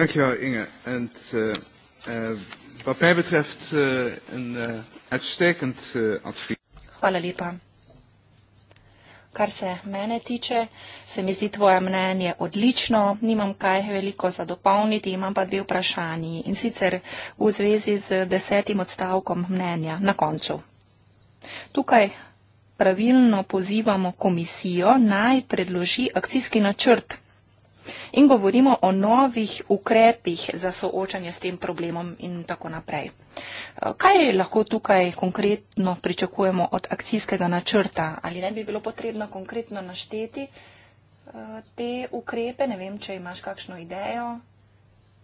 Dankjewel Inge. En t, uh, eh, uh, eh, wat mij betreft uh, een uh, uitstekend uh, advies. Hvala lepa. Kar se mene tiče, se mi zdi tvoje mnenje odlično, nimam kaj veliko za dopolniti, imam pa dve vprašanji in sicer v zvezi z desetim odstavkom mnenja na koncu. Tukaj pravilno pozivamo komisijo naj predloži akcijski načrt in govorimo o novih ukrepih za soočanje s tem problemom in tako naprej. Eh, kaj lahko tukaj konkretno pričakujemo od akcijskega načrta? Ali ne bi bilo potrebno konkretno našteti eh, te ukrepe? Ne vem, če imaš kakšno idejo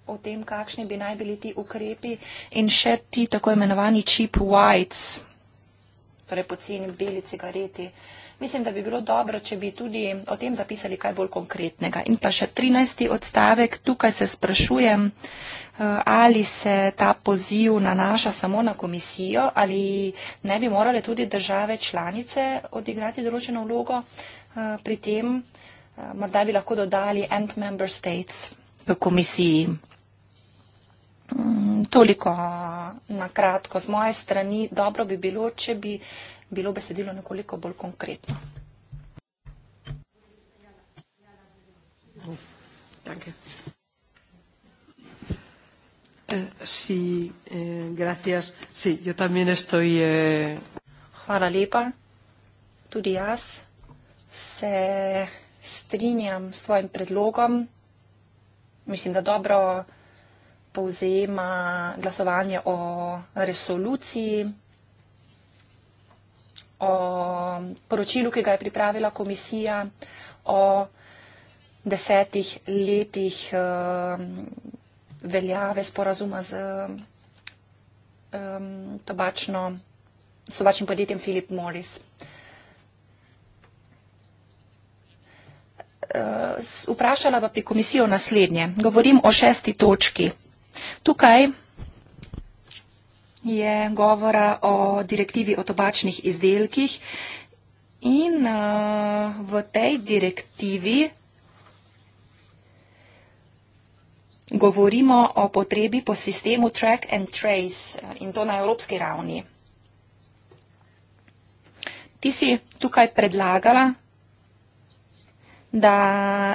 o tem, kakšni bi naj bili ti ukrepi. In še ti tako imenovani cheap whites, torej poceni beli cigareti. Uh, Mislim, da bi bilo dobro, če bi tudi o tem zapisali kaj bolj konkretnega. In pa še 13. odstavek, tukaj se sprašujem, eh, ali se ta poziv nanaša samo na komisijo, ali ne bi morale tudi države članice odigrati določeno vlogo eh, pri tem, eh, morda bi lahko dodali end member states v komisiji. Mm, toliko na kratko z moje strani. Dobro bi bilo, če bi bilo besedilo nekoliko bolj konkretno. Danke. Eh, si, sí, eh, gracias. Sí, yo también estoy... Eh... Hvala lepa. Tudi jaz se strinjam s tvojim predlogom. Mislim, da dobro povzema glasovanje o resoluciji o poročilu, ki ga je pripravila komisija, o desetih letih uh, veljave sporazuma z um, tobačno, s tobačnim podjetjem Philip Morris. Uh, vprašala pa bi komisijo naslednje. Govorim o šesti točki. Tukaj je govora o direktivi o tobačnih izdelkih in uh, v tej direktivi govorimo o potrebi po sistemu track and trace uh, in to na evropski ravni. Ti si tukaj predlagala, da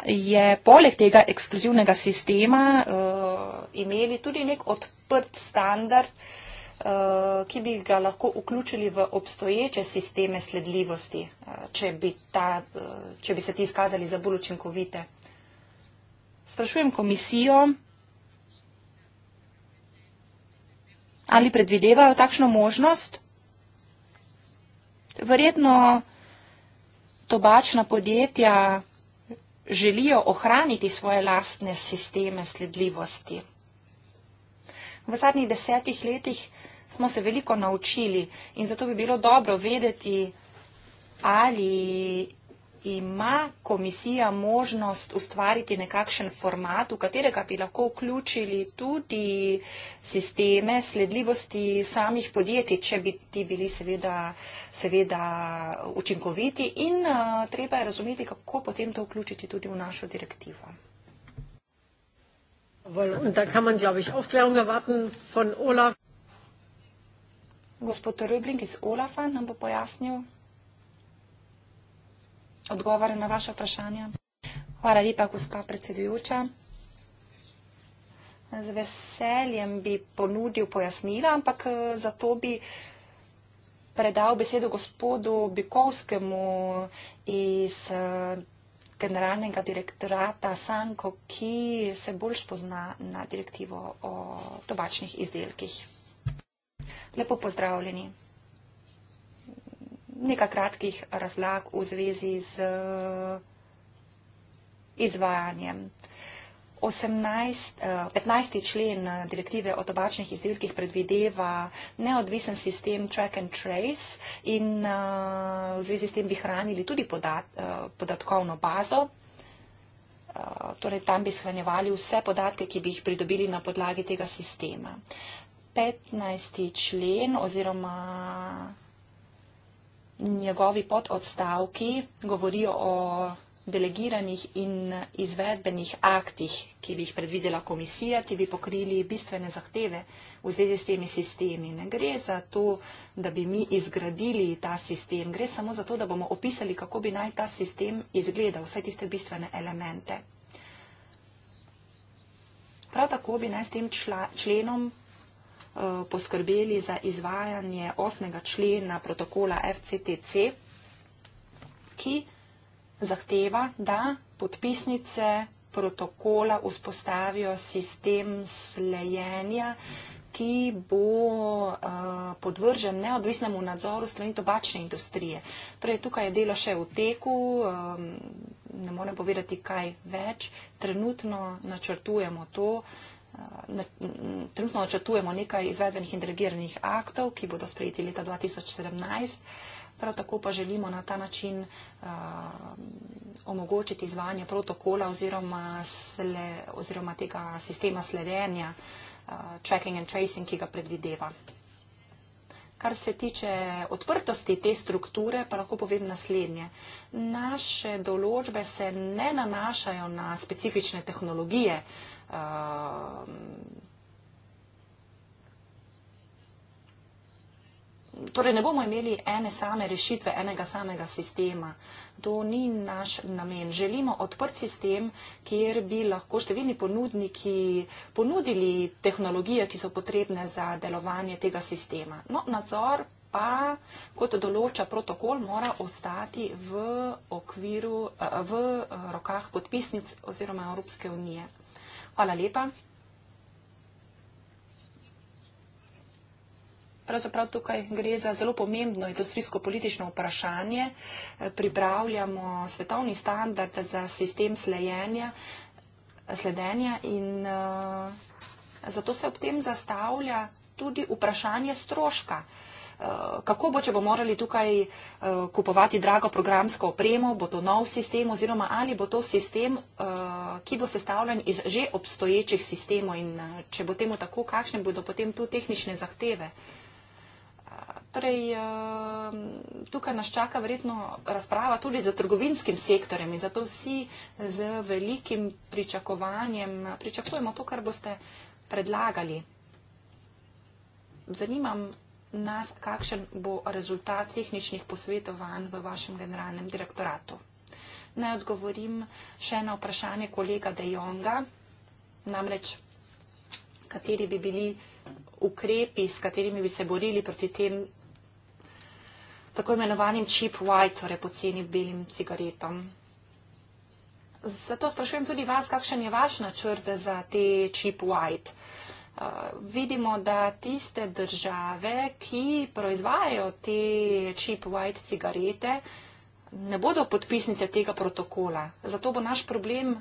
je poleg tega ekskluzivnega sistema uh, imeli tudi nek odprt standard uh, Eh, ki bi ga lahko vključili v obstoječe sisteme sledljivosti, eh, če bi, ta, eh, če bi se ti izkazali za bolj učinkovite. Sprašujem komisijo, ali predvidevajo takšno možnost. Verjetno tobačna podjetja želijo ohraniti svoje lastne sisteme sledljivosti v zadnjih desetih letih smo se veliko naučili in zato bi bilo dobro vedeti, ali ima komisija možnost ustvariti nekakšen format, v katerega bi lahko vključili tudi sisteme sledljivosti samih podjetij, če bi ti bili seveda, seveda učinkoviti. In uh, treba je razumeti, kako potem to vključiti tudi v našo direktivo. Gospod Röbling iz OLAF-a nam bo pojasnil odgovore na vaše vprašanja. Hvala lepa, gospa predsedujoča. Z veseljem bi ponudil pojasnila, ampak eh, zato bi predal besedo gospodu Bikovskemu iz eh, generalnega direktorata Sanko, ki se bolj spozna na direktivo o tobačnih izdelkih. Lepo pozdravljeni. Nekaj kratkih razlag v zvezi z eh, izvajanjem. Uh, 18, 15. Eh, člen eh, direktive o tobačnih izdelkih predvideva neodvisen sistem track and trace in eh, v zvezi s tem bi hranili tudi podat, podatkovno bazo. Torej, tam bi shranjevali vse podatke, ki bi jih pridobili na podlagi tega sistema. 15. člen oziroma njegovi pododstavki govorijo o delegiranih in izvedbenih aktih, ki bi jih predvidela komisija, ti bi pokrili bistvene zahteve v zvezi s temi sistemi. Ne gre za to, da bi mi izgradili ta sistem, gre samo za to, da bomo opisali, kako bi naj ta sistem izgledal, vse tiste bistvene elemente. Prav tako bi naj s tem čla, členom uh, poskrbeli za izvajanje osmega člena protokola FCTC, ki zahteva, da podpisnice protokola vzpostavijo sistem slejenja, ki bo uh, podvržen neodvisnemu nadzoru strani tobačne industrije. Torej, tukaj je delo še v teku, um, ne morem povedati kaj več. Trenutno načrtujemo to, uh, trenutno načrtujemo nekaj izvedbenih in delegiranih aktov, ki bodo sprejeti leta 2017 prav tako pa želimo na ta način uh, omogočiti izvajanje protokola oziroma, sle, oziroma tega sistema sledenja, uh, tracking and tracing, ki ga predvideva. Kar se tiče odprtosti te strukture, pa lahko povem naslednje. Naše določbe se ne nanašajo na specifične tehnologije. Uh, torej ne bomo imeli ene same rešitve, enega samega sistema. To ni naš namen. Želimo odprt sistem, kjer bi lahko številni ponudniki ponudili tehnologije, ki so potrebne za delovanje tega sistema. No, nadzor pa, kot določa protokol, mora ostati v, okviru, eh, v rokah podpisnic oziroma Evropske unije. Hvala lepa. pravzaprav tukaj gre za zelo pomembno industrijsko politično vprašanje. Eh, pripravljamo svetovni standard za sistem slejenja, sledenja in eh, zato se ob tem zastavlja tudi vprašanje stroška. Eh, kako bo, če bo morali tukaj kupovati drago programsko opremo, bo to nov sistem oziroma ali bo to sistem, ki bo sestavljen iz že obstoječih sistemov in če bo temu tako, kakšne bodo potem tu tehnične zahteve? Torej, ehm, tukaj nas čaka verjetno razprava tudi za trgovinskim sektorjem in zato vsi z velikim pričakovanjem pričakujemo to, kar boste predlagali. Zanimam nas, kakšen bo rezultat tehničnih posvetovanj v vašem generalnem direktoratu. Naj odgovorim še na vprašanje kolega De Jonga, namreč kateri bi bili ukrepi, s katerimi bi se borili proti tem tako imenovanim cheap white, torej poceni belim cigaretam. Zato sprašujem tudi vas, kakšen je vaš načrt za te cheap white. Uh, vidimo, da tiste države, ki proizvajajo te cheap white cigarete, ne bodo podpisnice tega protokola. Zato bo naš problem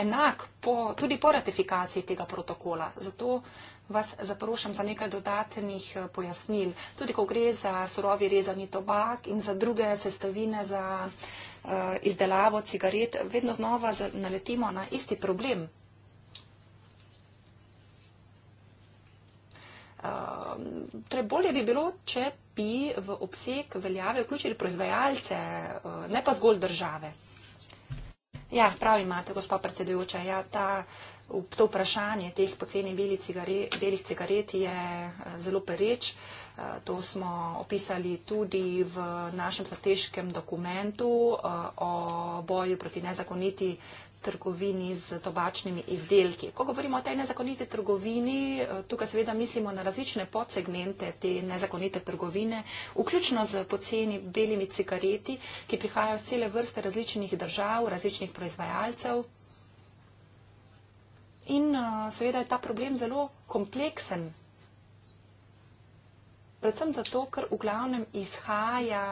enak po, tudi po ratifikaciji tega protokola. Zato vas zaprošam za nekaj dodatnih eh, pojasnil. Tudi ko gre za surovi rezani tobak in za druge sestavine za eh, izdelavo cigaret, vedno znova naletimo na isti problem. Eh, torej bolje bi bilo, če bi v obseg veljave vključili proizvajalce, ne pa zgolj države. Ja, prav imate, gospod predsedujoča, ja, ta uh, to vprašanje teh poceni belih cigaret, belih cigaret je eh, zelo pereč. Eh, to smo opisali tudi v našem strateškem dokumentu eh, o boju proti nezakoniti trgovini z tobačnimi izdelki. Ko govorimo o tej nezakoniti trgovini, tukaj seveda mislimo na različne podsegmente te nezakonite trgovine, vključno z poceni belimi cigareti, ki prihajajo z cele vrste različnih držav, različnih proizvajalcev. In uh, seveda je ta problem zelo kompleksen. Predvsem zato, ker v glavnem izhaja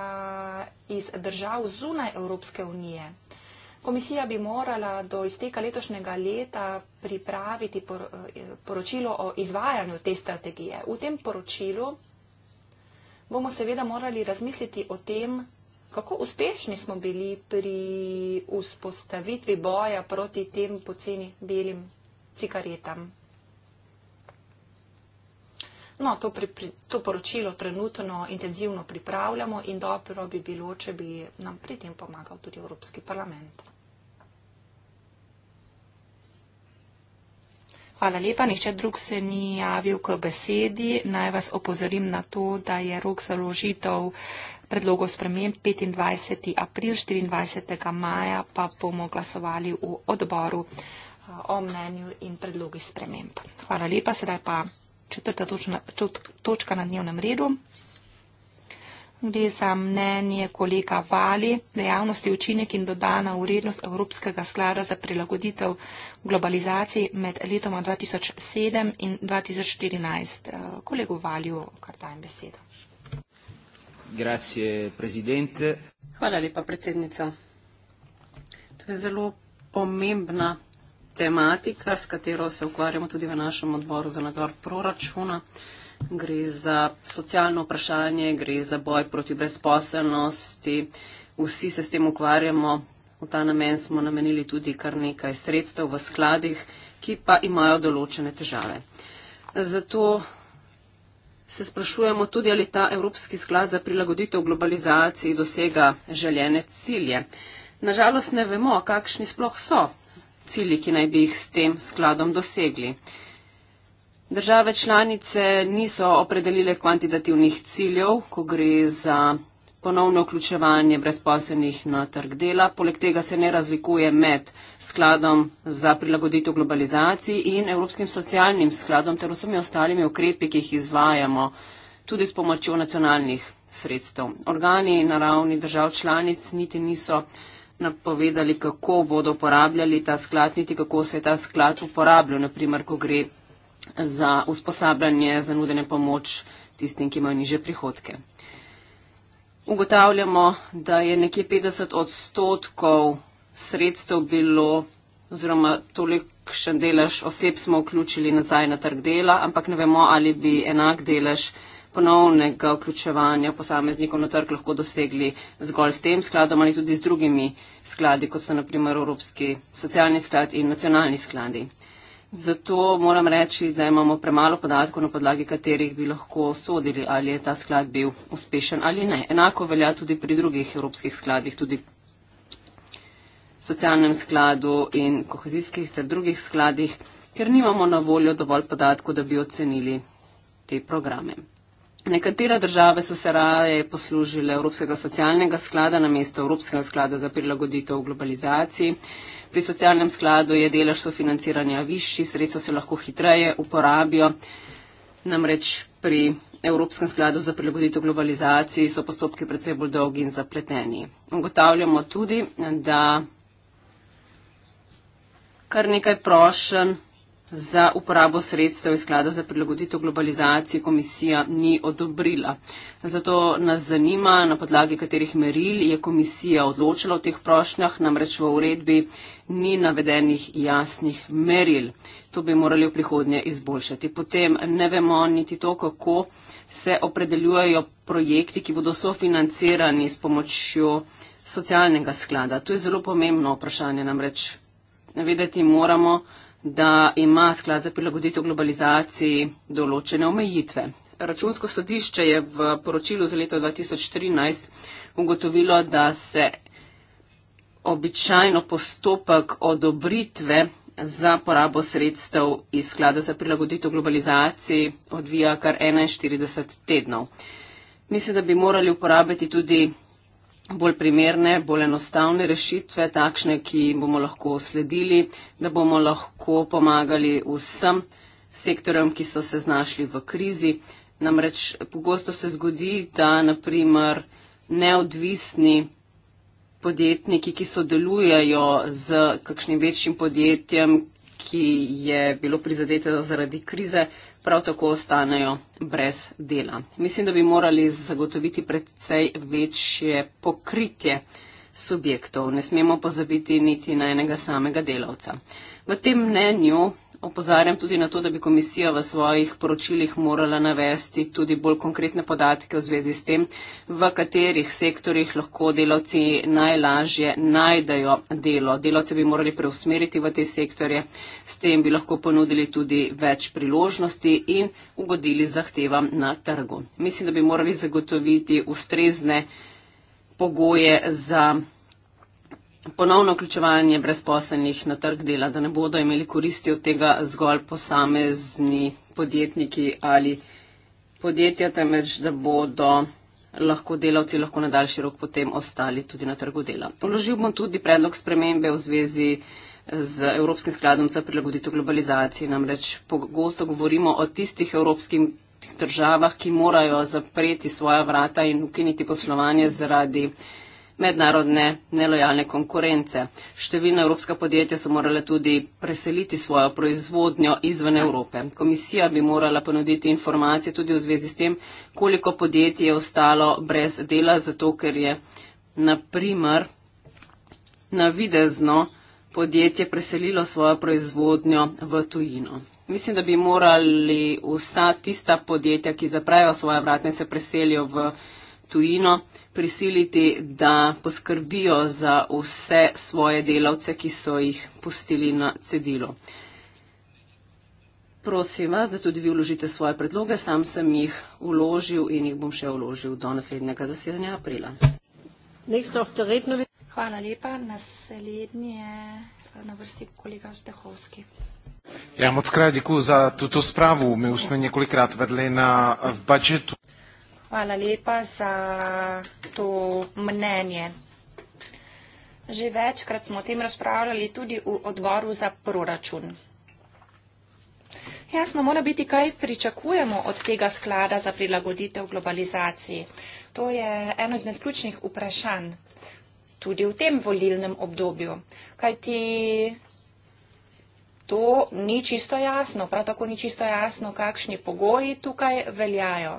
iz držav zunaj Evropske unije. Komisija bi morala do izteka letošnjega leta pripraviti por, eh, poročilo o izvajanju te strategije. V tem poročilu bomo seveda morali razmisliti o tem, kako uspešni smo bili pri vzpostavitvi boja proti tem poceni belim cigaretam. No, to, pri, pri, to poročilo trenutno intenzivno pripravljamo in dobro bi bilo, če bi nam pri tem pomagal tudi Evropski parlament. Hvala lepa. Nihče drug se ni javil k besedi. Naj vas opozorim na to, da je rok za ložitev predlogov sprememb 25. april, 24. maja pa bomo glasovali v odboru o mnenju in predlogi sprememb. Hvala lepa, sedaj pa četrta točka na dnevnem redu. Gre za mnenje kolega Vali, dejavnosti učinek in dodana urednost Evropskega sklada za prilagoditev globalizaciji med letoma 2007 in 2014. Eh, kolegu Valju, kar dajem besedo. Hvala lepa, predsednica. To je zelo pomembna tematika, s katero se ukvarjamo tudi v našem odboru za nadzor proračuna. Gre za socialno vprašanje, gre za boj proti brezposelnosti. Vsi se s tem ukvarjamo. V ta namen smo namenili tudi kar nekaj sredstev v skladih, ki pa imajo določene težave. Zato se sprašujemo tudi, ali ta Evropski sklad za prilagoditev globalizaciji dosega željene cilje. Nažalost ne vemo, kakšni sploh so cilji, ki naj bi jih s tem skladom dosegli. Države članice niso opredelile kvantitativnih ciljev, ko gre za ponovno vključevanje brezposelnih na trg dela. Poleg tega se ne razlikuje med skladom za prilagoditev globalizaciji in Evropskim socialnim skladom ter vsemi ostalimi ukrepi, ki jih izvajamo tudi s pomočjo nacionalnih sredstev. Organi na ravni držav članic niti niso napovedali, kako bodo uporabljali ta sklad, niti kako se je ta sklad uporabljal, naprimer, ko gre za usposabljanje, za nudene pomoč tistim, ki imajo niže prihodke. Ugotavljamo, da je nekje 50 odstotkov sredstev bilo, oziroma tolikšen delež oseb smo vključili nazaj na trg dela, ampak ne vemo, ali bi enak delež ponovnega vključevanja posameznikov na trg lahko dosegli zgolj s tem skladom ali tudi z drugimi skladi, kot so naprimer Evropski socialni sklad in nacionalni skladi. Zato moram reči, da imamo premalo podatkov, na podlagi katerih bi lahko sodili, ali je ta sklad bil uspešen ali ne. Enako velja tudi pri drugih evropskih skladih, tudi socialnem skladu in kohezijskih ter drugih skladih, ker nimamo na voljo dovolj podatkov, da bi ocenili te programe. Nekatere države so se raje poslužile Evropskega socialnega sklada na mesto Evropskega sklada za prilagoditev globalizaciji. Pri socialnem skladu je delež sofinanciranja višji, sredstva se lahko hitreje uporabijo. Namreč pri Evropskem skladu za prilagoditev globalizaciji so postopki predvsej bolj dolgi in zapleteni. Ugotavljamo tudi, da kar nekaj prošen za uporabo sredstev iz sklada za prilagoditev globalizacije komisija ni odobrila. Zato nas zanima, na podlagi katerih meril je komisija odločila o teh prošnjah, namreč v uredbi ni navedenih jasnih meril. To bi morali v prihodnje izboljšati. Potem ne vemo niti to, kako se opredeljujejo projekti, ki bodo sofinancirani s pomočjo socialnega sklada. To je zelo pomembno vprašanje, namreč vedeti moramo, da ima sklad za prilagoditev globalizaciji določene omejitve. Računsko sodišče je v poročilu za leto 2013 ugotovilo, da se običajno postopek odobritve za porabo sredstev iz sklada za prilagoditev globalizaciji odvija kar 41 tednov. Mislim, da bi morali uporabiti tudi bolj primerne, bolj enostavne rešitve, takšne, ki bomo lahko sledili, da bomo lahko pomagali vsem sektorjem, ki so se znašli v krizi. Namreč pogosto se zgodi, da naprimer neodvisni podjetniki, ki sodelujejo z kakšnim večjim podjetjem, ki je bilo prizadeto zaradi krize, prav tako ostanejo brez dela. Mislim, da bi morali zagotoviti predvsej večje pokritje subjektov. Ne smemo pozabiti niti na enega samega delavca. V tem mnenju opozarjam tudi na to, da bi komisija v svojih poročilih morala navesti tudi bolj konkretne podatke v zvezi s tem, v katerih sektorjih lahko delavci najlažje najdajo delo. Delavce bi morali preusmeriti v te sektorje, s tem bi lahko ponudili tudi več priložnosti in ugodili zahtevam na trgu. Mislim, da bi morali zagotoviti ustrezne pogoje za ponovno vključevanje brezposelnih na trg dela, da ne bodo imeli koristi od tega zgolj posamezni podjetniki ali podjetja, temveč da bodo lahko delavci lahko na daljši rok potem ostali tudi na trgu dela. Vložil bom tudi predlog spremembe v zvezi z Evropskim skladom za prilagoditev globalizaciji. Namreč pogosto govorimo o tistih evropskih državah, ki morajo zapreti svoja vrata in ukiniti poslovanje zaradi mednarodne nelojalne konkurence. Številna evropska podjetja so morala tudi preseliti svojo proizvodnjo izven Evrope. Komisija bi morala ponuditi informacije tudi v zvezi s tem, koliko podjetij je ostalo brez dela, zato ker je naprimer navidezno podjetje preselilo svojo proizvodnjo v tujino. Mislim, da bi morali vsa tista podjetja, ki zapravijo svoje vratne, se preselijo v tujino prisiliti, da poskrbijo za vse svoje delavce, ki so jih pustili na cedilo. Prosim vas, da tudi vi vložite svoje predloge. Sam sem jih vložil in jih bom še vložil do naslednjega zasedanja aprila. Hvala lepa. Naslednji je eh, na vrsti kolega Zdehovski. Ja, moc krát děkuji za tuto zprávu. My už jsme několikrát vedli na eh, budžetu. Hvala lepa za to mnenje. Že večkrat smo o tem razpravljali tudi v odboru za proračun. Jasno mora biti, kaj pričakujemo od tega sklada za prilagoditev globalizaciji. To je eno izmed ključnih vprašanj tudi v tem volilnem obdobju. Kaj ti to ni čisto jasno, prav tako ni čisto jasno, kakšni pogoji tukaj veljajo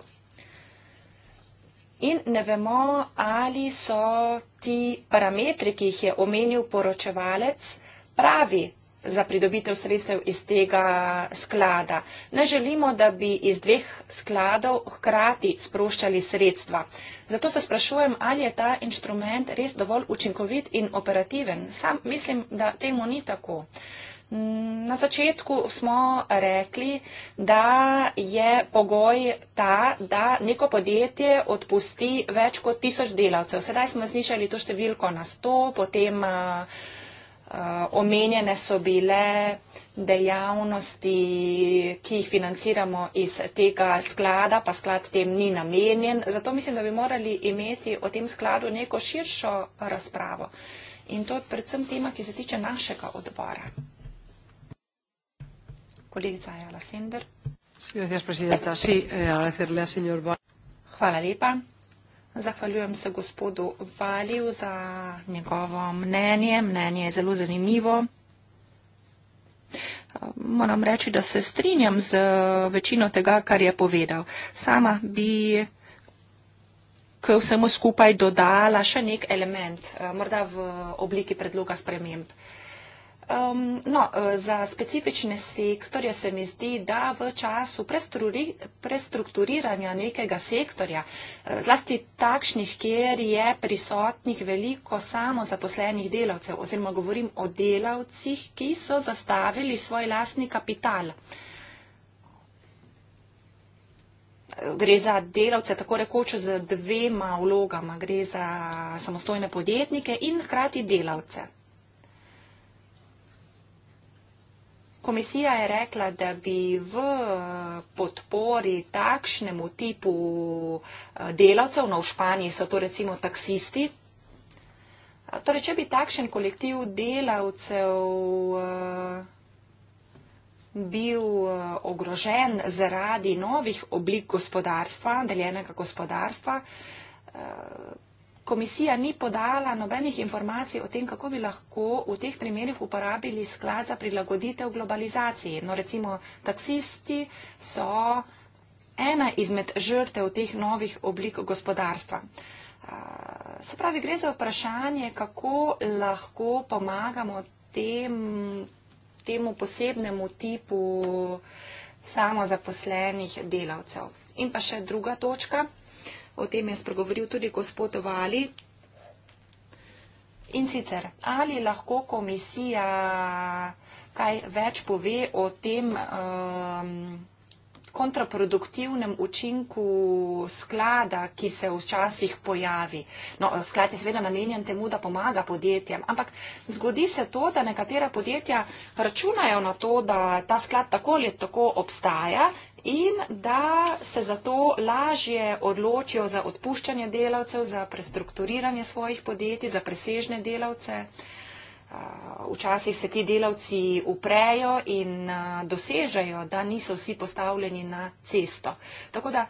in ne vemo, ali so ti parametri, ki jih je omenil poročevalec, pravi za pridobitev sredstev iz tega sklada. Ne želimo, da bi iz dveh skladov hkrati sproščali sredstva. Zato se sprašujem, ali je ta inštrument res dovolj učinkovit in operativen. Sam mislim, da temu ni tako. Uh, Na začetku smo rekli, da je pogoj ta, da neko podjetje odpusti več kot tisoč delavcev. Sedaj smo znišali to številko na sto, potem eh, eh, omenjene so bile dejavnosti, ki jih financiramo iz tega sklada, pa sklad tem ni namenjen. Zato mislim, da bi morali imeti o tem skladu neko širšo razpravo. In to je predvsem tema, ki se tiče našega odbora. Kolegica Jala Sender. Sí, eh, Hvala lepa. Zahvaljujem se gospodu Valju za njegovo mnenje. Mnenje je zelo zanimivo. Moram reči, da se strinjam z večino tega, kar je povedal. Sama bi k vsemu skupaj dodala še nek element, eh, morda v obliki predloga sprememb. Um, no, e, za specifične sektorje se mi zdi, da v času prestrukturiranja nekega sektorja, e, zlasti takšnih, kjer je prisotnih veliko samozaposlenih delavcev oziroma govorim o delavcih, ki so zastavili svoj lastni kapital. Gre za delavce tako rekoč z dvema vlogama, gre za samostojne podjetnike in hkrati delavce. Komisija je rekla, da bi v podpori takšnemu tipu eh, delavcev, no v Španiji so to recimo taksisti, eh, torej če bi takšen kolektiv delavcev eh, bil ogrožen zaradi novih oblik gospodarstva, deljenega gospodarstva, Komisija ni podala nobenih informacij o tem, kako bi lahko v teh primerjih uporabili sklad za prilagoditev globalizaciji. No, recimo, taksisti so ena izmed žrtev teh novih oblik gospodarstva. Se pravi, gre za vprašanje, kako lahko pomagamo tem, temu posebnemu tipu samozaposlenih delavcev. In pa še druga točka. O tem je spregovoril tudi gospod Vali. In sicer, ali lahko komisija kaj več pove o tem um, kontraproduktivnem učinku sklada, ki se včasih pojavi. No, sklad je seveda namenjen temu, da pomaga podjetjem, ampak zgodi se to, da nekatera podjetja računajo na to, da ta sklad tako ali tako obstaja, in da se zato lažje odločijo za odpuščanje delavcev, za prestrukturiranje svojih podjetij, za presežne delavce. Včasih se ti delavci uprejo in dosežejo, da niso vsi postavljeni na cesto. Tako da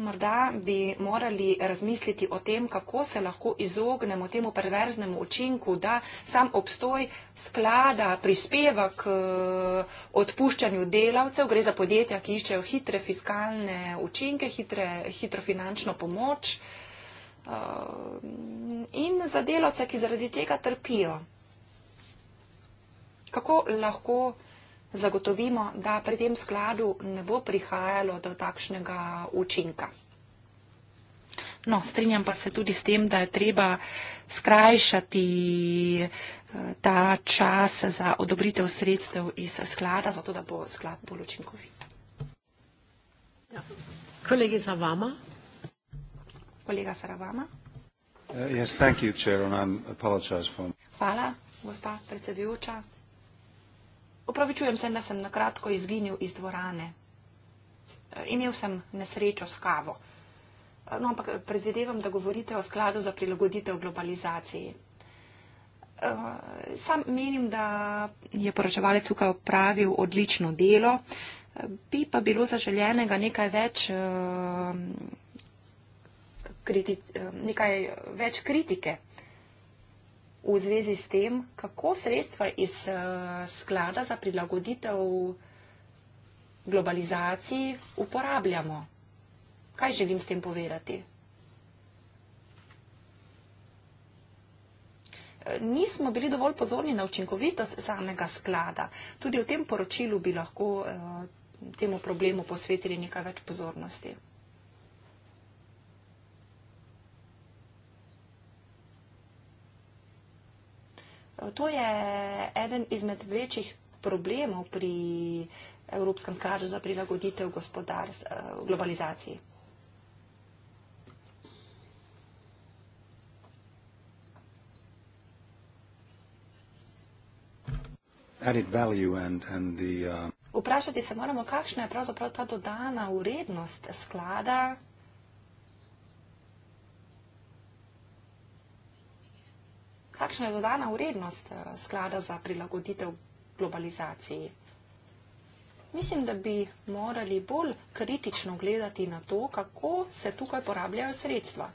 Morda bi morali razmisliti o tem, kako se lahko izognemo temu perverznemu učinku, da sam obstoj sklada prispeva k eh, odpuščanju delavcev. Gre za podjetja, ki iščejo hitre fiskalne učinke, hitre, hitro finančno pomoč eh, in za delavce, ki zaradi tega trpijo. Kako lahko zagotovimo, da pri tem skladu ne bo prihajalo do takšnega učinka. No, strinjam pa se tudi s tem, da je treba skrajšati eh, ta čas za odobritev sredstev iz sklada, zato da bo sklad bolj učinkovit. Ja. Kolegi za vama. Kolega Saravama. Uh, yes, you, Chair, Hvala, gospa predsedujoča opravičujem se, da sem na kratko izginil iz dvorane. E, imel sem nesrečo s kavo. E, no, ampak predvidevam, da govorite o skladu za prilagoditev globalizaciji. E, sam menim, da je poročevalec tukaj opravil odlično delo, bi pa bilo zaželjenega nekaj več, nekaj več kritike v zvezi s tem, kako sredstva iz eh, sklada za prilagoditev globalizaciji uporabljamo. Kaj želim s tem povedati? Eh, nismo bili dovolj pozorni na učinkovitost samega sklada. Tudi v tem poročilu bi lahko eh, temu problemu posvetili nekaj več pozornosti. To je eden izmed večjih problemov pri Evropskem skladu za prilagoditev eh, globalizaciji. Uh, Vprašati se moramo, kakšna je pravzaprav ta dodana vrednost sklada. Kakšna je dodana vrednost eh, sklada za prilagoditev globalizaciji? Mislim, da bi morali bolj kritično gledati na to, kako se tukaj porabljajo sredstva.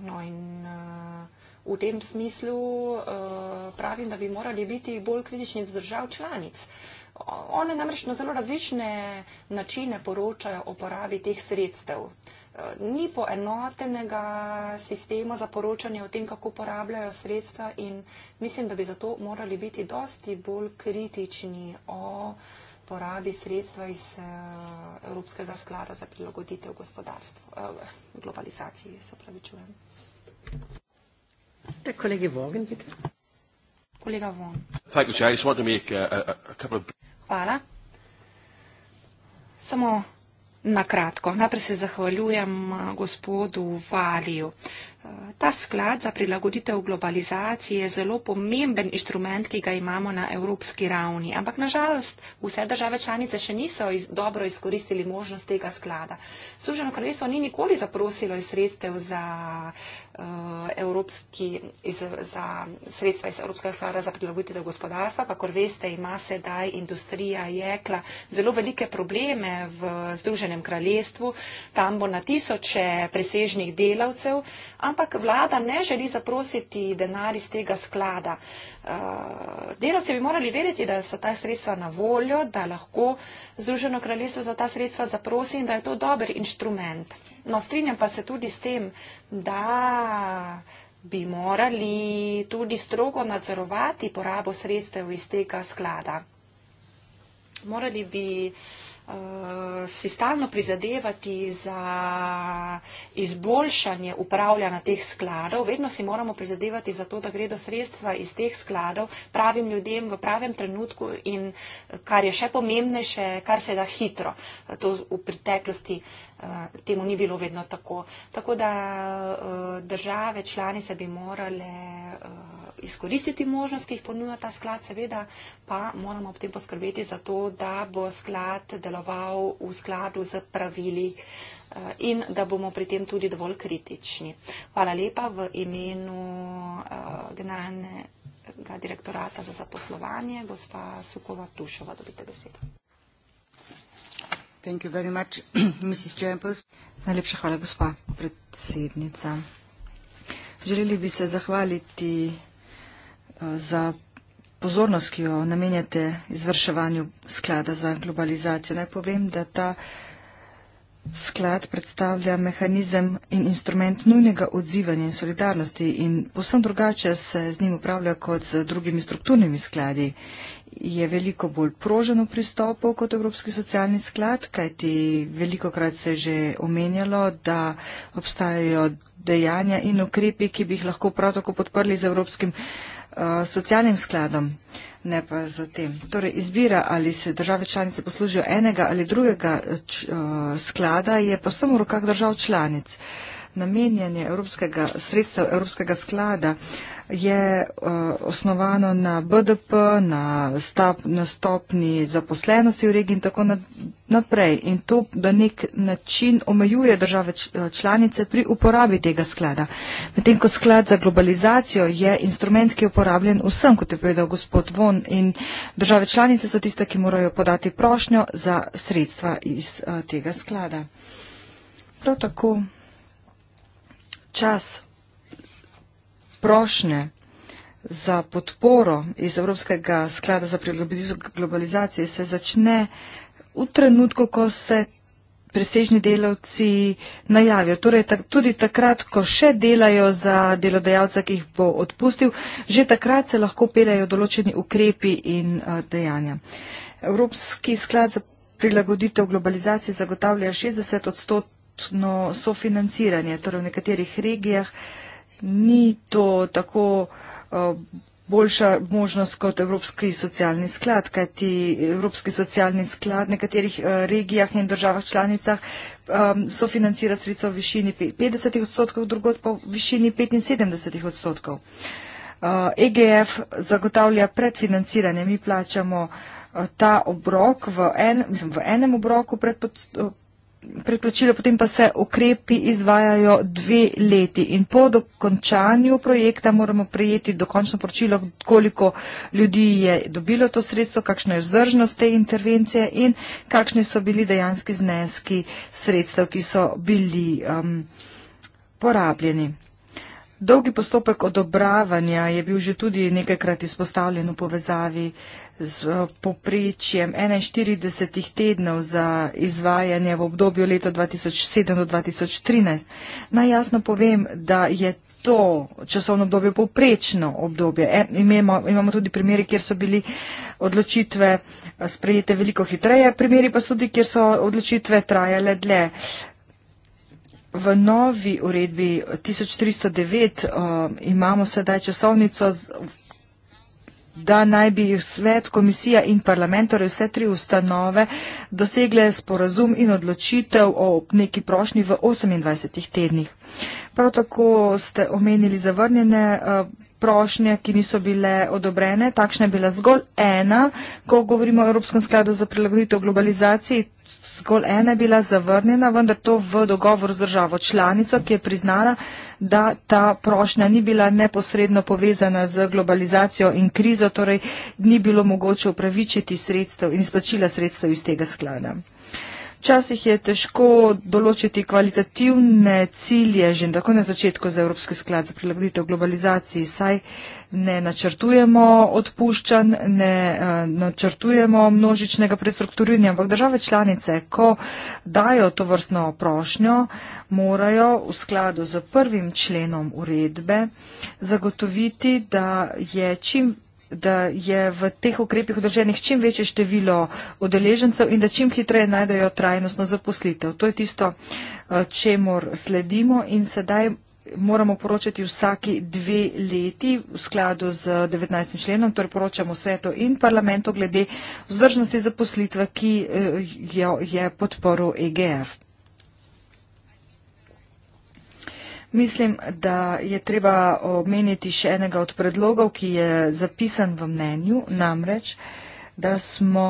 No in uh, v tem smislu uh, pravim, da bi morali biti bolj kritični do držav članic. One namreč na zelo različne načine poročajo o porabi teh sredstev. Uh, ni poenotenega sistema za poročanje o tem, kako porabljajo sredstva in mislim, da bi zato morali biti dosti bolj kritični o porabi sredstva iz eh, Evropskega sklada za prilagoditev gospodarstvu, eh, globalizaciji, se pravi čujem. Kolega Vogen, vidite. Kolega Von. Hvala. Samo Na kratko. Najprej se zahvaljujem eh, gospodu Valiju. Ta sklad za prilagoditev globalizaciji je zelo pomemben inštrument, ki ga imamo na evropski ravni. Ampak nažalost vse države članice še niso iz, dobro izkoristili možnost tega sklada. Služeno kraljestvo ni nikoli zaprosilo iz sredstev za, uh, evropski, iz, za sredstva iz Evropskega sklada za prilagoditev gospodarstva. Kakor veste, ima sedaj industrija jekla zelo velike probleme v Združenem kraljestvu. Tam bo na tisoče presežnih delavcev ampak vlada ne želi zaprositi denar iz tega sklada. Eh, delavci bi morali vedeti, da so ta sredstva na voljo, da lahko Združeno kraljestvo za ta sredstva zaprosi in da je to dober inštrument. No, strinjam pa se tudi s tem, da bi morali tudi strogo nadzorovati porabo sredstev iz tega sklada. Morali bi uh, Eh, si stalno prizadevati za izboljšanje upravljanja teh skladov, vedno si moramo prizadevati za to, da gredo sredstva iz teh skladov pravim ljudem v pravem trenutku in eh, kar je še pomembnejše, kar se da hitro. Eh, to v preteklosti uh, Eh, temu ni bilo vedno tako. Tako da eh, države članice bi morale eh, izkoristiti možnost, ki jih ponuja ta sklad, seveda pa moramo ob tem poskrbeti za to, da bo sklad deloval v skladu z pravili in da bomo pri tem tudi dovolj kritični. Hvala lepa v imenu generalnega direktorata za zaposlovanje, gospa Sukova Tušova, dobite besedo. Najlepša hvala, gospa predsednica. Želeli bi se zahvaliti eh, za pozornost, ki jo namenjate izvrševanju sklada za globalizacijo. Naj povem, da ta sklad Sklad predstavlja mehanizem in instrument nujnega odzivanja in solidarnosti in posem drugače se z njim upravlja kot z drugimi strukturnimi skladi. Je veliko bolj proženo pristopo kot Evropski socialni sklad, kajti veliko krat se je že omenjalo, da obstajajo dejanja in ukrepi, ki bi jih lahko prav tako podprli z Evropskim uh, socialnim skladom. Uh, ne pa za tem. Torej, izbira, ali se države članice poslužijo enega ali drugega č, eh, sklada, je pa samo v rokah držav članic. Namenjanje evropskega sredstva, evropskega sklada uh, je uh, osnovano na BDP, na, stop, na stopni zaposlenosti v regiji in tako na, naprej. In to na nek način omejuje države eh, članice pri uporabi tega sklada. Medtem ko sklad za globalizacijo je instrumentski uporabljen vsem, kot je povedal gospod Von, in države članice so tiste, ki morajo podati prošnjo za sredstva iz uh, tega sklada. Prav tako čas prošnje za podporo iz Evropskega sklada za prilagoditev globalizacije se začne v trenutku, ko se presežni delavci najavijo. Torej, tak, tudi takrat, ko še delajo za delodajalca, ki jih bo odpustil, že takrat se lahko peljajo določeni ukrepi in uh, dejanja. Evropski sklad za prilagoditev globalizacije zagotavlja 60 odstotno sofinanciranje, torej v nekaterih regijah uh, ni to tako eh, boljša možnost kot Evropski socialni sklad, kajti Evropski socialni sklad v nekaterih eh, regijah in državah članicah eh, sofinancira sredstva v višini 50 odstotkov, drugod pa v višini 75 odstotkov. EGF e zagotavlja predfinanciranje, mi plačamo ta obrok v, en, mislim, v enem obroku pred predplačilo, potem pa se ukrepi izvajajo dve leti in po dokončanju projekta moramo prejeti dokončno poročilo, koliko ljudi je dobilo to sredstvo, kakšna je vzdržnost te intervencije in kakšni so bili dejanski zneski sredstev, ki so bili um, porabljeni. Dolgi postopek odobravanja je bil že tudi nekajkrat izpostavljen v povezavi z poprečjem 41 tednov za izvajanje v obdobju leto 2007 do 2013. Najjasno povem, da je to časovno obdobje poprečno obdobje. E, imemo, imamo tudi primere, kjer so bili odločitve eh, sprejete veliko hitreje, primeri pa so tudi, kjer so odločitve trajale dlje. V novi uredbi 1309 uh, eh, imamo sedaj časovnico z, da naj bi svet, komisija in parlament, torej vse tri ustanove, dosegle sporazum in odločitev o neki prošnji v 28 tednih. Prav tako ste omenili zavrnjene eh, prošnje, ki niso bile odobrene. Takšna je bila zgolj ena, ko govorimo o Evropskem skladu za prilagoditev globalizaciji, zgolj ena je bila zavrnjena, vendar to v dogovor z državo članico, ki je priznala, da ta prošnja ni bila neposredno povezana z globalizacijo in krizo, torej ni bilo mogoče upravičiti sredstev in izplačila sredstev iz tega sklada. Včasih je težko določiti kvalitativne cilje že tako na začetku za Evropski sklad za prilagoditev globalizaciji, saj ne načrtujemo odpuščanj, ne uh, načrtujemo množičnega prestrukturiranja, ampak države članice, ko dajo to vrstno prošnjo, morajo v skladu z prvim členom uredbe zagotoviti, da je čim da je v teh ukrepih održenih čim večje število odeležencev in da čim hitreje najdejo trajnostno zaposlitev. To je tisto, eh, če mor sledimo in sedaj moramo poročati vsaki dve leti v skladu z 19. členom, torej poročamo svetu in parlamentu glede vzdržnosti zaposlitve, ki eh, jo je podporil EGF. Mislim, da je treba omeniti še enega od predlogov, ki je zapisan v mnenju, namreč, da smo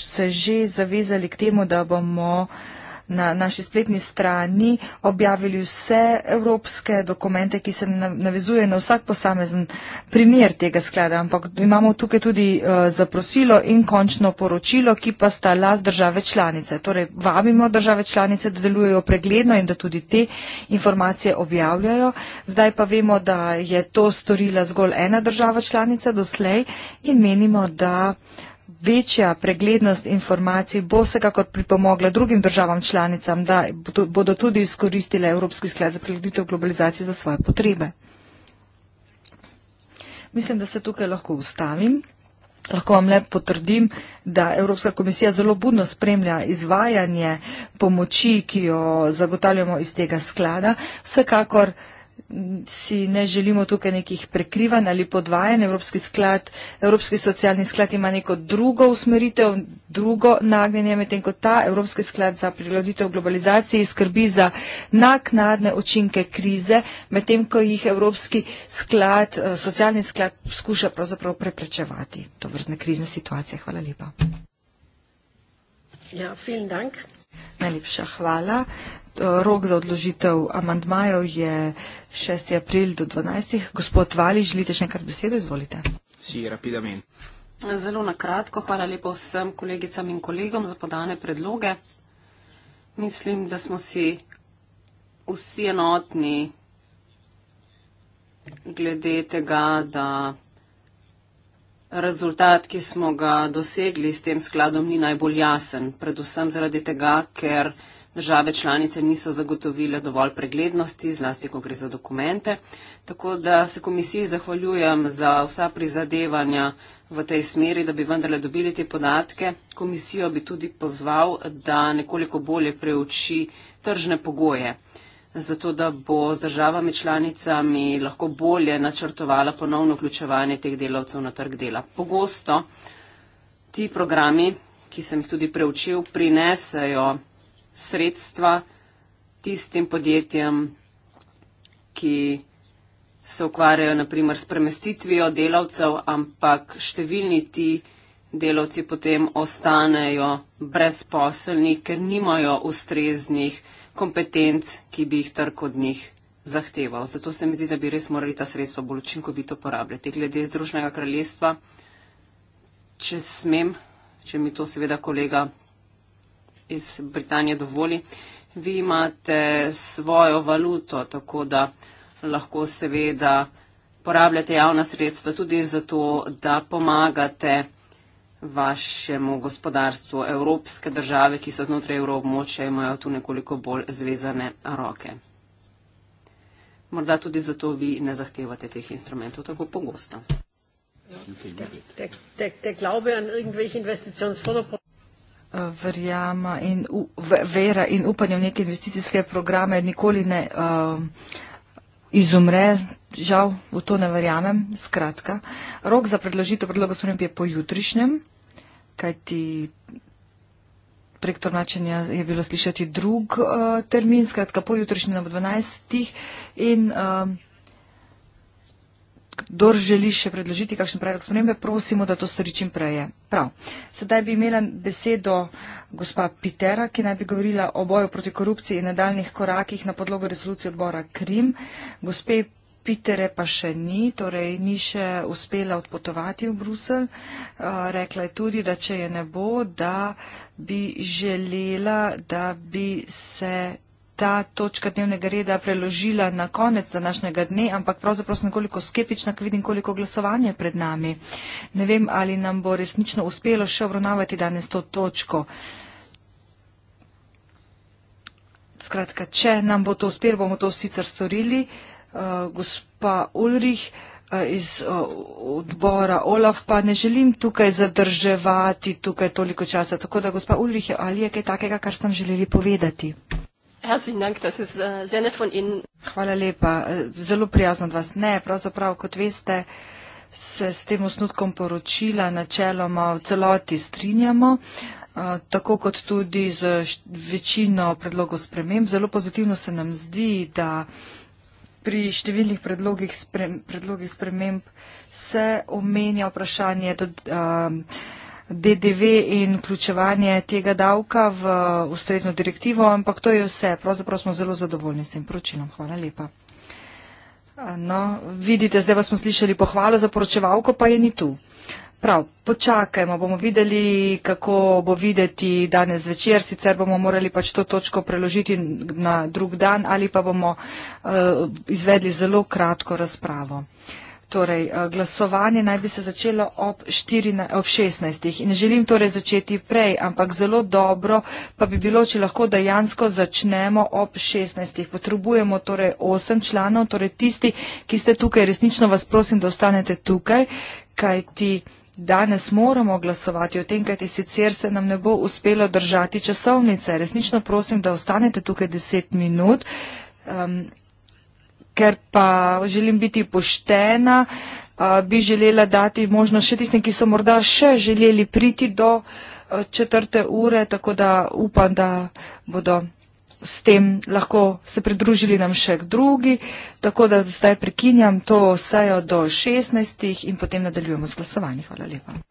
se že zavezali k temu, da bomo uh, na naši spletni strani objavili vse evropske dokumente, ki se navezuje na vsak posamezen primer tega sklada, ampak imamo tukaj tudi eh, zaprosilo in končno poročilo, ki pa sta las države članice. Torej, vabimo države članice, da delujejo pregledno in da tudi te informacije objavljajo. Zdaj pa vemo, da je to storila zgolj ena država članica doslej in menimo, da večja preglednost informacij bo vsekakor pripomogla drugim državam članicam, da bodo tudi izkoristile Evropski sklad za prilagoditev globalizacije za svoje potrebe. Mislim, da se tukaj lahko ustavim. Lahko vam le potrdim, da Evropska komisija zelo budno spremlja izvajanje pomoči, ki jo zagotavljamo iz tega sklada. Vsekakor si ne želimo tukaj nekih prekrivanj ali podvajanj. Evropski, sklad, Evropski socialni sklad ima neko drugo usmeritev, drugo nagnjenje, medtem ko ta Evropski sklad za prilagoditev globalizaciji skrbi za naknadne učinke krize, medtem ko jih Evropski sklad, eh, socialni sklad skuša pravzaprav preprečevati to vrzne krizne situacije. Hvala lepa. Ja, Najlepša hvala rok za odložitev amandmajev je 6. april do 12. Gospod Vali, želite še enkrat besedo? Izvolite. Si, rapidamen. Zelo na kratko, hvala lepo vsem kolegicam in kolegom za podane predloge. Mislim, da smo si vsi enotni glede tega, da rezultat, ki smo ga dosegli s tem skladom, ni najbolj jasen. Predvsem zaradi tega, ker države članice niso zagotovile dovolj preglednosti, zlasti ko gre za dokumente. Tako da se komisiji zahvaljujem za vsa prizadevanja v tej smeri, da bi vendarle dobili te podatke. Komisijo bi tudi pozval, da nekoliko bolje preuči tržne pogoje, zato da bo z državami članicami lahko bolje načrtovala ponovno vključevanje teh delavcev na trg dela. Pogosto ti programi, ki sem jih tudi preučil, prinesejo sredstva tistim podjetjem, ki se ukvarjajo naprimer s premestitvijo delavcev, ampak številni ti delavci potem ostanejo brezposelni, ker nimajo ustreznih kompetenc, ki bi jih trg od njih zahteval. Zato se mi zdi, da bi res morali ta sredstva bolj učinkovito porabljati. Glede Združnega kraljestva, če smem, če mi to seveda kolega iz Britanije dovoli. Vi imate svojo valuto, tako da lahko seveda porabljate javna sredstva tudi zato, da pomagate vašemu gospodarstvu. Evropske države, ki so znotraj evroobmočja, imajo tu nekoliko bolj zvezane roke. Morda tudi zato vi ne zahtevate teh instrumentov tako pogosto. Ja. Der, der, der verjama in v, vera in upanje v neke investicijske programe nikoli ne uh, izumre. Žal, v to ne verjamem. Skratka, rok za predložitev predloga sprem je pojutrišnjem, kajti prek tornačenja je bilo slišati drug uh, termin, skratka pojutrišnjem ob 12. in uh, Kdor želi še predložiti kakšen predlog spremembe, prosimo, da to stori čim prej. Prav. Sedaj bi imela besedo gospa Pitera, ki naj bi govorila o boju proti korupciji in nadaljnih korakih na podlogo resolucije odbora Krim. Gospe Pitere pa še ni, torej ni še uspela odpotovati v Brusel. Eh, rekla je tudi, da če je ne bo, da bi želela, da bi se ta točka dnevnega reda preložila na konec današnjega dne, ampak pravzaprav sem nekoliko skeptična, ker vidim, koliko glasovanja je pred nami. Ne vem, ali nam bo resnično uspelo še obravnavati danes to točko. Skratka, če nam bo to uspelo, bomo to sicer storili. Eh, gospa Ulrih eh, iz eh, odbora Olaf pa ne želim tukaj zadrževati tukaj toliko časa. Tako da, gospa Ulrih, ali je kaj takega, kar ste nam želeli povedati? Herzlichen Dank, das ist äh, sehr nett von Ihnen. Hvala lepa, äh, zelo prijazno od vas. Ne, pravzaprav, kot veste, se s tem osnutkom poročila načeloma v celoti strinjamo, äh, tako kot tudi z večino predlogov sprememb. Zelo pozitivno se nam zdi, da pri številnih predlogih sprememb se omenja vprašanje. Tudi, um, ähm, DDV in vključevanje tega davka v ustrezno direktivo, ampak to je vse. Pravzaprav smo zelo zadovoljni s tem poročilom. Hvala lepa. No, vidite, zdaj vas smo slišali pohvalo za poročevalko, pa je ni tu. Prav, počakajmo, bomo videli, kako bo videti danes večer, sicer bomo morali pač to točko preložiti na drug dan ali pa bomo uh, izvedli zelo kratko razpravo. Torej, eh, glasovanje naj bi se začelo ob, 14, ob 16. In želim torej začeti prej, ampak zelo dobro pa bi bilo, če lahko dejansko začnemo ob 16. Potrebujemo torej 8 članov, torej tisti, ki ste tukaj, resnično vas prosim, da ostanete tukaj, kajti danes moramo glasovati o tem, kajti sicer se nam ne bo uspelo držati časovnice. Resnično prosim, da ostanete tukaj 10 minut. Um, ker pa želim biti poštena, bi želela dati možnost še tistim, ki so morda še želeli priti do četrte ure, tako da upam, da bodo s tem lahko se pridružili nam še k drugi, tako da zdaj prekinjam to sejo do 16. in potem nadaljujemo z glasovanjem. Hvala lepa.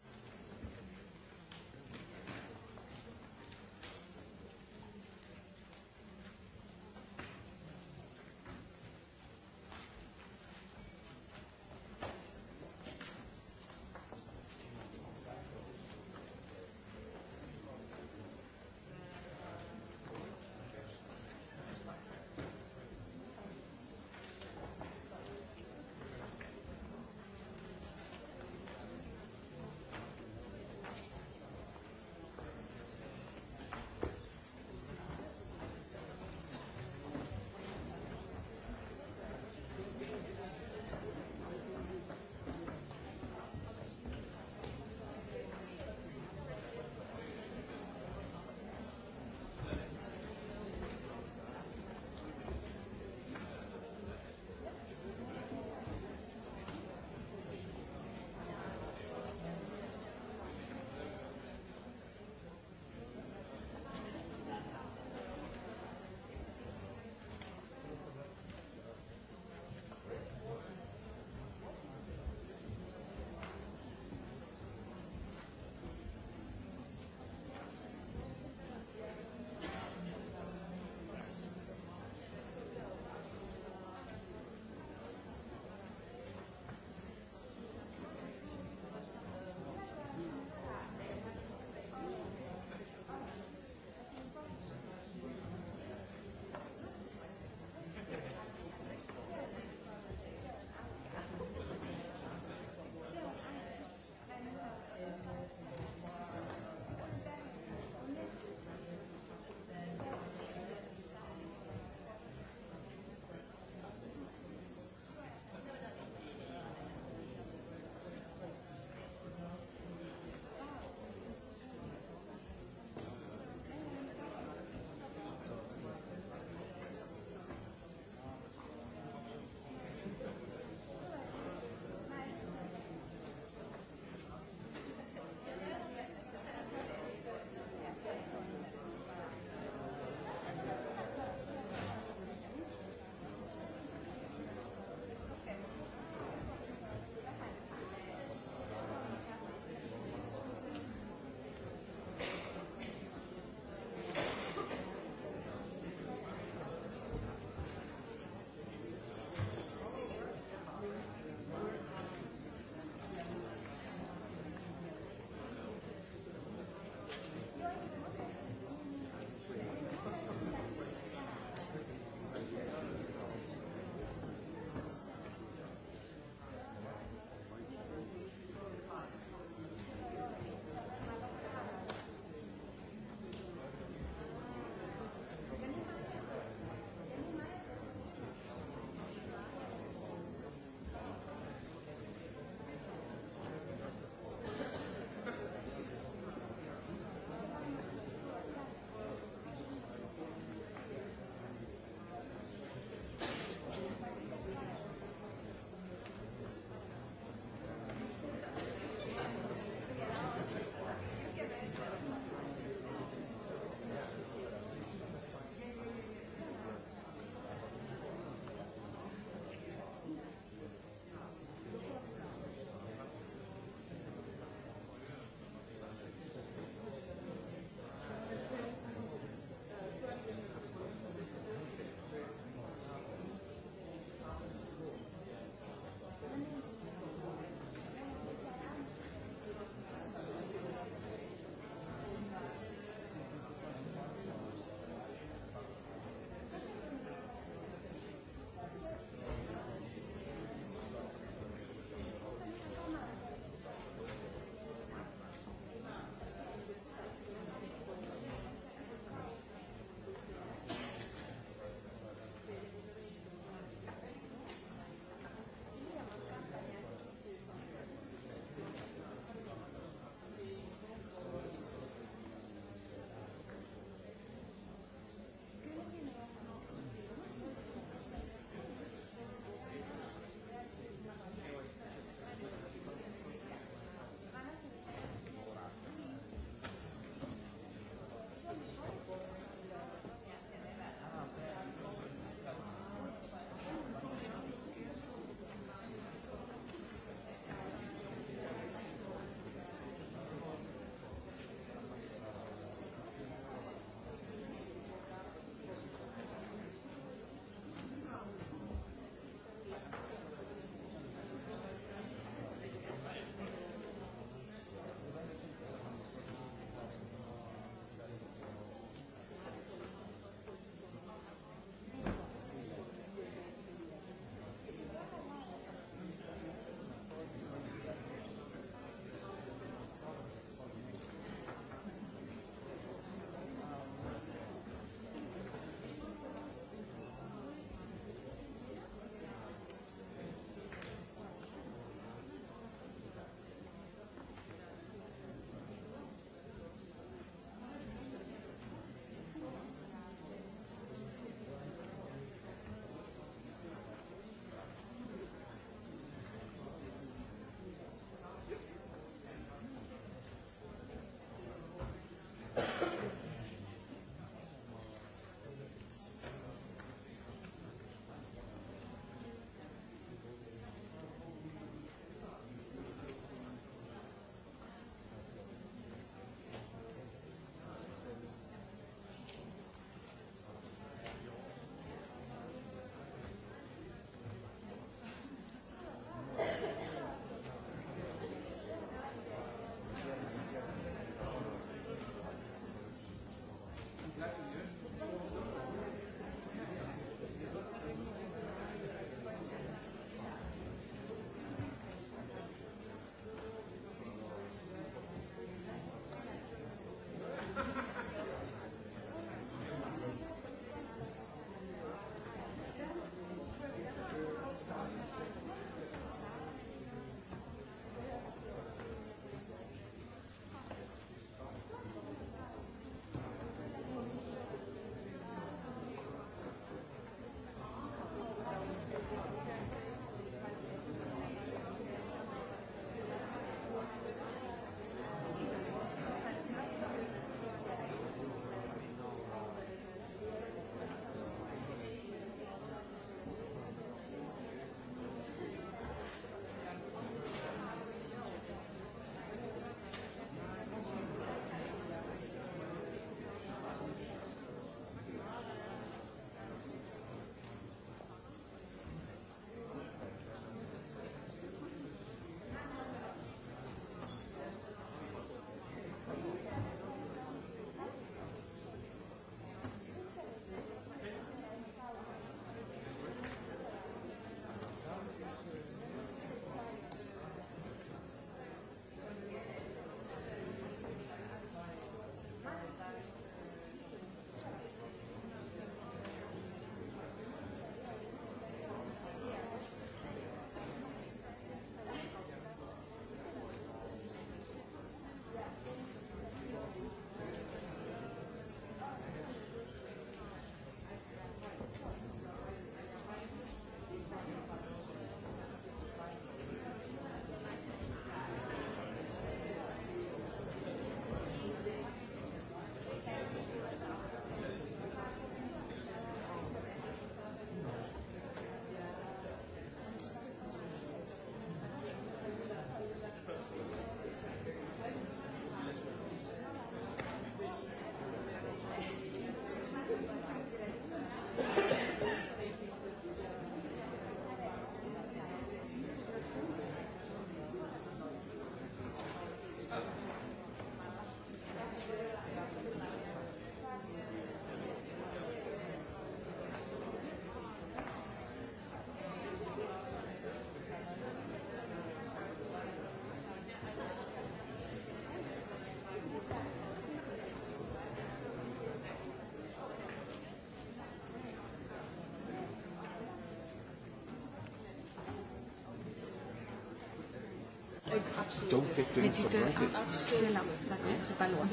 don't get them Mais tu te... Ah, c'est là, d'accord, c'est pas loin.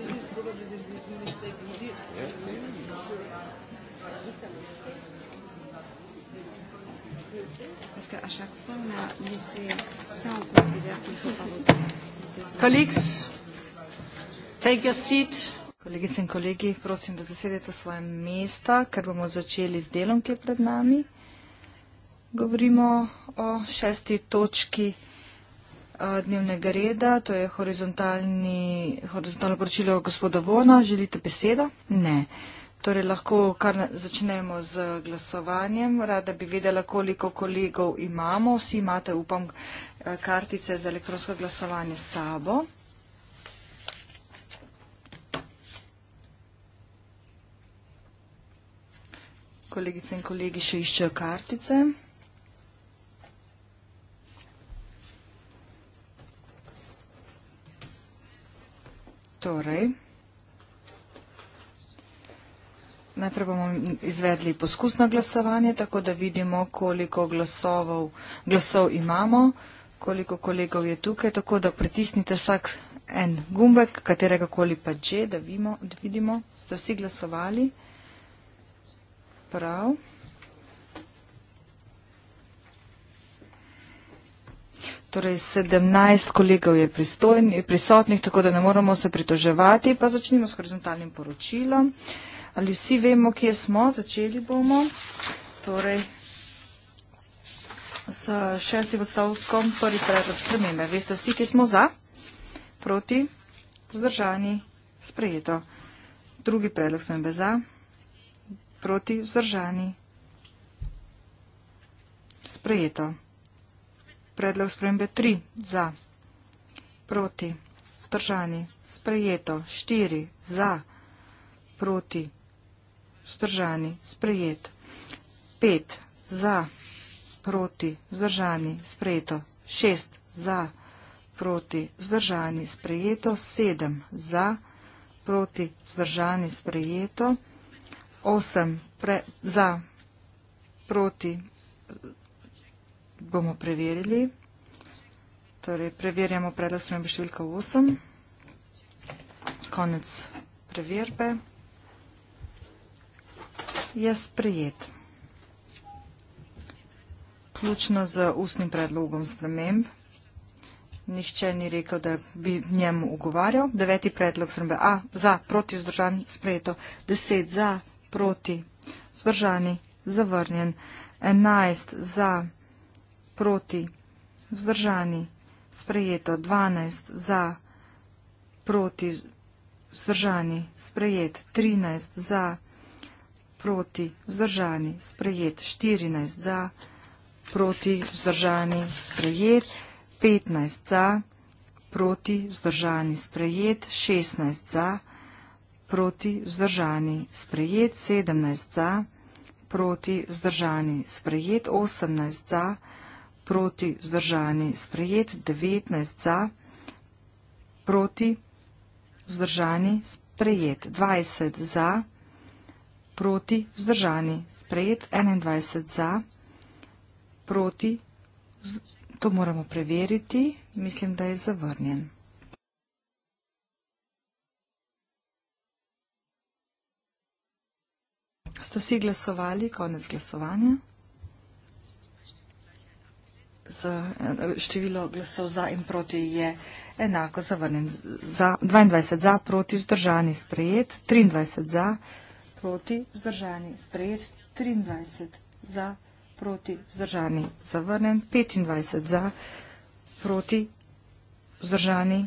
Parce qu'à chaque fois, on a laissé ça en considère qu'il faut pas voter. Colleagues, take your seat. Kolegice in kolegi, prosim, da zasedete svoje mesta, ker bomo začeli z delom, ki je pred nami. Govorimo o šesti točki. Eh, dnevnega reda, to je horizontalno poročilo gospoda Vona. Želite besedo? Ne. Torej lahko kar začnemo z glasovanjem. Rada bi vedela, koliko kolegov imamo. Vsi imate, upam, eh, kartice za elektronsko glasovanje s sabo. Kolegice in kolegi še iščejo kartice. Torej, najprej bomo izvedli poskusno glasovanje, tako da vidimo, koliko glasovov, glasov imamo, koliko kolegov je tukaj, tako da pritisnite vsak en gumbek, katerega koli pa že, da vidimo, ste vsi glasovali. Prav. Torej, 17 kolegov je, pristojn, je prisotnih, tako da ne moramo se pritoževati. Pa začnimo s horizontalnim poročilom. Ali vsi vemo, kje smo? Začeli bomo. Torej, s šestim odstavkom prvi predlog spremembe. Veste vsi, ki smo za, proti, vzdržani, sprejeto. Drugi predlog spremembe za, proti, vzdržani, sprejeto. Predlog spremembe 3 za, proti, vzdržani, sprejeto, 4 za, proti, vzdržani, sprejet, 5 za, proti, vzdržani, sprejeto, 6 za, proti, vzdržani, sprejeto, 7 za, proti, vzdržani, sprejeto, 8 pre, za, proti, vzdržani, sprejeto, bomo preverili. Torej, preverjamo predlog spremembe številka 8. Konec preverbe. Je sprejet. Ključno z ustnim predlogom sprememb. Nihče ni rekel, da bi njemu ugovarjal. Deveti predlog spremembe A za, proti, vzdržan, sprejeto. Deset za, proti, vzdržani, zavrnjen. Enajst za, proti, vzdržan proti, vzdržani, sprejeto, 12 za, proti, vzdržani, sprejet, 13 za, proti, vzdržani, sprejet, 14 za, proti, vzdržani, sprejet, 15 za, proti, vzdržani, sprejet, 16 za, proti, vzdržani, sprejet, 17 za, proti, vzdržani, sprejet, 18 za, proti, vzdržani, sprejet, 18 za, proti vzdržani sprejet, 19 za, proti vzdržani sprejet, 20 za, proti vzdržani sprejet, 21 za, proti, to moramo preveriti, mislim, da je zavrnjen. Ste vsi glasovali, konec glasovanja? za, število glasov za in proti je enako zavrnen. Za, 22 za, proti, vzdržani, sprejet. 23 za, proti, vzdržani, sprejet. 23 za, proti, vzdržani, zavrnen. 25 za, proti, vzdržani.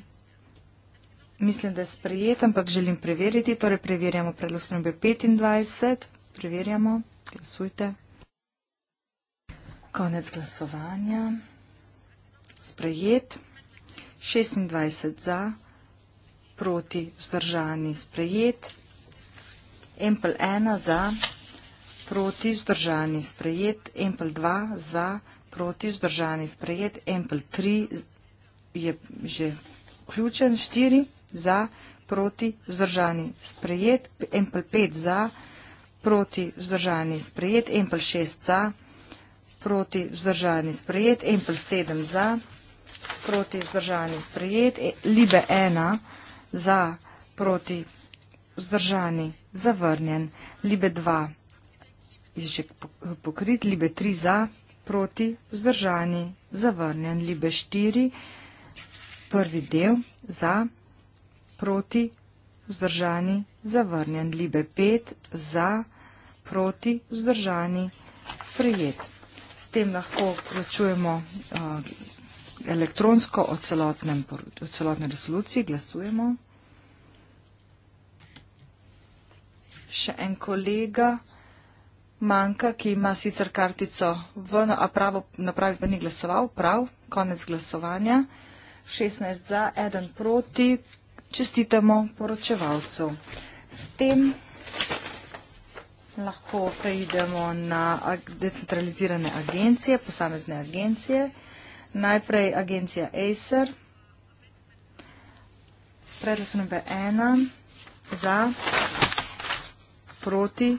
Mislim, da je sprejet, ampak želim preveriti. Torej, preverjamo predlog spremembe 25. Preverjamo. Glasujte konec glasovanja, sprejet, 26 za, proti vzdržani sprejet, empel 1 za, proti vzdržani sprejet, empel 2 za, proti vzdržani sprejet, empel 3 je že vključen, 4 za, proti vzdržani sprejet, empel 5 za, proti vzdržani sprejet, empel 6 za, proti vzdržani sprejet, proti vzdržajni sprejet, en plus sedem za, proti vzdržajni sprejet, e, libe ena za, proti vzdržajni zavrnjen, libe dva je že pokrit, libe tri za, proti vzdržajni zavrnjen, libe štiri, prvi del za, proti vzdržajni zavrnjen, libe pet za, proti vzdržajni sprejet tem lahko plačujemo uh, eh, elektronsko o, celotnem, o celotne resoluciji, glasujemo. Še en kolega manjka, ki ima sicer kartico v napravo, napravi pa ni glasoval, prav, konec glasovanja. 16 za, 1 proti, čestitamo poročevalcu. S tem lahko preidemo na decentralizirane agencije, posamezne agencije. Najprej agencija Acer. Predlog so nebe ena za, proti.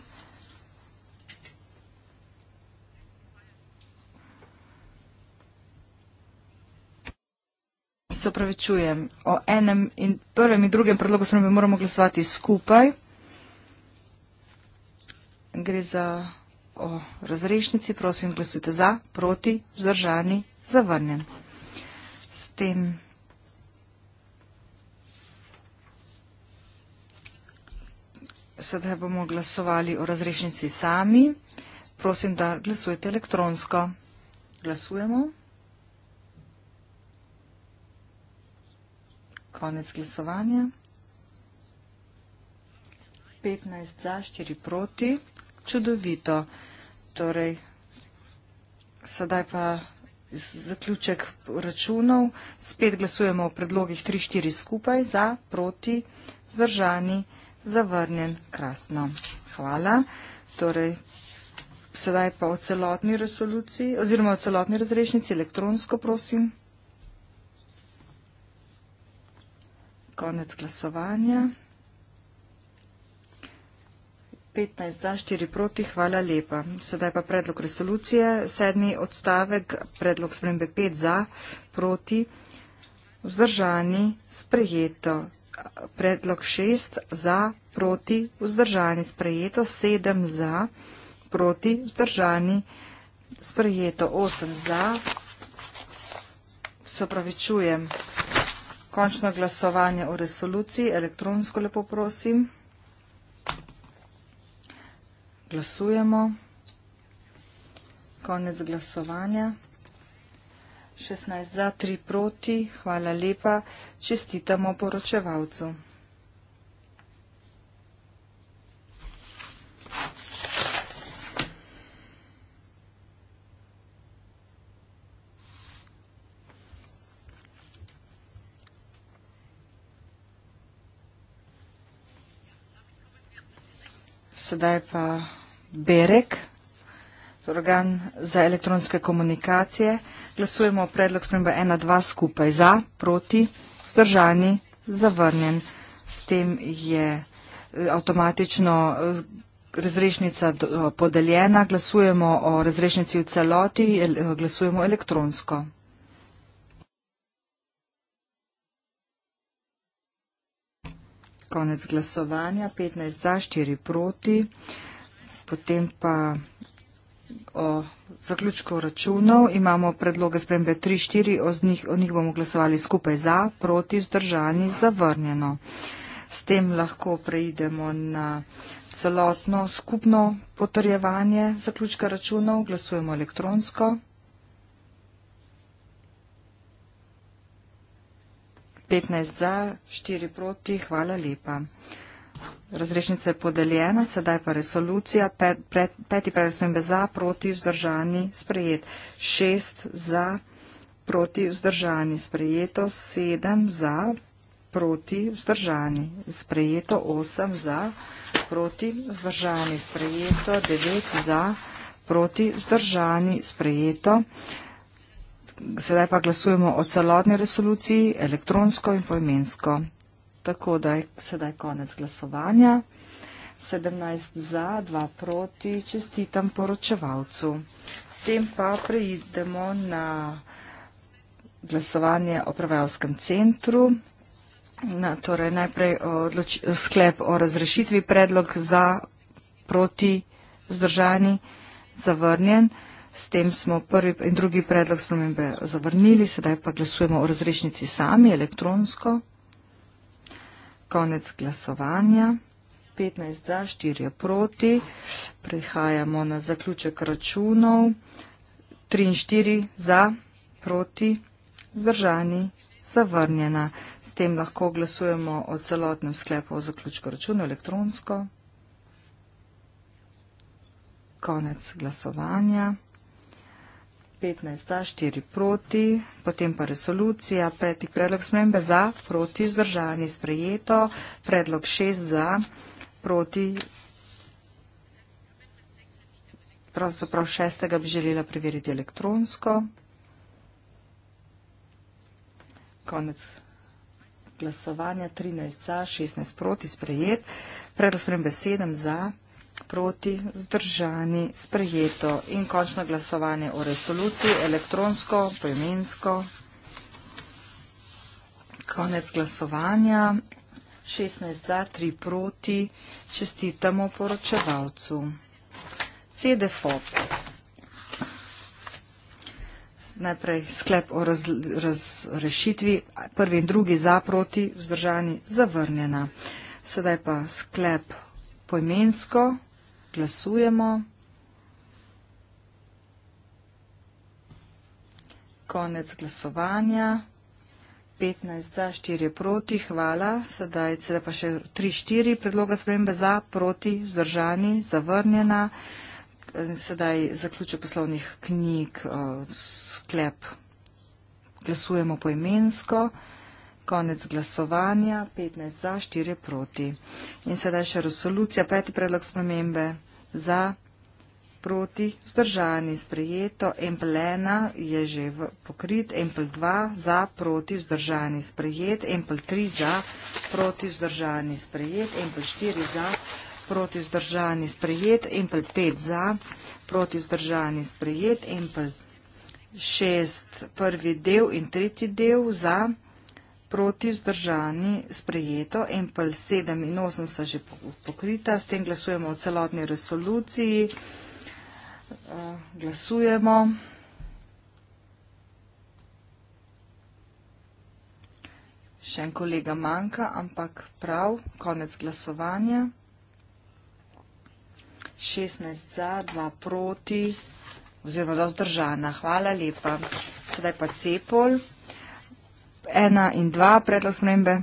Se opravičujem, o enem in prvem in drugem predlogu so nebe moramo glasovati skupaj gre za o razrešnici, prosim, glasujte za, proti, zdržani, zavrnjen. S tem sedaj bomo glasovali o razrešnici sami. Prosim, da glasujete elektronsko. Glasujemo. Konec glasovanja. 15 za, 4 proti. Čudovito. Torej, sedaj pa zaključek računov. Spet glasujemo o predlogih 3-4 skupaj za, proti, zdržani, zavrnjen, krasno. Hvala. Torej, sedaj pa o celotni resoluciji, oziroma o celotni razrešnici, elektronsko prosim. Konec glasovanja. Ja. 15 za, 4 proti, hvala lepa. Sedaj pa predlog resolucije, sedmi odstavek, predlog spremembe 5 za, proti, vzdržani, sprejeto. Predlog 6 za, proti, vzdržani, sprejeto. 7 za, proti, vzdržani, sprejeto. 8 za, se opravičujem. Končno glasovanje o resoluciji, elektronsko lepo prosim. Glasujemo. Konec glasovanja. 16 za, 3 proti. Hvala lepa. Čestitamo poročevalcu. Sedaj pa Berek, organ za elektronske komunikacije. Glasujemo predlog sprememba 1-2 skupaj za, proti, vzdržani, zavrnjen. S tem je eh, avtomatično eh, razrešnica eh, podeljena. Glasujemo o razrešnici v celoti, glasujemo elektronsko. Konec glasovanja, 15 za, 4 proti potem pa o zaključku računov imamo predloge spremembe 3-4, o, o njih bomo glasovali skupaj za, proti, vzdržani, zavrnjeno. S tem lahko preidemo na celotno skupno potrjevanje zaključka računov. Glasujemo elektronsko. Petnajst za, štiri proti, hvala lepa razrešnice podeljene, sedaj pa resolucija, pet, pet, peti predlog spremembe za, proti, vzdržani, sprejet, šest za, proti, vzdržani, sprejeto, sedem za, proti, vzdržani, sprejeto, osem za, proti, vzdržani, sprejeto, devet za, proti, vzdržani, sprejeto. Sedaj pa glasujemo o celotni resoluciji elektronsko in poimensko. Tako da je sedaj konec glasovanja. 17 za, 2 proti, čestitam poročevalcu. S tem pa preidemo na glasovanje o prevajalskem centru. Na, torej najprej odloči, sklep o razrešitvi, predlog za, proti, vzdržani, zavrnjen. S tem smo prvi in drugi predlog spremembe zavrnili, sedaj pa glasujemo o razrešnici sami, elektronsko konec glasovanja. 15 za, 4 proti. Prehajamo na zaključek računov. 3 in 4 za, proti, zdržani, zavrnjena. S tem lahko glasujemo o celotnem sklepu o zaključku računa elektronsko. Konec glasovanja. 15 za, 4 proti, potem pa resolucija, peti predlog smembe za, proti, zdržani, sprejeto, predlog 6 za, proti, pravzaprav šestega bi želela preveriti elektronsko. Konec glasovanja, 13 za, 16 proti, sprejet, predlog smembe 7 za, proti, zdržani, sprejeto in končno glasovanje o resoluciji, elektronsko, pojmensko, konec glasovanja, 16 za, 3 proti, čestitamo poročevalcu. CDFOP. Najprej sklep o razrešitvi, raz, prvi in drugi za, proti, vzdržani, zavrnjena. Sedaj pa sklep pojmensko, glasujemo. Konec glasovanja. 15 za, 4 proti, hvala. Sedaj se pa še 3-4 predloga spremembe za, proti, vzdržani, zavrnjena. Sedaj zaključek poslovnih knjig, eh, sklep. Glasujemo poimensko. imensko. Konec glasovanja, 15 za, 4 proti. In sedaj še resolucija, peti predlog spremembe za, proti, vzdržani, sprejeto, empl ena je že v pokrit, empl dva za, proti, vzdržani, sprejet, empl tri za, proti, vzdržani, sprejet, empl štiri za, proti, vzdržani, sprejet, empl pet za, proti, vzdržani, sprejet, empl šest prvi del in tretji del za, proti, proti vzdržani sprejeto in pol 7 in 8 sta že pokrita. S tem glasujemo o celotni resoluciji. Eh, glasujemo. Še en kolega manjka, ampak prav, konec glasovanja. 16 za, 2 proti, oziroma do zdržana. Hvala lepa. Sedaj pa cepol ena in dva predlog spremembe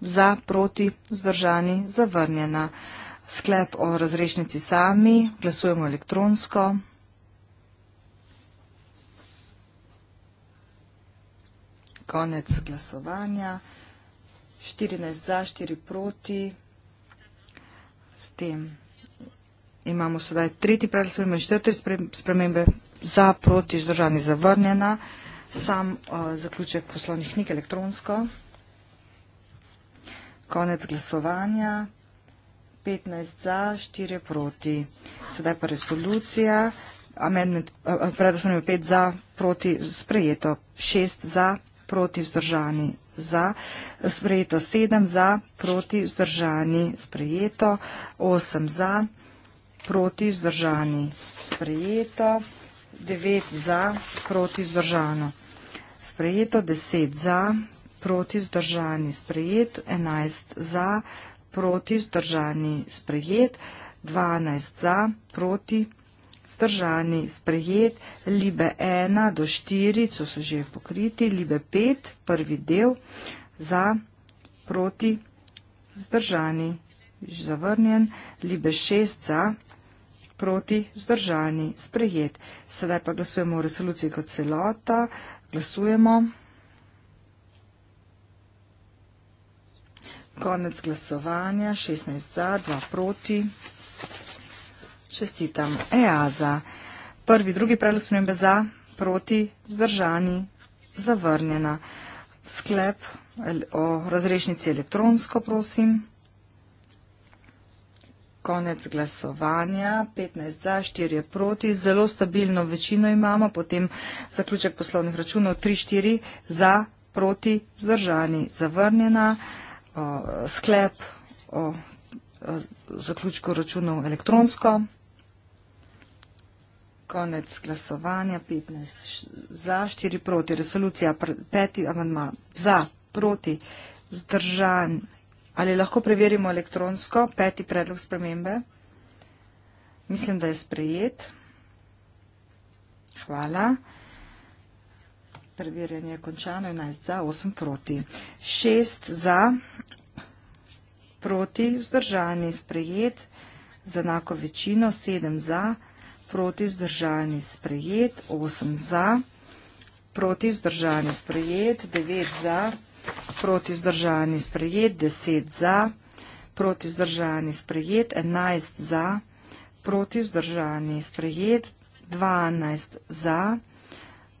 za, proti, zdržani, zavrnjena. Sklep o razrešnici sami, glasujemo elektronsko. Konec glasovanja. 14 za, 4 proti. S tem imamo sedaj tretji predlog spremembe, četrti spremembe za, proti, zdržani, zavrnjena sam uh, zaključek poslovnih knjig elektronsko. Konec glasovanja. 15 za, 4 proti. Sedaj pa resolucija. Amendment, eh, eh, predvsem 5 za, proti, sprejeto 6 za, proti, vzdržani za, sprejeto 7 za, proti, vzdržani sprejeto, 8 za, proti, vzdržani sprejeto, 9 za, proti, vzdržano sprejeto 10 za, proti vzdržani sprejet, 11 za, proti vzdržani sprejet, 12 za, proti vzdržani sprejet, libe 1 do 4, co so že pokriti, libe 5, prvi del, za, proti vzdržani zavrnjen, libe 6 za, proti vzdržani sprejet. Sedaj pa glasujemo o resoluciji kot celota, Glasujemo. Konec glasovanja, 16 za, 2 proti. Čestitam EASA. Prvi, drugi predlog spremembe za, proti, vzdržani, zavrnjena. Sklep o razrešnici elektronsko, prosim konec glasovanja, 15 za, 4 proti, zelo stabilno večino imamo, potem zaključek poslovnih računov 3-4 za, proti, zdržani, zavrnjena, o, sklep o, o zaključku računov elektronsko, konec glasovanja, 15 za, 4 proti, resolucija 5, amandma za, proti, zdržani. Ali lahko preverimo elektronsko peti predlog spremembe? Mislim, da je sprejet. Hvala. Preverjanje je končano. 11 za, 8 proti. 6 za, proti, vzdržani, sprejet. Z enako večino, 7 za, proti, vzdržani, sprejet. 8 za, proti, vzdržani, sprejet. 9 za, proti proti vzdržani sprejet, 10 za, proti vzdržani sprejet, 11 za, proti vzdržani sprejet, 12 za,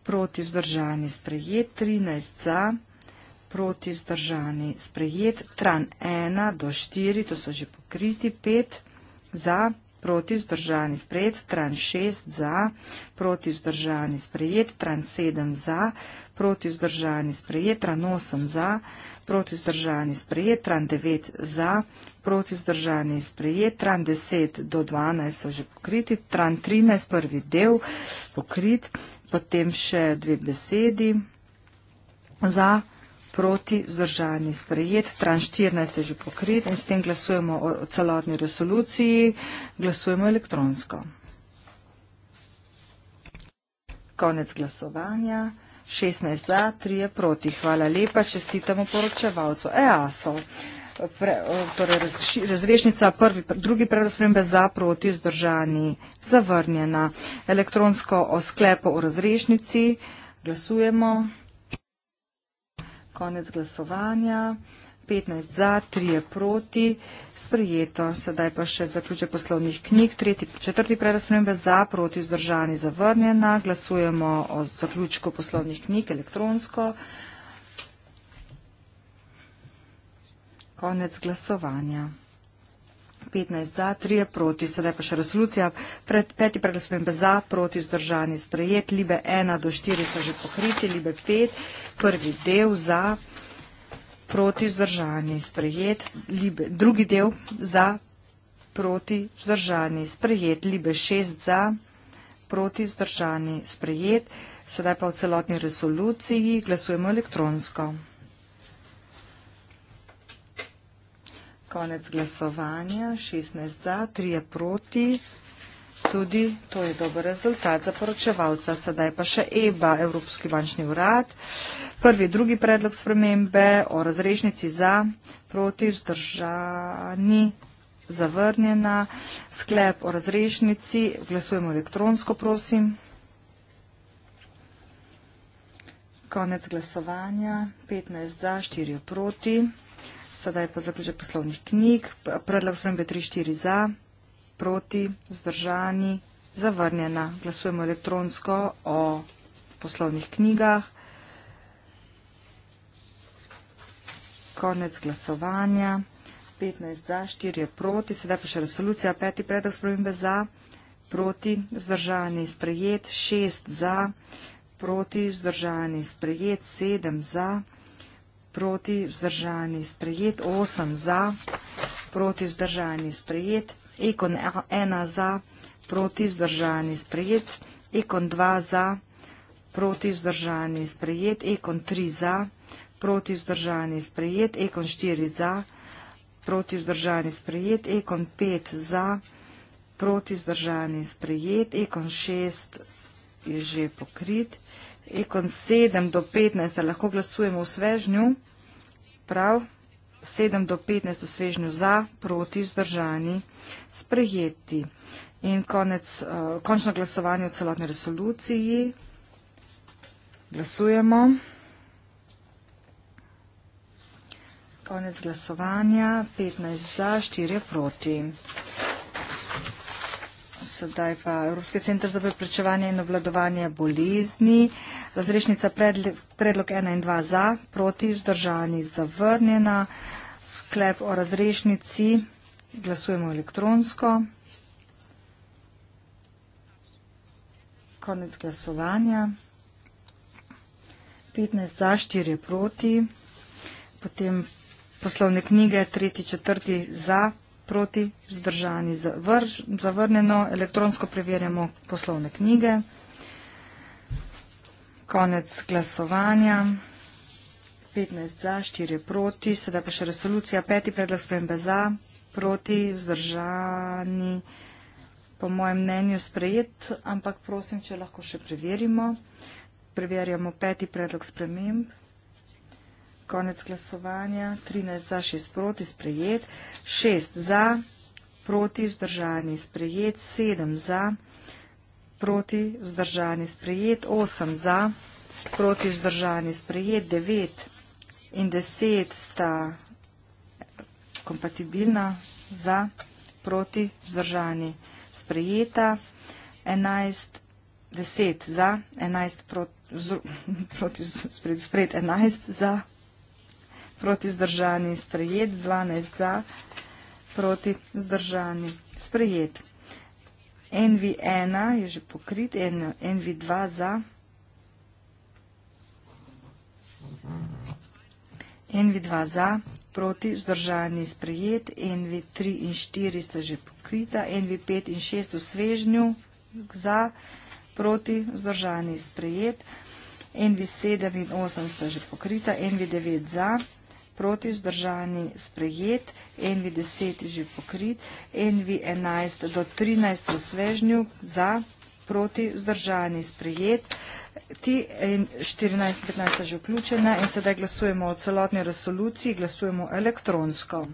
proti vzdržani sprejet, 13 za, proti vzdržani sprejet, tran 1 do 4, to so že pokriti, 5 za, proti vzdržani sprejet, tran 6 za, proti vzdržani sprejet, tran 7 za, proti vzdržani sprejetra, 8 za, proti vzdržani sprejetra, 9 za, proti vzdržani sprejetra, 10 do 12 so že pokriti, 13 prvi del pokrit, potem še dve besedi za proti vzdržani sprejet, tran 14 je že pokrit in s tem glasujemo o celotni resoluciji, glasujemo elektronsko. Konec glasovanja. 16 za, 3 proti. Hvala lepa, čestitamo poročevalcu. EASO. Pre, torej razrešnica prvi, drugi predosprembe za proti vzdržani zavrnjena. Elektronsko o sklepu o razrešnici glasujemo. Konec glasovanja. 15 za, 3 proti, sprejeto. Sedaj pa še zaključek poslovnih knjig. Tretji, četrti predlog spremembe za, proti, vzdržani, zavrnjena. Glasujemo o zaključku poslovnih knjig elektronsko. Konec glasovanja. 15 za, 3 proti, sedaj pa še resolucija. Pred, peti predlog spremembe za, proti, vzdržani, sprejet. Libe 1 do 4 so že pokriti, libe 5, prvi del za, proti vzdržani sprejet, libe, drugi del za proti vzdržani sprejet, libe šest za proti vzdržani sprejet, sedaj pa v celotni resoluciji glasujemo elektronsko. Konec glasovanja, 16 za, 3 proti vzdržani sprejet tudi to je dober rezultat za poročevalca. Sedaj pa še EBA, Evropski bančni urad. Prvi, drugi predlog spremembe o razrešnici za, proti, vzdržani, zavrnjena. Sklep o razrešnici, glasujemo elektronsko, prosim. Konec glasovanja, 15 za, 4 proti. Sedaj pa zaključek poslovnih knjig, predlog spremembe 3-4 za proti, vzdržani, zavrnjena. Glasujemo elektronsko o poslovnih knjigah. Konec glasovanja. 15 za, 4 je proti, sedaj pa še resolucija, peti predlog spremembe za, proti, vzdržani, sprejet, 6 za, proti, vzdržani, sprejet, 7 za, proti, vzdržani, sprejet, 8 za, proti, vzdržani, sprejet, Ekon 1 za, proti vzdržani sprejet. Ekon 2 za, proti vzdržani sprejet. Ekon 3 za, proti vzdržani sprejet. Ekon 4 za, proti vzdržani sprejet. Ekon 5 za, proti vzdržani sprejet. Ekon 6 je že pokrit. Ekon 7 do 15, da lahko glasujemo v svežnju. Prav. 7 do 15 v svežnju za, proti vzdržani sprejeti. In konec, eh, končno glasovanje v celotni resoluciji. Glasujemo. Konec glasovanja, 15 za, 4 proti sedaj pa Evropski centr za preprečevanje in obladovanje bolezni. Razrešnica predlog, predlog 1 in 2 za, proti, zdržani, zavrnjena. Sklep o razrešnici glasujemo elektronsko. Konec glasovanja. 15 za, 4 proti. Potem poslovne knjige, 3, 4 za, proti, vzdržani, zavr, zavrnjeno, elektronsko preverjamo poslovne knjige. Konec glasovanja. 15 za, 4 proti, sedaj pa še resolucija, peti predlog spremembe za, proti, vzdržani, po mojem mnenju sprejet, ampak prosim, če lahko še preverimo. Preverjamo peti predlog spremembe. Konec glasovanja, 13 za, 6 proti, sprejet, 6 za, proti, vzdržani, sprejet, 7 za, proti, vzdržani, sprejet, 8 za, proti, vzdržani, sprejet, 9 in 10 sta kompatibilna za, proti, vzdržani, sprejeta, 11, 10 za, 11 proti, sprejet, 11 za, proti, proti zdržani sprejet, 12 za, proti zdržani sprejet. NV1 je že pokrit, NV2 za, NV2 za, proti zdržani sprejet, NV3 in 4 sta že pokrita, NV5 in 6 v svežnju za, proti zdržani sprejet, NV7 in 8 sta že pokrita, NV9 za, proti zdržani sprejet proti vzdržani sprejet, envi 10 že pokrit, envi 11 do 13 v svežnju za proti vzdržani sprejet, ti 14.15 že vključena in sedaj glasujemo o celotni resoluciji, glasujemo elektronsko.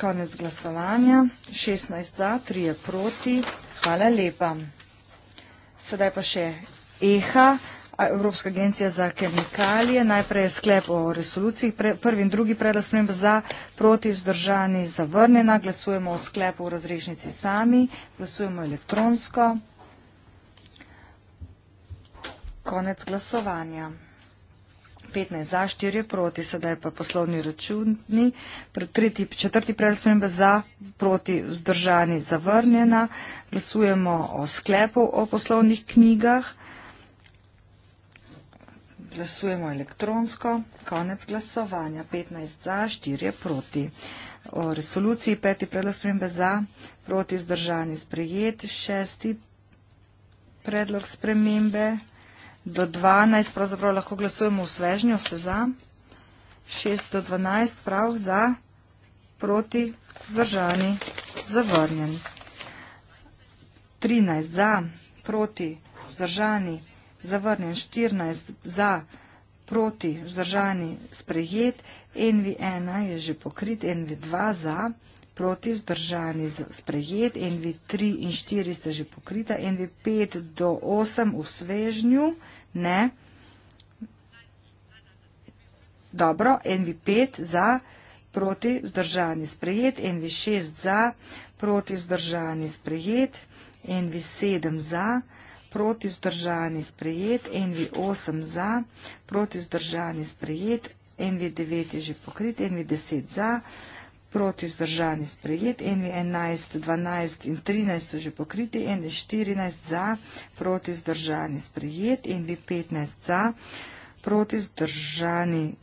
Konec glasovanja, 16 za, 3 proti, hvala lepa. Sedaj pa še EHA. Evropska agencija za kemikalije. Najprej je sklep o resoluciji, pre, prvi in drugi predlog sprememb za, proti, vzdržani, zavrnjena. Glasujemo o sklepu v razrešnici sami, glasujemo elektronsko. Konec glasovanja. 15 za, 4 proti, sedaj pa poslovni računni. Tretji, četrti predlog sprememb za, proti, vzdržani, zavrnjena. Glasujemo o sklepu o poslovnih knjigah. Glasujemo elektronsko. Konec glasovanja. 15 za, 4 proti. O resoluciji peti predlog spremembe za, proti vzdržani sprejet. Šesti predlog spremembe do 12. Pravzaprav lahko glasujemo v svežnju. Ste za? 6 do 12. Prav za, proti vzdržani zavrnjen. 13 za, proti vzdržani sprejet zavrnjen, 14 za, proti, vzdržani, sprejet, NV1 je že pokrit, NV2 za, proti, vzdržani, sprejet, NV3 in 4 sta že pokrita, NV5 do 8 v svežnju, ne. Dobro, NV5 za, proti, vzdržani, sprejet, NV6 za, proti, vzdržani, sprejet, NV7 za, proti, vzdržani, sprejet, proti vzdržani sprejet, NV8 za, proti vzdržani sprejet, NV9 je že pokrit, NV10 za, proti vzdržani sprejet, NV11, 12 in 13 so že pokriti, NV14 za, proti vzdržani sprejet, NV15 za, proti vzdržani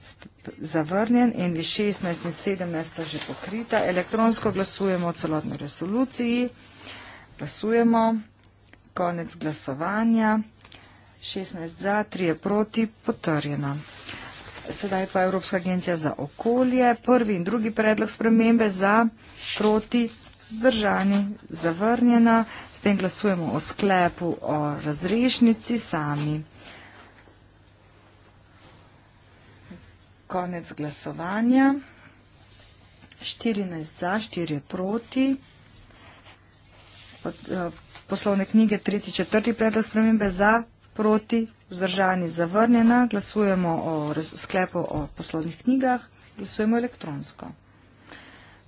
zavrnjen, NV16 in 17 so že pokrita, elektronsko glasujemo o celotni resoluciji, glasujemo, glasujemo, konec glasovanja. 16 za, 3 proti, potrjena. Sedaj pa Evropska agencija za okolje. Prvi in drugi predlog spremembe za, proti, zdržani, zavrnjena. S tem glasujemo o sklepu o razrešnici sami. Konec glasovanja. 14 za, 4 proti. Eh, poslovne knjige, tretji, četrti predlog spremembe za, proti, vzdržani, zavrnjena. Glasujemo o sklepu o poslovnih knjigah, glasujemo elektronsko.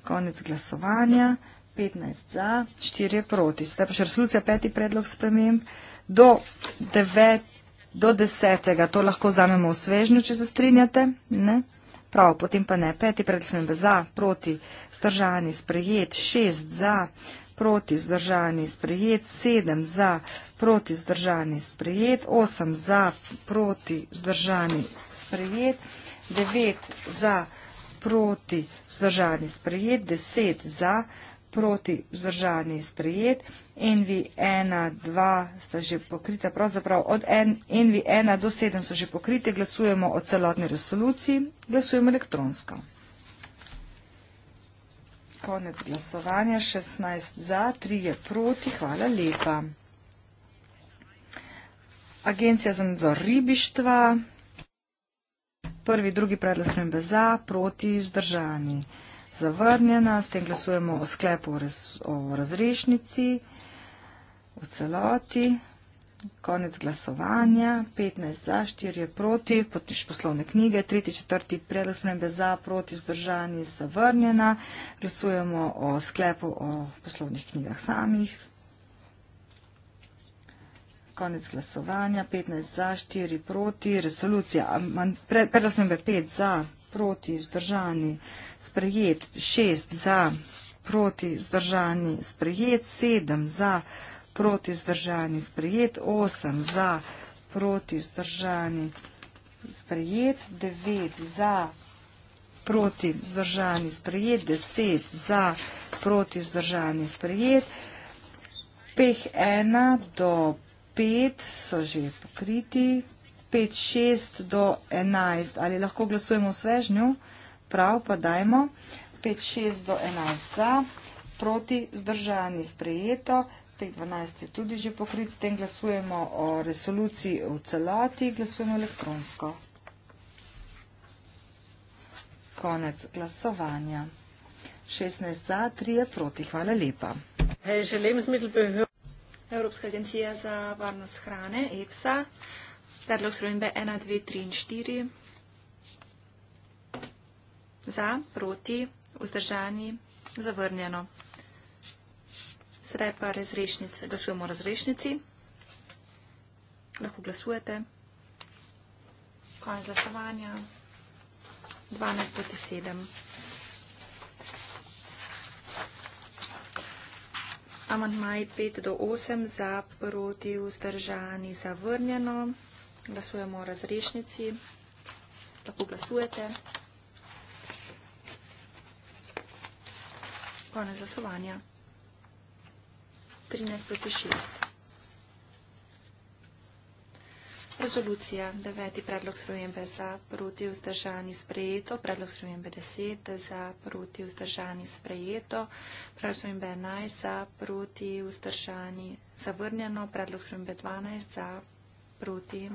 Konec glasovanja, 15 za, 4 proti. Sedaj pa še resolucija, peti predlog sprememb. Do, devet, do desetega to lahko vzamemo v svežnju, če se strinjate. Ne? Prav, potem pa ne. Peti predlog sprememb za, proti, vzdržani, sprejet, šest za, proti vzdržani sprejet, 7 za proti vzdržani sprejet, 8 za proti vzdržani sprejet, 9 za proti vzdržani sprejet, 10 za proti vzdržani sprejet, NV1, 2 sta že pokrita, pravzaprav od NV1 do 7 so že pokrite, glasujemo o celotni resoluciji, glasujemo elektronsko konec glasovanja, 16 za, 3 je proti, hvala lepa. Agencija za nadzor ribištva, prvi, drugi predlog spremembe za, proti, vzdržani, zavrnjena, s tem glasujemo o sklepu o razrešnici, v celoti. Konec glasovanja, 15 za, 4 proti, potiš poslovne knjige, tretji, četrti predlog spremembe za, proti, zdržani, zavrnjena. Glasujemo o sklepu o poslovnih knjigah samih. Konec glasovanja, 15 za, 4 proti, resolucija, predlog spremembe 5 za, proti, zdržani, sprejet, 6 za, proti, zdržani, sprejet, 7 za, proti, zdržani, sprejet proti vzdržani sprejet, 8 za proti vzdržani sprejet, 9 za proti vzdržani sprejet, 10 za proti vzdržani sprejet, peh 1 do 5 so že pokriti, 5, 6 do 11, ali lahko glasujemo v svežnju, prav pa dajmo, 5, 6 do 11 za, proti vzdržani sprejeto, 10, petek 12. je tudi že pokrit, s tem glasujemo o resoluciji v celoti, glasujemo elektronsko. Konec glasovanja. 16 za, 3 je proti. Hvala lepa. Evropska agencija za varnost hrane, EFSA, predlog srojenbe 1, 2, 3 in 4. Za, proti, vzdržani, zavrnjeno. Sedaj pa glasujemo o razrešnici. Lahko glasujete. Konec glasovanja. 12 proti 7. Amantmaj 5 do 8 za proti vzdržani zavrnjeno. Glasujemo o razrešnici. Lahko glasujete. Konec glasovanja. 13 proti 6. Rezolucija 9. Predlog sprejembe za proti vzdržani sprejeto. Predlog sprejembe 10. Za proti vzdržani sprejeto. Predlog sprejembe 11. Za proti vzdržani zavrnjeno. Predlog sprejembe 12. Za proti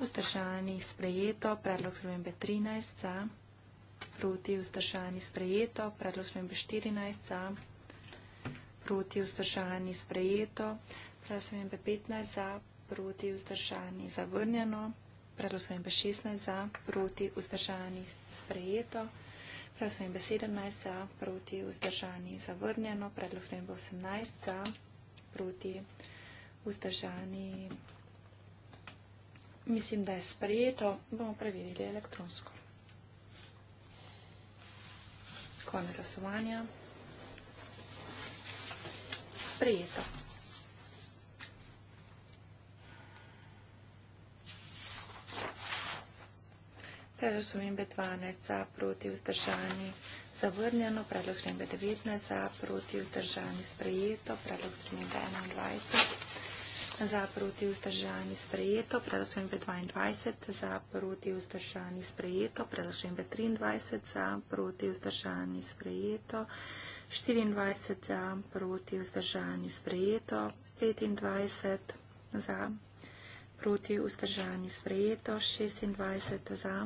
vzdržani sprejeto. Predlog sprejembe 13. Za proti vzdržani sprejeto. Predlog sprejembe 14. Za proti vzdržani sprejeto proti vzdržani sprejeto, predlosujem pa 15 za, proti vzdržani zavrnjeno, predlosujem pa 16 za, proti vzdržani sprejeto, predlosujem pa 17 za, proti vzdržani zavrnjeno, predlosujem pa 18 za, proti vzdržani. Mislim, da je sprejeto, bomo preverili elektronsko. Konec glasovanja sprejeta. Ker so imbe 12 za proti vzdržani zavrnjeno, predlog imbe 19 za proti vzdržani sprejeto, predlog imbe 21 za proti vzdržani sprejeto, predlog imbe 22 za proti vzdržani sprejeto, predlog imbe 23 za proti vzdržani sprejeto, predlog imbe 23 za proti vzdržani sprejeto, 24 za, proti vzdržani sprejeto, 25 za, proti vzdržani sprejeto, 26 za,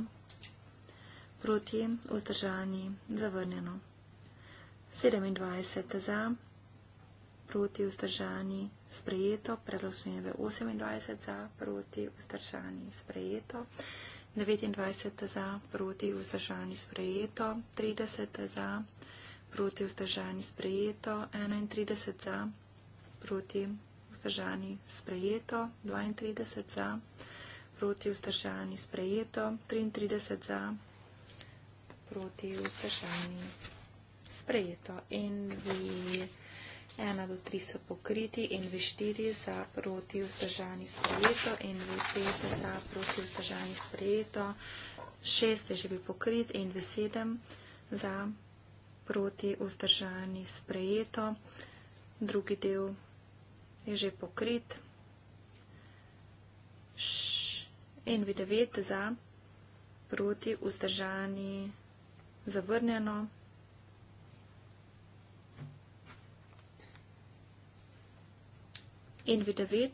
proti vzdržani zavrnjeno, 27 za, proti vzdržani sprejeto, predlog smenjeve 28 za, proti vzdržani sprejeto, 29 za, proti vzdržani sprejeto, 30 za, proti vzdržani sprejeto, proti vzdržani sprejeto, 31 za, proti vzdržani sprejeto, 32 za, proti vzdržani sprejeto, 33 za, proti vzdržani sprejeto. In vi 1 do 3 so pokriti in vi 4 za, proti vzdržani sprejeto in vi 5 za, proti vzdržani sprejeto, 6 je že bil pokrit in vi 7 za, proti vzdržani sprejeto proti vzdržani sprejeto. Drugi del je že pokrit. NV9 za proti vzdržani zavrnjeno. NV9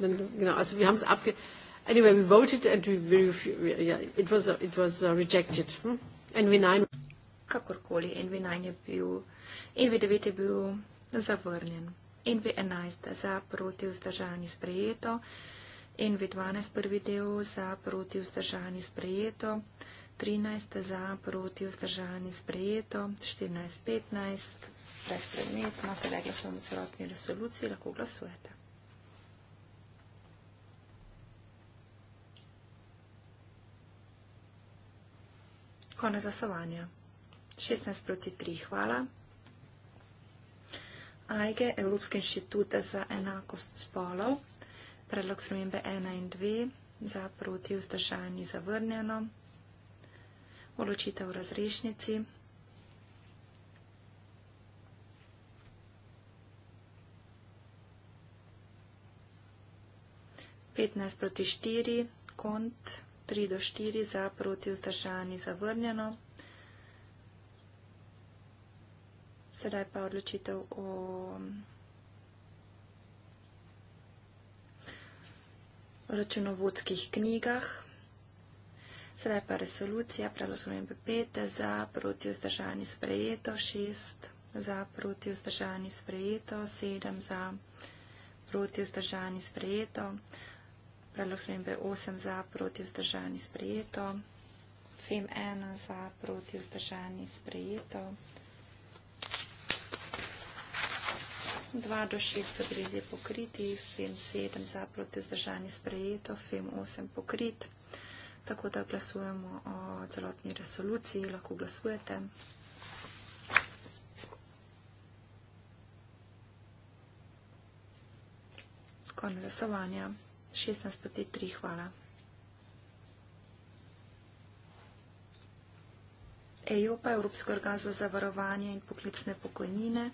Genau, also wir haben es abge... Anyway, we voted and we, we, we yeah, it was uh, it was uh, rejected. NV9 hm? kakorkoli NV9 je bil NV9 je bil zavrnjen. NV11 za proti vzdržani sprejeto. NV12 prvi del za proti vzdržani sprejeto. 13 za proti vzdržani sprejeto. 14 15 brez predmetno, se rekla smo v celotni resoluciji, lahko glasujete. Konec zasovanja. 16 proti 3. Hvala. AIGE, Evropski inštitut za enakost spolov. Predlog spremembe 1 in 2 za proti vzdržanji zavrnjeno. Oločitev v razrešnici. Petnaest proti štiri, kont. 3 do 4 za, proti vzdržani, zavrnjeno. Sedaj pa odločitev o računovodskih knjigah. Sedaj pa resolucija, pravoslovljen B5, za, proti vzdržani, sprejeto, 6 za, proti vzdržani, sprejeto, 7 za, proti vzdržani, sprejeto. Predlog spremembe 8 za proti vzdržani sprejeto. FEM 1 za proti vzdržani sprejeto. 2 do 6 so bili že pokriti. FEM 7 za proti vzdržani sprejeto. FEM 8 pokrit. Tako da glasujemo o celotni resoluciji. Lahko glasujete. Konec glasovanja. 16 poti 3, hvala. EU pa je Evropski organ za zavarovanje in poklicne pokojnine.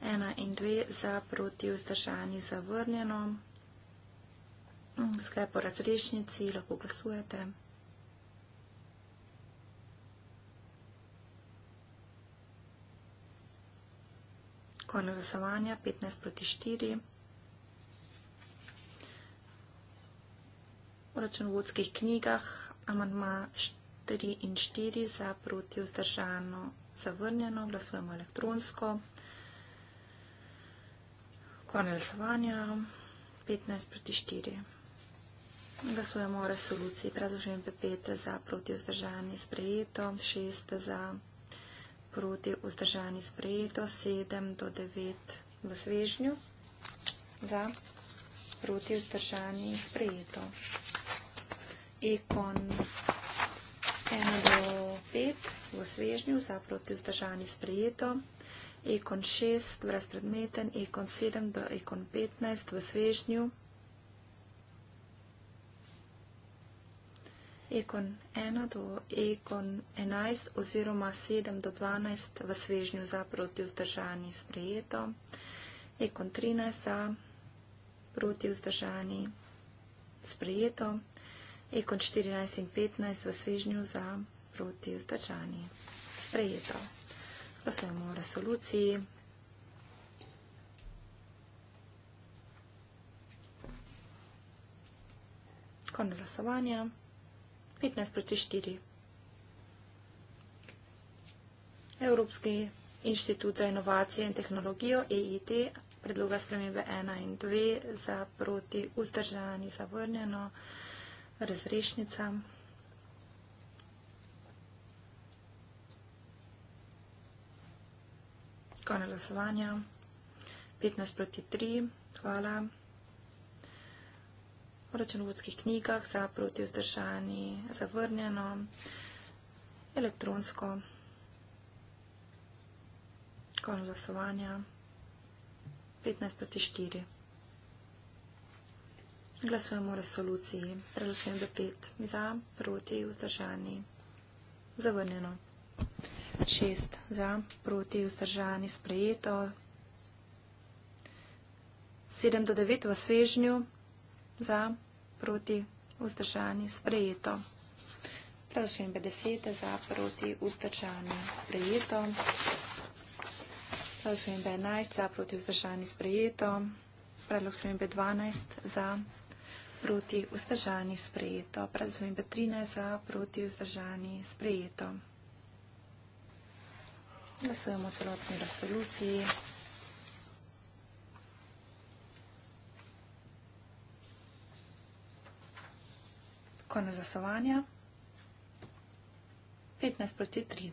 1 in 2 za proti vzdržani zavrnjeno. Sklep po razrešnici, lahko glasujete. Konec glasovanja, 15 proti 4. v računovodskih knjigah, amantma 3 in 4 za proti vzdržano zavrnjeno, glasujemo elektronsko. Konec glasovanja 15 proti 4. Glasujemo o resoluciji predložen PPT za proti vzdržani sprejeto, 6 za proti vzdržani sprejeto, 7 do 9 v svežnju za proti vzdržani sprejeto. Ekon 1 do 5 v svežnju, za proti vzdržani sprejeto. Ekon 6 brezpredmeten, Ekon 7 do Ekon 15 v svežnju. Ekon 1 do Ekon 11 oziroma 7 do 12 v svežnju za proti vzdržani sprejeto. Ekon 13 za proti vzdržani sprejeto. Ekon 14 in 15 v svežnju za proti vzdržani. Sprejeto. Glasujemo o resoluciji. Konec glasovanja. 15 proti 4. Evropski inštitut za inovacije in tehnologijo EIT predloga spremembe 1 in 2 za proti vzdržani zavrnjeno razrešnica. Konec glasovanja. 15 proti 3. Hvala. V računovodskih knjigah za proti vzdržani zavrnjeno. Elektronsko. Konec glasovanja. 15 proti 4. Glasujemo o resoluciji. Predložujem do pet. Za, proti, vzdržani. Zavrnjeno. Šest. Za, proti, vzdržani. Sprejeto. Sedem do devet v svežnju. Za, proti, vzdržani. Sprejeto. Predložujem do deset. Za, proti, vzdržani. Sprejeto. Predložujem do enajst. Za, proti, vzdržani. Sprejeto. Predlog sprememb je 12 za, proti vzdržani sprejeto. Predstavim pa 13 za proti vzdržani sprejeto. Glasujemo o celotni resoluciji. Konec glasovanja. 15 proti 3.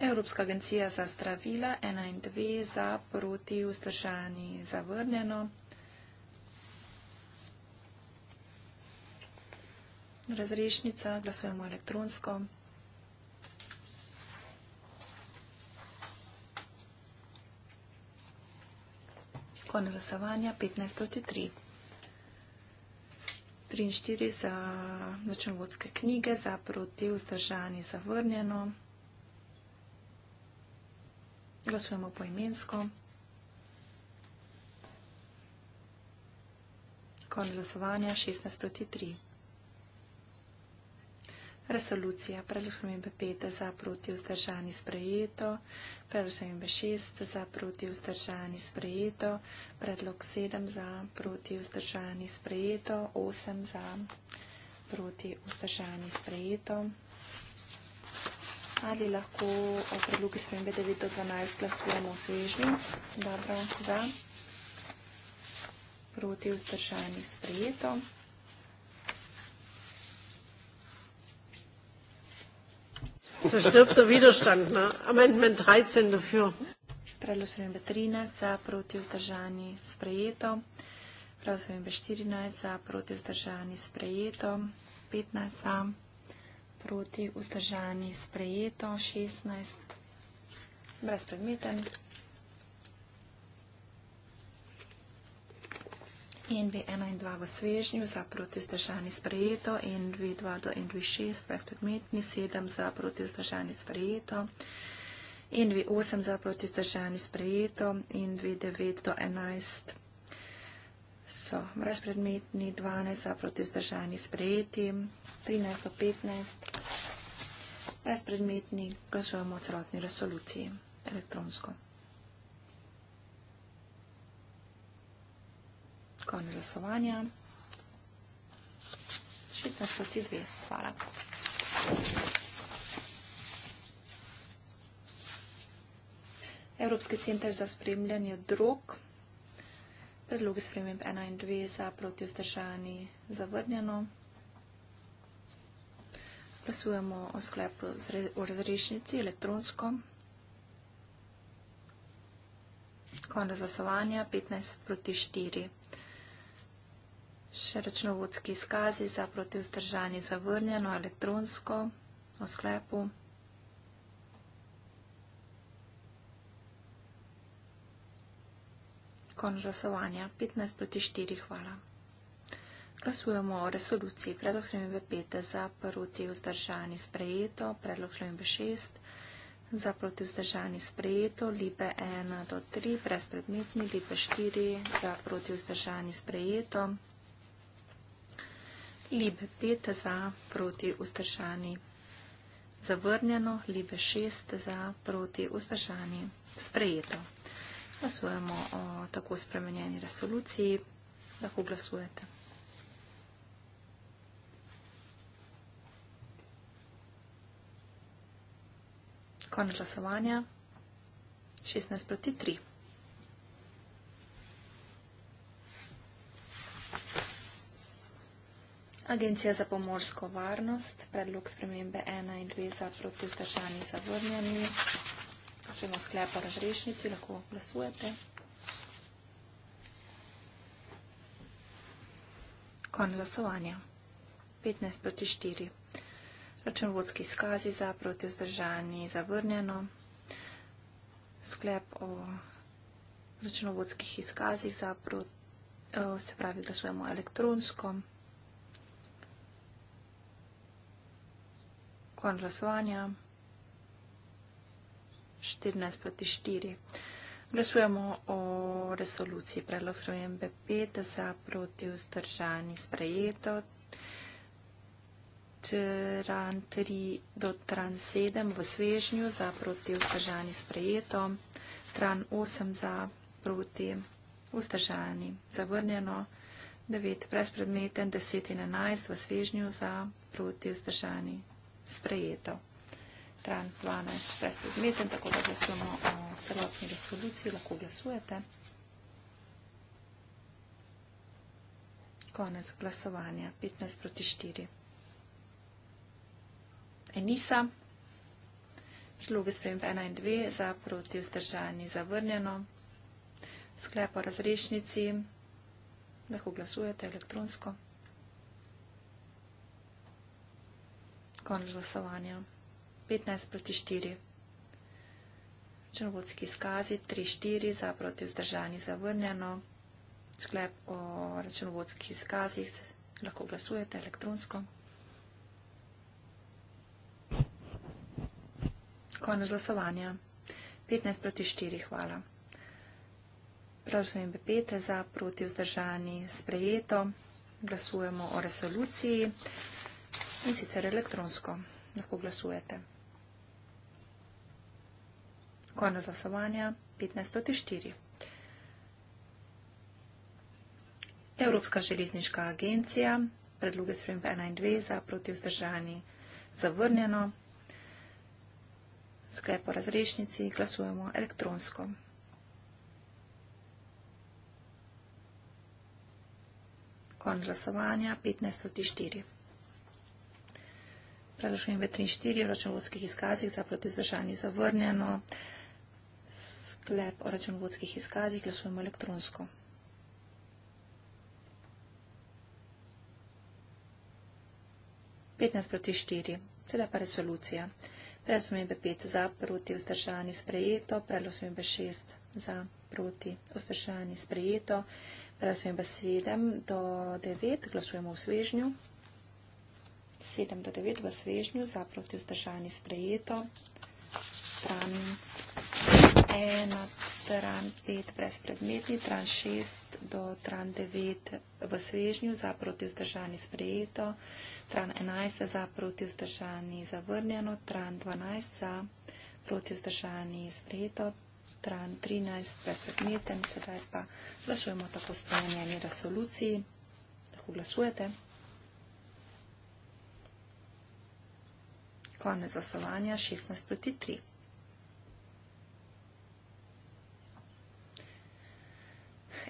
Evropska agencija za zdravila 1 in 2 za proti vzdržani zavrnjeno. Razrešnica, glasujemo elektronsko. Kone glasovanja 15 proti 3. 3 in 4 za načinovodske knjige, za proti vzdržani zavrnjeno. Glasujemo poimensko. Konec glasovanja 16 proti 3. Resolucija. Predlog spremembe 5 za proti vzdržani sprejeto. Predlog spremembe 6 za proti vzdržani sprejeto. Predlog 7 za proti vzdržani sprejeto. 8 za proti vzdržani sprejeto ali lahko o predlogi spremembe 9 do 12 glasujemo v svežnju. Dobro, da. Proti vzdržani sprejeto. Se štrbta vidoštank na amendment 13 do fjo. Predlog spremembe 13 za proti vzdržani sprejeto. Predlog spremembe 14 za proti vzdržani sprejeto. 15 za proti, vzdržani, sprejeto, 16, brezpredmeten. In bi 1 in 2 v svežnju, za proti, vzdržani, sprejeto, in 2, 2 do 1, 2, 6, brezpredmetni, 7 za proti, vzdržani, sprejeto. In 2, 8 za proti, vzdržani, sprejeto, in 2, 9 do 11, sprejeto so brezpredmetni, 12 proti vzdržani sprejeti, 13 do 15 brezpredmetni, glasujemo o celotni resoluciji elektronsko. Konec glasovanja. 16 proti 2. Hvala. Evropski centar za spremljanje drog. Predlogi sprememb 1 in 2 za proti vzdržani zavrnjeno. Glasujemo o sklepu v razrešnici elektronsko. Konec zasovanja 15 proti 4. Še računovodski izkazi za proti vzdržani zavrnjeno elektronsko o sklepu. Kon glasovanja. 15 proti 4. Hvala. Glasujemo o resoluciji. Predlog hrmbe 5 za proti vzdržani sprejeto. Predlog hrmbe 6 za proti vzdržani sprejeto. Lipe 1 do 3 brezpredmetni. Lipe 4 za proti vzdržani sprejeto. Libe 5 za proti vzdržani zavrnjeno, libe 6 za proti vzdržani sprejeto glasujemo o tako spremenjeni resoluciji. Lahko glasujete. Konec glasovanja. 16 proti 3. Agencija za pomorsko varnost, predlog spremembe 1 in 2 za protizdržani zavrnjeni. Svemo sklepa razrešnici, lahko glasujete. Kon glasovanja. 15 proti 4. Računovodski skazi za proti vzdržani zavrnjeno. Sklep o računovodskih izkazih za proti, se pravi, glasujemo elektronsko. Kon glasovanja. 14 proti 4. Glasujemo o resoluciji predlog spremembe 50 proti vzdržani sprejeto. Tran 3 do tran 7 v svežnju za proti vzdržani sprejeto. Tran 8 za proti vzdržani zavrnjeno. 9 brezpredmeten, 10 in 11 v svežnju za proti vzdržani sprejeto trend 12 predmeten, tako da glasujemo o celotni resoluciji, lahko glasujete. Konec glasovanja, 15 proti 4. Enisa, predloge sprejem 1 in 2, za proti vzdržanji zavrnjeno. Sklep o razrešnici, lahko glasujete elektronsko. Konec glasovanja. 15 proti 4. Črnovodski skazi 3-4 za proti vzdržani zavrnjeno. Sklep o računovodskih izkazih lahko glasujete elektronsko. Konec glasovanja. 15 proti 4, hvala. Pravzaprav je pepete za proti vzdržani sprejeto. Glasujemo o resoluciji in sicer elektronsko. Lahko glasujete. Konec glasovanja 15 proti 4. Evropska železniška agencija, predloge sprem 21 za proti vzdržani zavrnjeno. Sklep o razrešnici glasujemo elektronsko. Konec glasovanja 15 proti 4. Predložujem v 3 in 4 v računovodskih izkazih za proti vzdržani zavrnjeno sklep o računovodskih izkazih, glasujemo elektronsko. Petnaest proti štiri. Sedaj pa resolucija. Predlog spremembe 5 za, proti vzdržani sprejeto, predlog spremembe 6 za, proti vzdržani sprejeto, predlog spremembe 7 do 9 glasujemo v svežnju, 7 do 9 v svežnju, za, proti vzdržani sprejeto, pravim ena stran, pet brezpredmetni, stran šest do stran devet v svežnju za proti vzdržani sprejeto, stran enajst za proti vzdržani zavrnjeno, stran dvanajst za proti vzdržani sprejeto, stran trinajst brezpredmeten, sedaj pa glasujemo tako spremenjeni resoluciji. Lahko glasujete. Konec zasovanja 16 proti 3.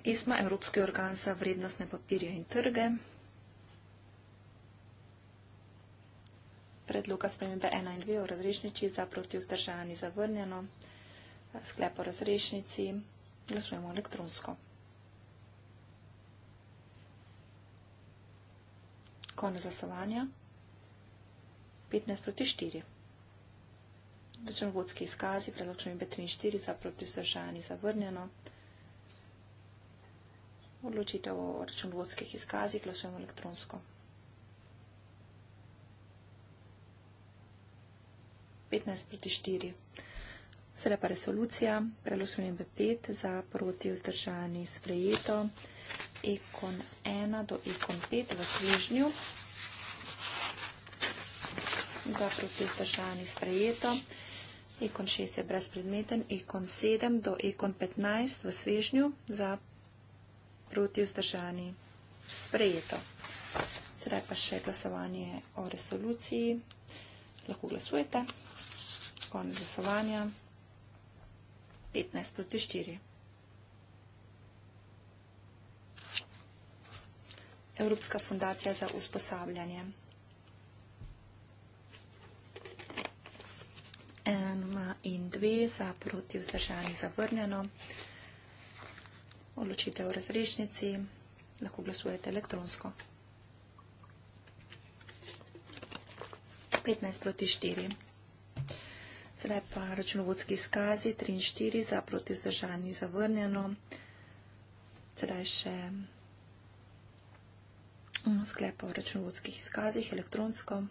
ESMA, Evropski organ za vrednostne papirje in trge. Predloga spremembe 1 in 2 o razrešnici za proti vzdržani zavrnjeno. Sklep o razrešnici glasujemo elektronsko. Konec glasovanja. 15 proti 4. Računovodski izkazi, predlog spremembe 3 in 4 za proti vzdržani zavrnjeno odločitev o računovodskih izkazih glasujemo elektronsko. 15 proti 4. Sedaj pa resolucija, prelosujem v 5 za proti vzdržani sprejeto, ekon 1 do ekon 5 v svežnju, za proti vzdržani sprejeto, ekon 6 je brezpredmeten, ekon 7 do ekon 15 v svežnju, za proti vzdržani sprejeto, proti vzdržani. Sprejeto. Sedaj pa še glasovanje o resoluciji. Lahko glasujete. Konec glasovanja. 15 proti 4. Evropska fundacija za usposabljanje. Ena in dve za proti vzdržani zavrnjeno odločite v razrešnici, lahko glasujete elektronsko. 15 proti 4. Sedaj pa računovodski izkazi 3 in 4 za proti vzdržani zavrnjeno. Sedaj še mm, sklep o računovodskih izkazih elektronsko.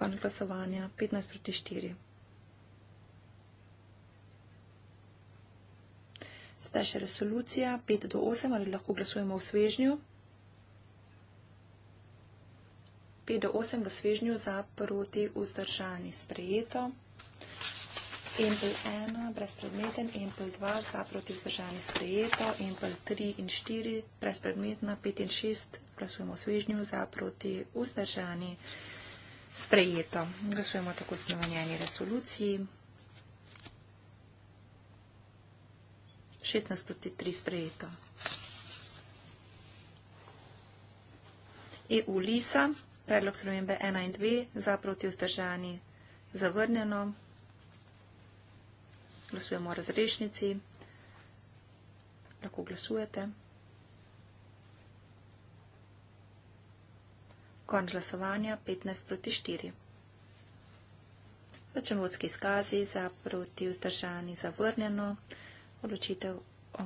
Konec glasovanja 15 proti 4. Zdaj še resolucija 5 do 8, ali lahko glasujemo v svežnju. 5 do 8 v svežnju za proti vzdržani sprejeto. Empel 1 brezpredmeten, Empel 2 za proti vzdržani sprejeto, Empel 3 in 4 brezpredmetna, 5 in 6 glasujemo v svežnju za proti vzdržani sprejeto. Glasujemo tako spremenjeni resoluciji. 16 proti 3 sprejeto. EU LISA, predlog spremembe 1 in 2, za proti vzdržani zavrnjeno. Glasujemo o razrešnici. Lahko glasujete. Konč glasovanja 15 proti 4. Računovodski izkazi za proti vzdržani zavrnjeno odločitev o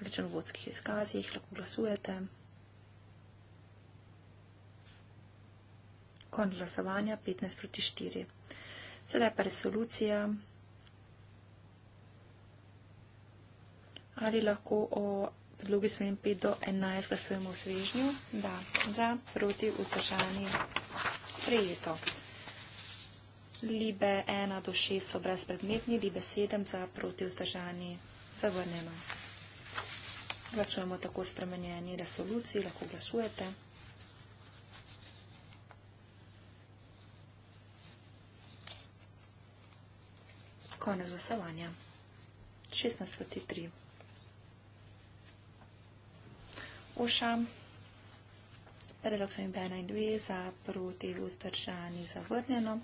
računovodskih izkazih, lahko glasujete. Kon glasovanja 15 proti 4. Sedaj pa resolucija. Ali lahko o predlogi smem 5 do 11 glasujemo v svežnju? Da, za proti vzdržani sprejeto. Libe 1 do 6 so brezpredmetni, libe 7 za proti vzdržani sprejeto. Seboj ne imam. Glasujemo tako spremenjeni resoluciji, lahko glasujete. Konec glasovanja. 16 proti 3. Uša. Predlog so imbe 1 in 2 za proti vzdržani zavrnjeno.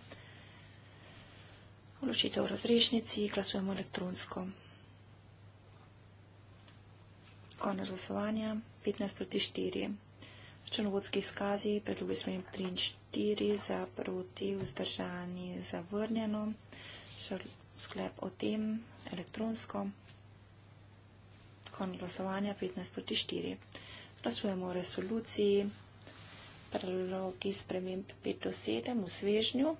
Vločitev v razrešnici. Glasujemo elektronsko. Glasujemo elektronsko. Konec glasovanja 15 proti 4. Računovodski izkazi, predlogi spremenim 3 in 4 za proti vzdržani zavrnjeno. Še sklep o tem elektronsko. Konec glasovanja 15 proti 4. Glasujemo o resoluciji, predlogi spremenim 5 do 7 v svežnju.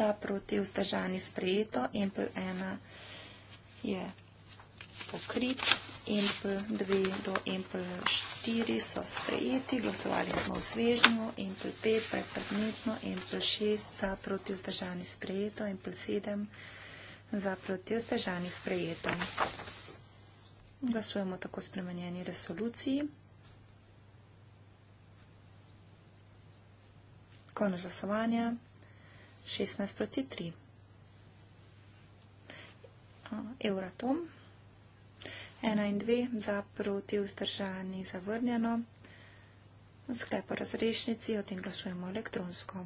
Za proti vzdržani sprejeto in pol ena je. Yeah pokrit. Impl 2 do Impl 4 so sprejeti, glasovali smo v svežnju, Impl 5 pa je predmetno, Impl 6 za proti vzdržani sprejeto, Impl 7 za proti vzdržani sprejeto. Glasujemo tako spremenjeni resoluciji. Konec glasovanja 16 proti 3. Euratom. 1 in 2, za proti vzdržani zavrnjeno. Sklep o razrešnici, o tem glasujemo elektronsko.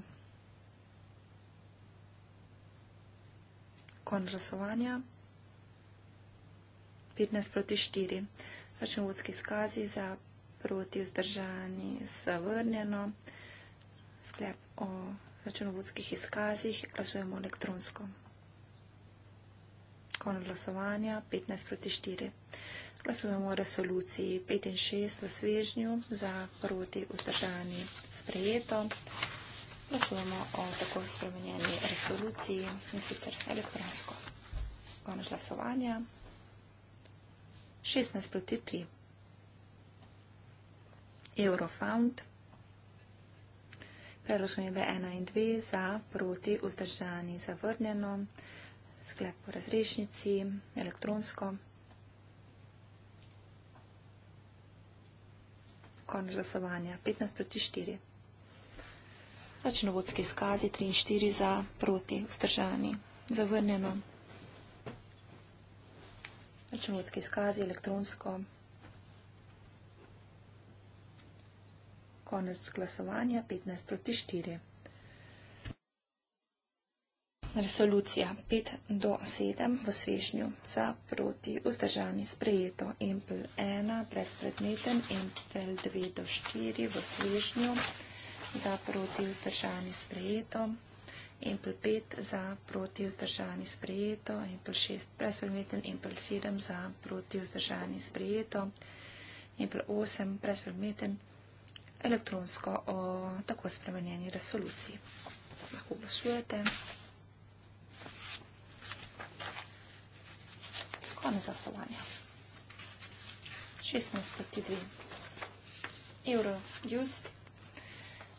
Kon glasovanja. 15 proti 4. Računovodski skazi za proti vzdržani zavrnjeno. Sklep o računovodskih izkazih glasujemo elektronsko. Konec glasovanja, 15 proti 4. Glasujemo o resoluciji 5 in 6 v svežnju za proti vzdržani sprejeto. Glasujemo o tako spremenjeni resoluciji in sicer elektronsko. Konec glasovanja, 16 proti 3. Eurofound. Preložnjeve 1 in 2 za proti vzdržani zavrnjeno sklep v razrešnici, elektronsko. Konč glasovanja, 15 proti 4. Računovodski skazi, 3 in 4 za, proti, vzdržani, zavrnjeno. Računovodski skazi, elektronsko. Konec glasovanja, 15 proti 4. Resolucija 5 do 7 v svežnju za proti vzdržani sprejeto Impel 1 brezpredmeten Impel 2 do 4 v svežnju za proti vzdržani sprejeto Impel 5 za proti vzdržani sprejeto Impel 6 brezpredmeten Impel 7 za proti vzdržani sprejeto Impel 8 brezpredmeten elektronsko o tako spremenjeni resoluciji. Lahko glasujete. Mamy zasłania. 16.2 Euro Just.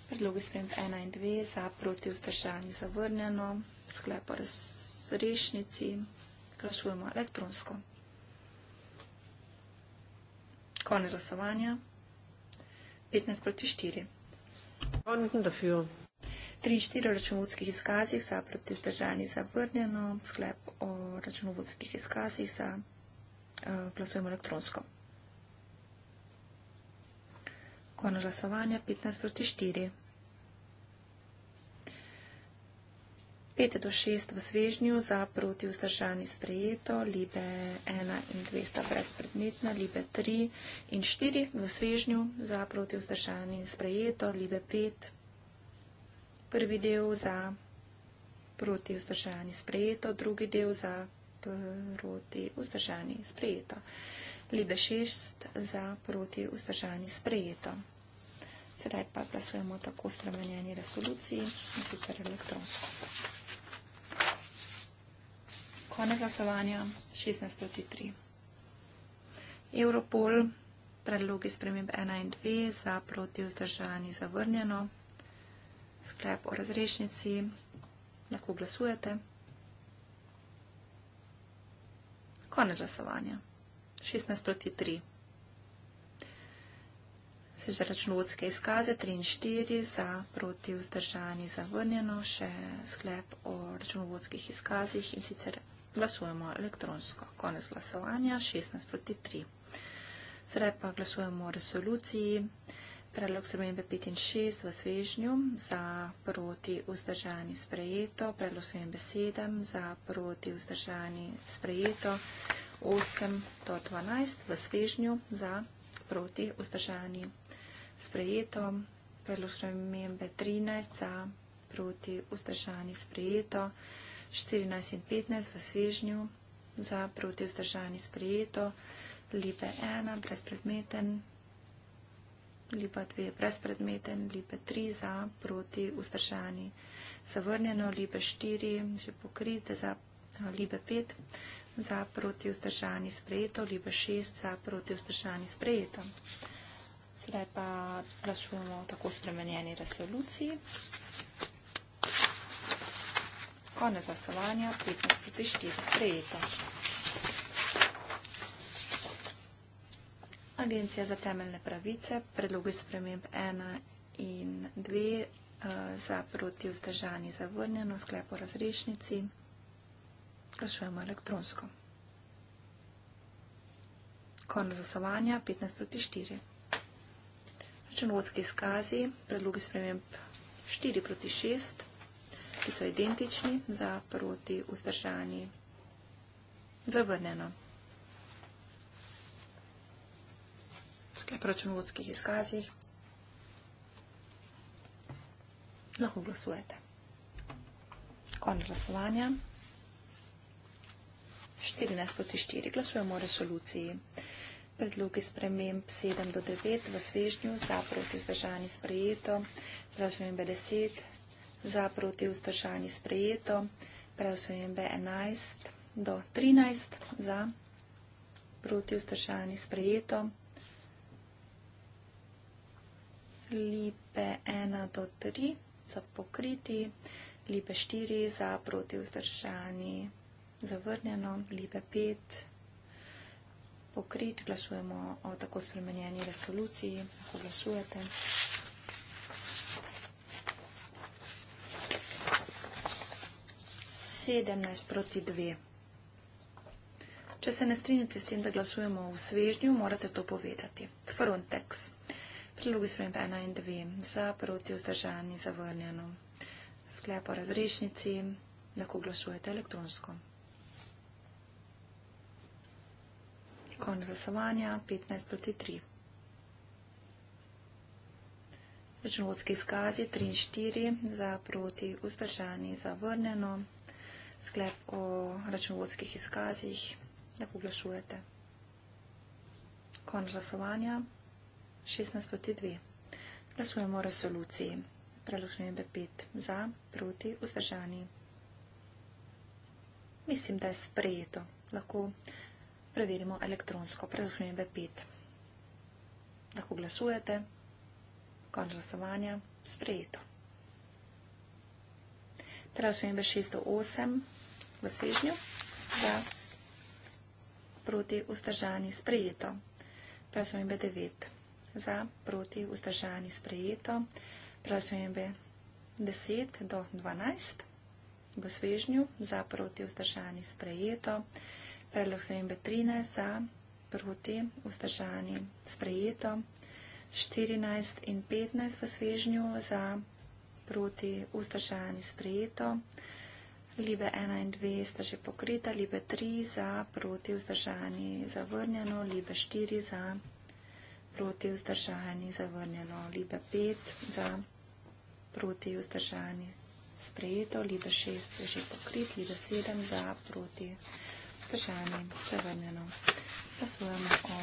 Predlogi sprememb 1 in 2 za proti vzdržanje zavrnjeno. Sklep o razrešnici. Glašujemo elektronsko. Konec zasovanja. 15 proti 4. Konec dafür. 3-4 računovodskih izkazih za proti vzdržani zavrnjeno, sklep o računovodskih izkazih za eh, glasujemo elektronsko. Kono glasovanja 15 proti 4. 5 do 6 v svežnju za proti vzdržani sprejeto, libe 1 in 2 sta brezpredmetna, libe 3 in 4 v svežnju za proti vzdržani sprejeto, libe 5 prvi del za proti vzdržani sprejeto, drugi del za proti vzdržani sprejeto. Libe šest za proti vzdržani sprejeto. Sedaj pa glasujemo tako spremenjeni resoluciji, in sicer elektronsko. Konec glasovanja 16 proti 3. Europol, predlogi spremem 1 in 2 za proti vzdržani zavrnjeno sklep o razrešnici, lahko glasujete. Konec glasovanja. 16 proti 3. Se že računovodske izkaze 3 in 4 za proti vzdržani zavrnjeno, še sklep o računovodskih izkazih in sicer glasujemo elektronsko. Konec glasovanja 16 proti 3. Zdaj pa glasujemo o resoluciji Predlog spremembe 5 in 6 v svežnju za proti vzdržani sprejeto, predlog spremembe 7 za proti vzdržani sprejeto, 8 do 12 v svežnju za proti vzdržani sprejeto, predlog spremembe 13 za proti vzdržani sprejeto, 14 in 15 v svežnju za proti vzdržani sprejeto, lipe 1 brezpredmeten lipa 2 je brezpredmeten, lipa 3 za proti ustršani. Zavrnjeno lipa 4 že pokrite za lipa 5 za proti ustršani sprejeto, lipa 6 za proti ustršani sprejeto. Sedaj pa plačujemo tako spremenjeni resoluciji. Konec glasovanja 15 proti 4 sprejeto. Agencija za temeljne pravice, predlogi sprememb 1 in 2 eh, za proti vzdržanje zavrnjeno sklepo razrešnici. Glašujemo elektronsko. Konec glasovanja 15 proti 4. Računovodski izkazi, predlogi sprememb 4 proti 6, ki so identični za proti vzdržanje zavrnjeno. sklep računovodskih izkazih, lahko glasujete. Konj glasovanja. 14 proti 4 glasujemo o resoluciji. Predlogi sprememb 7 do 9 v svežnju, za proti vzdržani sprejeto, preosvojenbe 10, za proti vzdržani sprejeto, preosvojenbe 11 do 13, za proti vzdržani sprejeto. lipe 1 do 3 za pokriti, lipe 4 za proti vzdržani zavrnjeno, lipe 5 pokrit, glasujemo o tako spremenjeni resoluciji, ko glasujete. Sedemnaest proti dve. Če se ne strinjate s tem, da glasujemo v svežnju, morate to povedati. Frontex. Frontex. Prilogi sprem 1 in 2. Za, proti, vzdržani, zavrnjeno. Sklep o razrešnici lahko glasujete elektronsko. Konec glasovanja 15 proti 3. Računovodski izkazi 3 in 4 za proti vzdržani zavrnjeno. Sklep o računovodskih izkazih ne poglašujete. Konec glasovanja 15 proti 3. 16.2. Glasujemo o resoluciji. Preložujem B5. Za, proti, vzdržani. Mislim, da je sprejeto. Lahko preverimo elektronsko. Preložujem B5. Lahko glasujete. Konč glasovanja. Sprejeto. Preložujem B6.8. V svežnju. Za, proti, vzdržani. Sprejeto. Preložujem B9. Sprejeto za, proti, vzdržani, sprejeto. Pražnjenbe 10 do 12 v svežnju, za, proti, vzdržani, sprejeto. Predlog svežnjenbe 13 za, proti, vzdržani, sprejeto. 14 in 15 v svežnju za, proti, vzdržani, sprejeto. Libe 1 in 2 sta že pokrita, libe 3 za, proti, vzdržani, zavrnjeno, libe 4 za, proti vzdržani zavrnjeno, libe 5 za proti vzdržani sprejeto, libe 6 je že pokrit, libe 7 za proti vzdržani zavrnjeno. Pasujemo o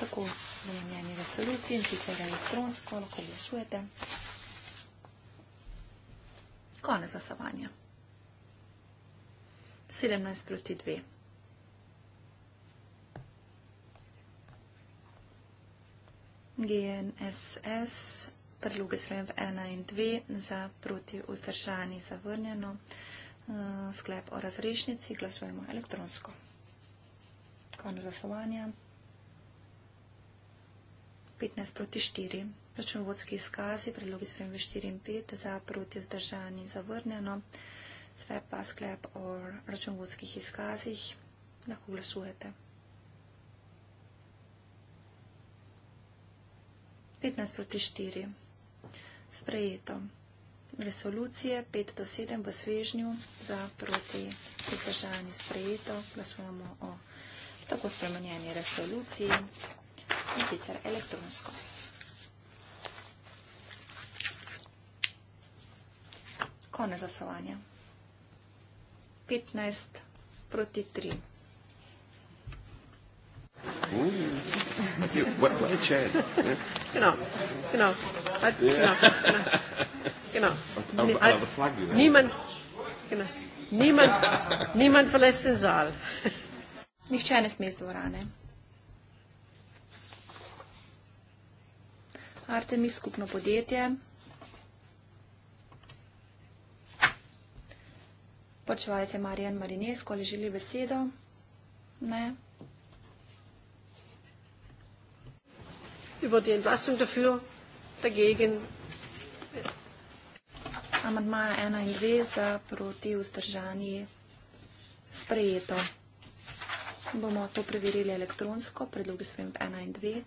tako spremenjeni resoluciji in sicer elektronsko, lahko glasujete. Konec zasavanja. 17 proti 2. GNSS, predloge sprejem v 1 in 2, za proti vzdržani zavrnjeno. Eh, sklep o razrešnici glasujemo elektronsko. Konec zasovanja. 15 proti 4. Računovodski izkazi, predlogi sprejem v 4 in 5, za proti vzdržani zavrnjeno. Sklep pa sklep o računovodskih izkazih. Lahko glasujete. 15 proti 4. Sprejeto. Resolucije 5 do 7 v svežnju za proti izdržanje sprejeto. Glasujemo o tako spremenjeni resoluciji in sicer elektronsko. Kone zasovanja. 15 proti 3. Ooh, what, what a chance genau. Genau. Halt, ja. genau. genau. Aber, aber, halt, aber Flagge, ja. Niemand. Genau. Niemand, niemand verlässt den Saal. Nicht schönes Mesdorane. Artemis, skupno podjetje. Počevalce Marijan Marinesko, ali želi besedo? Ne. über die Entlassung dafür, dagegen. Amandmaja 1 in 2 za proti vzdržanji sprejeto. Bomo to preverili elektronsko, predlogi sprem 1 in 2.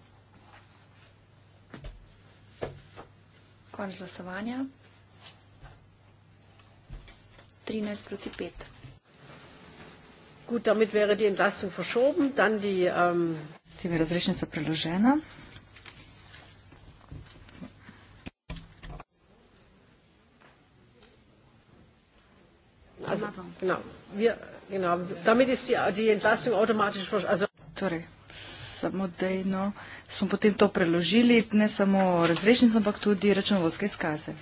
Konč glasovanja. 13 proti 5. Gut, damit wäre die Entlastung verschoben, dann die... Ähm Tebe razrešnica preložena. Genau. Wir, genau. Damit ist die, die Entlastung automatisch. Also torej. samodejno smo potem to preložili, ne samo razrešnico, ampak tudi računovodske izkaze.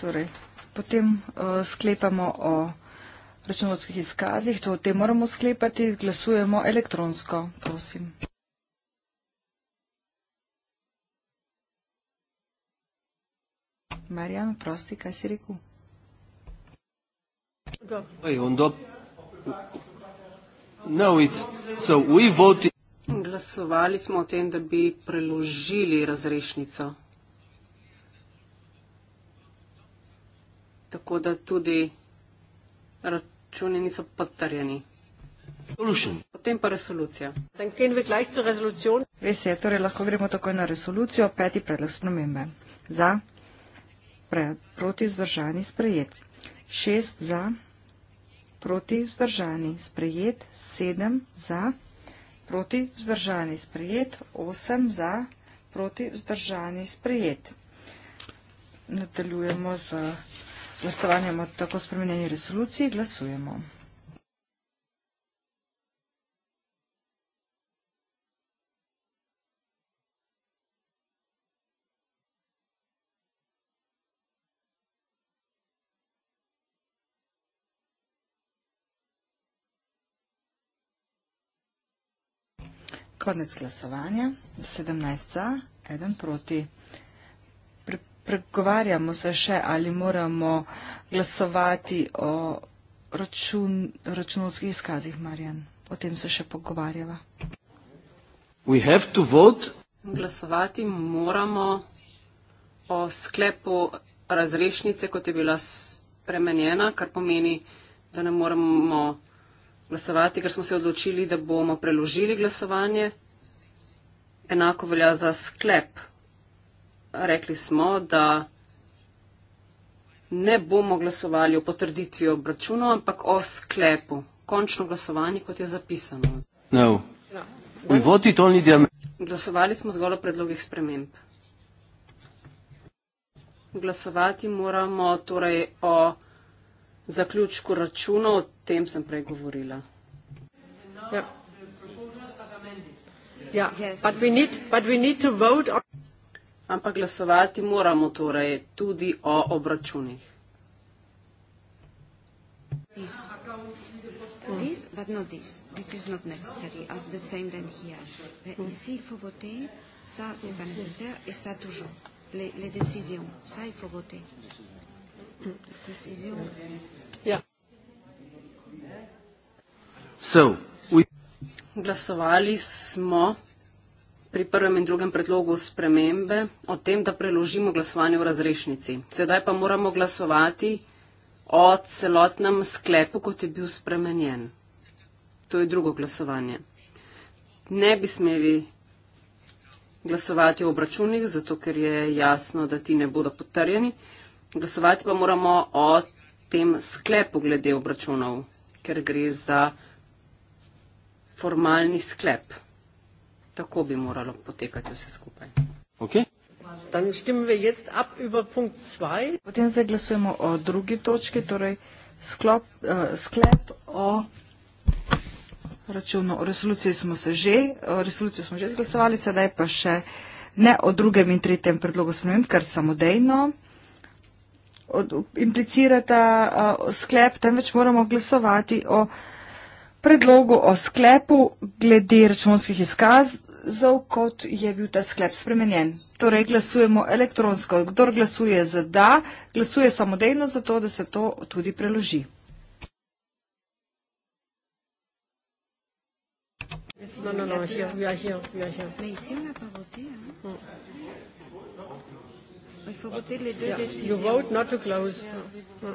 Torej, potem uh, sklepamo o računovodskih izkazih, to o tem moramo sklepati, glasujemo elektronsko, prosim. Marijan, prosti, kaj si rekel? No, Glasovali smo o tem, da bi preložili razrešnico. Tako da tudi računi niso potrjeni. Potem pa resolucija. Res je, torej lahko gremo takoj na resolucijo, peti predlog spremembe. Za proti vzdržani sprejet. Šest za, proti vzdržani sprejet, sedem za, proti vzdržani sprejet, osem za, proti vzdržani sprejet. Nadaljujemo z glasovanjem o tako spremenjeni resoluciji. Glasujemo. konec glasovanja, 17 za, 1 proti. Pregovarjamo se še, ali moramo glasovati o račun, računovskih izkazih, Marjan. O tem se še pogovarjava. Glasovati moramo o sklepu razrešnice, kot je bila spremenjena, kar pomeni, da ne moremo glasovati, ker smo se odločili, da bomo preložili glasovanje. Enako velja za sklep. Rekli smo, da ne bomo glasovali o potrditvi obračuna, ampak o sklepu. Končno glasovanje, kot je zapisano. No. no. Glasovali smo zgolj o predlogih sprememb. Glasovati moramo torej o zaključku računov, o tem sem prej govorila. Ja. Ja. But we need, but we need to vote on... Ampak glasovati moramo torej tudi o obračunih. This. This, Glasovali smo pri prvem in drugem predlogu spremembe o tem, da preložimo glasovanje v razrešnici. Sedaj pa moramo glasovati o celotnem sklepu, kot je bil spremenjen. To je drugo glasovanje. Ne bi smeli glasovati o obračunih, zato ker je jasno, da ti ne bodo potrjeni. Glasovati pa moramo o tem sklepu glede obračunov, ker gre za formalni sklep. Tako bi moralo potekati vse skupaj. Okay. Potem zdaj glasujemo o drugi točki, torej sklop, uh, sklep o računu. O resoluciji smo se že, resolucijo smo že izglasovali, sedaj pa še ne o drugem in tretjem predlogu sprememb, kar samodejno implicirata uh, sklep, temveč moramo glasovati o predlogu o sklepu glede računskih izkazov, kot je bil ta sklep spremenjen. Torej glasujemo elektronsko. Kdor glasuje za da, glasuje samodejno za to, da se to tudi preloži. No, no, no, here, we are here, we are here. Mm. You vote not to close. Yeah. Mm.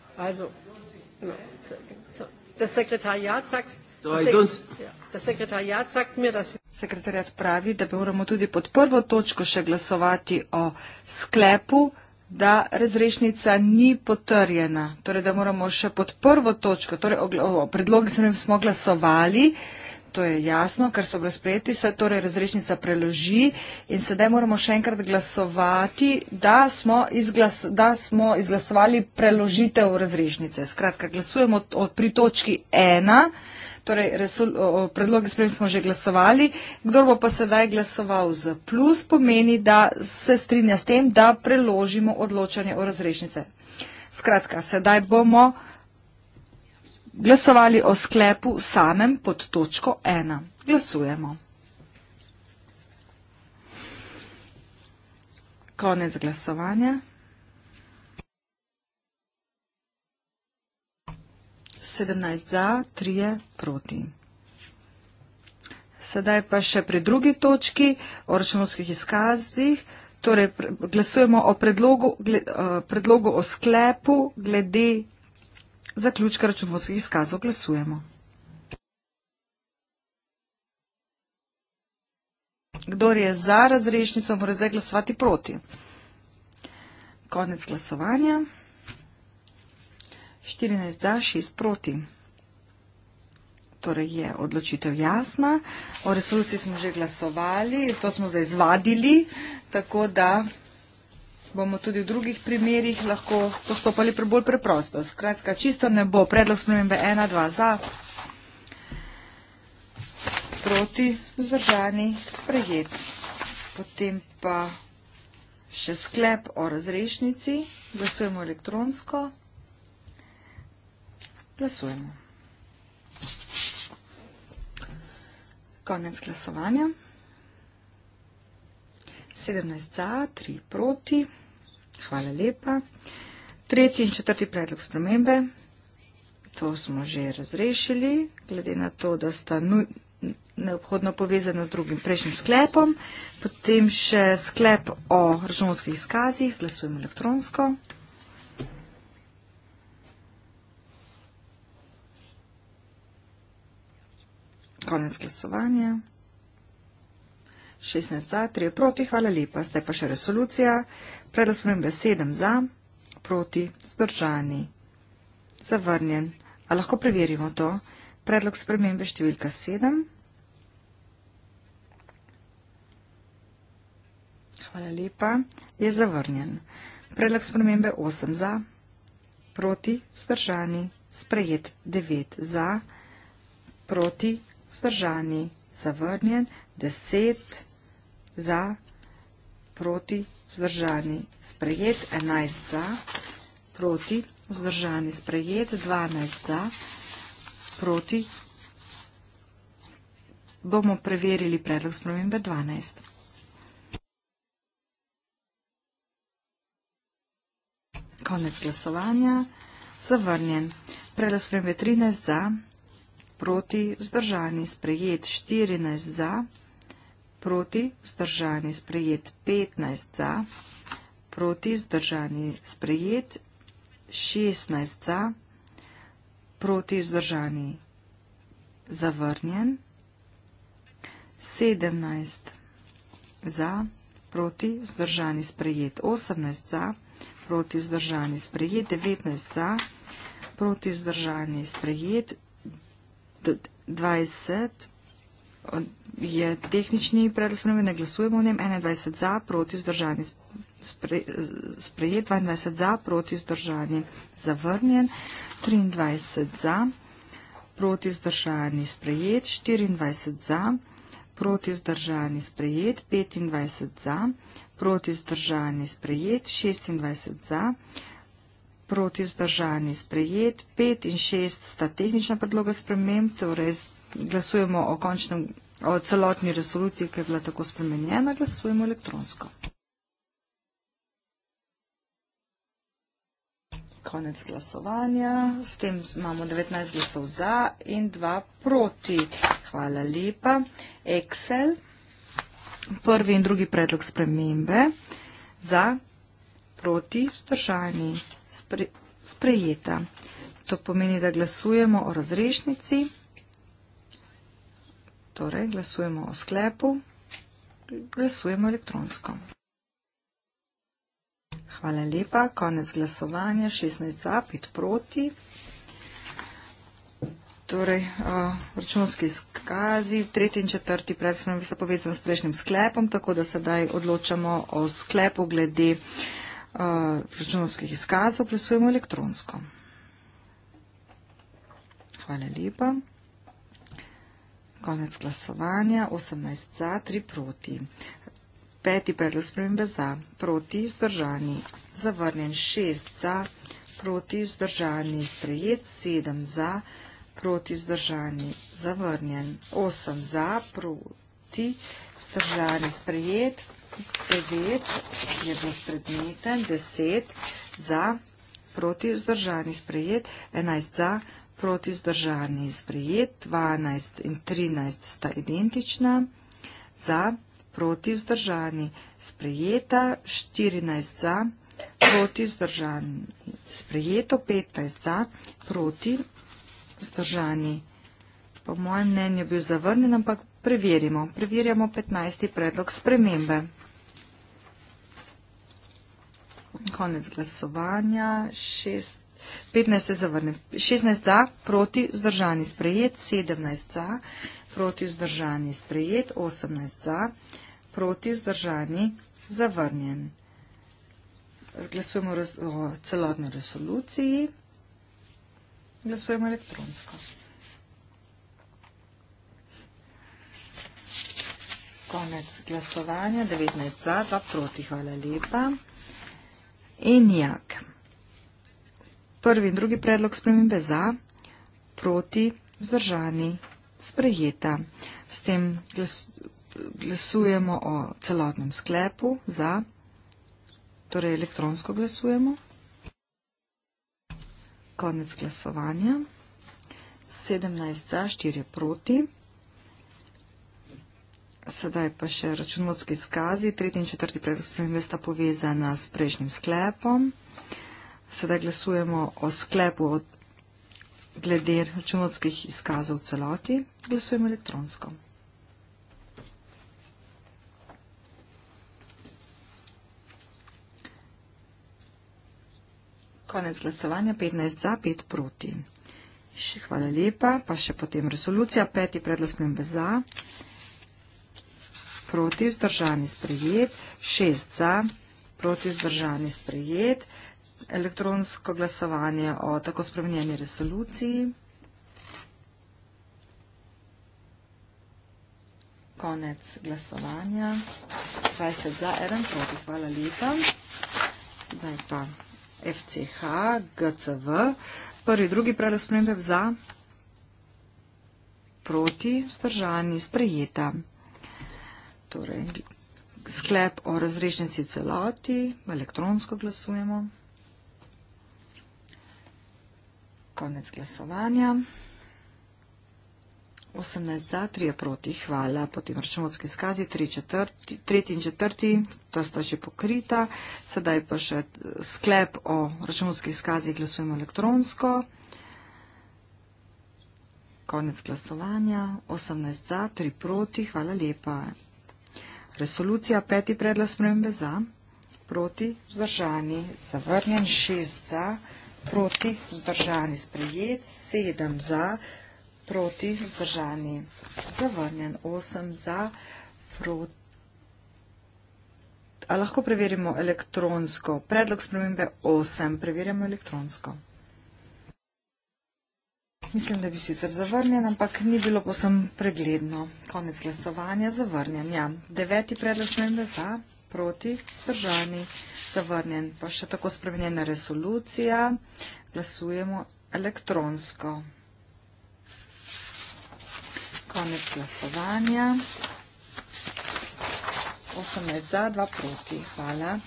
Also, no, so, das Sekretariat sagt, ja, Sekretariat pravi, da bi moramo tudi pod prvo točko še glasovati o sklepu, da razrešnica ni potrjena. Torej, da moramo še pod prvo točko, torej o, o predlogu smo glasovali. Uh, to je jasno, ker so bile sprejeti, se torej razrešnica preloži in sedaj moramo še enkrat glasovati, da smo, izglas, da smo izglasovali preložitev razrešnice. Skratka, glasujemo od pri točki ena, torej resul, o, predloge sprejeti smo že glasovali, kdor bo pa sedaj glasoval za plus, pomeni, da se strinja s tem, da preložimo odločanje o razrešnice. Skratka, sedaj bomo glasovali o sklepu samem pod točko 1. Glasujemo. Konec glasovanja. Sedemnaest za, trije proti. Sedaj pa še pri drugi točki o računovskih izkazih. Torej, glasujemo o predlogu, gled, eh, predlogu o sklepu glede Zaključka računovodskih izkazov glasujemo. Kdor je za razrešnico, mora zdaj glasovati proti. Konec glasovanja. 14 za, 6 proti. Torej je odločitev jasna. O resoluciji smo že glasovali, to smo zdaj zvadili, tako da bomo tudi v drugih primerjih lahko postopali pre bolj preprosto. Skratka, čisto ne bo. Predlog spremembe 1, 2 za, proti, vzdržani, sprejet. Potem pa še sklep o razrešnici. Glasujemo elektronsko. Glasujemo. Konec glasovanja. 17 za, 3 proti. Hvala lepa. Tretji in četrti predlog spremembe. To smo že razrešili, glede na to, da sta nuj, neobhodno povezana z drugim prejšnjim sklepom. Potem še sklep o računskih izkazih. Glasujemo elektronsko. Konec glasovanja. 16 za, 3 proti. Hvala lepa. Zdaj pa še resolucija. Predlog spremembe 7 za, proti, zdržani, zavrnjen. A lahko preverimo to? Predlog spremembe številka 7. Hvala lepa. Je zavrnjen. Predlog spremembe 8 za, proti, zdržani, sprejet 9 za, proti, zdržani, zavrnjen, 10 za, proti, vzdržani, sprejet, 11 za, proti, vzdržani, sprejet, 12 za, proti, bomo preverili predlog spremembe 12. Konec glasovanja, zavrnjen. Predlog spremembe 13 za, proti, vzdržani, sprejet, 14 za, proti, proti vzdržani sprejet 15 za, proti vzdržani sprejet 16 za, proti vzdržani zavrnjen 17 za, proti vzdržani sprejet 18 za, proti vzdržani sprejet 19 za, proti vzdržani sprejet 20 za, je tehnični predlog spremembe, ne glasujemo o njem, 21 za, proti zdržani spre, sprejet, 22 za, proti zdržani zavrnjen, 23 za, proti zdržani sprejet, 24 za, proti zdržani sprejet, 25 za, proti zdržani sprejet, 26 za, proti zdržani sprejet, 5 in 6 sta tehnična predloga sprememb, torej glasujemo o, končnem, o celotni resoluciji, ki je bila tako spremenjena, glasujemo elektronsko. Konec glasovanja. S tem imamo 19 glasov za in 2 proti. Hvala lepa. Excel. Prvi in drugi predlog spremembe. Za, proti, vzdržani, spre, sprejeta. To pomeni, da glasujemo o razrešnici. Torej, glasujemo o sklepu, glasujemo elektronsko. Hvala lepa, konec glasovanja, 16 za, 5 proti. Torej, računski skazi, tretji in četrti predsednik bi se povezan s prejšnjim sklepom, tako da sedaj odločamo o sklepu glede računskih izkazov, glasujemo elektronsko. Hvala lepa. Konec glasovanja, 18 za, 3 proti. Peti predlog spremembe za, proti, vzdržani, zavrnjen, 6 za, proti, vzdržani, sprejet, 7 za, proti, vzdržani, zavrnjen, 8 za, proti, vzdržani, sprejet, 9 je bil spredmeten, 10 za, proti, vzdržani, sprejet, 11 za, proti, vzdržani, sprejet, proti zdržani sprejet, 12 in 13 sta identična, za proti vzdržani sprejeta, 14 za, proti vzdržani sprejeto, 15 za, proti vzdržani. Po mojem mnenju je bil zavrnen, ampak preverimo. Preverjamo 15. predlog spremembe. Konec glasovanja, 6 15 se zavrne. 16 za, proti, vzdržani, sprejet. 17 za, proti, vzdržani, sprejet. 18 za, proti, vzdržani, zavrnjen. Glasujemo o celotni resoluciji. Glasujemo elektronsko. Konec glasovanja, 19 za, 2 proti, hvala lepa. In jak. Prvi in drugi predlog spremembe za, proti, vzdržani, sprejeta. S tem glasujemo o celotnem sklepu za, torej elektronsko glasujemo. Konec glasovanja. 17 za, 4 proti. Sedaj pa še računovodski skazi. Tretji in četrti predlog spremembe sta povezana s prejšnjim sklepom sedaj glasujemo o sklepu od glede računovodskih izkazov v celoti. Glasujemo elektronsko. Konec glasovanja, 15 za, 5 proti. Še hvala lepa, pa še potem resolucija, peti predlasmem za, proti, vzdržani sprejet, 6 za, proti, vzdržani sprejet elektronsko glasovanje o tako spremenjeni resoluciji. Konec glasovanja. 20 za, 1 proti. Hvala lepa. Zdaj pa FCH, GCV. Prvi, drugi predlog spremembe za, proti, vzdržani, sprejeta. Torej, sklep o razrešnici celoti, elektronsko glasujemo. konec glasovanja. 18 za, 3 proti, hvala. Potem računovodski skazi, 3 četrti, 3 in 4, to sta že pokrita. Sedaj pa še eh, sklep o računovodski skazi, glasujemo elektronsko. Konec glasovanja, 18 za, 3 proti, hvala lepa. Resolucija, peti predlas spremembe za, proti, vzdržani, zavrnjen, 6 za proti vzdržani sprejet, 7 za, proti vzdržani zavrnjen, 8 za, proti A lahko preverimo elektronsko? Predlog spremembe 8. Preverjamo elektronsko. Mislim, da bi sicer zavrnjen, ampak ni bilo posem pregledno. Konec glasovanja, zavrnjen. Ja, deveti predlog spremembe za proti, zdržani, zavrnjen. Pa še tako spremenjena resolucija, glasujemo elektronsko. Konec glasovanja. 18 za, 2 proti. Hvala.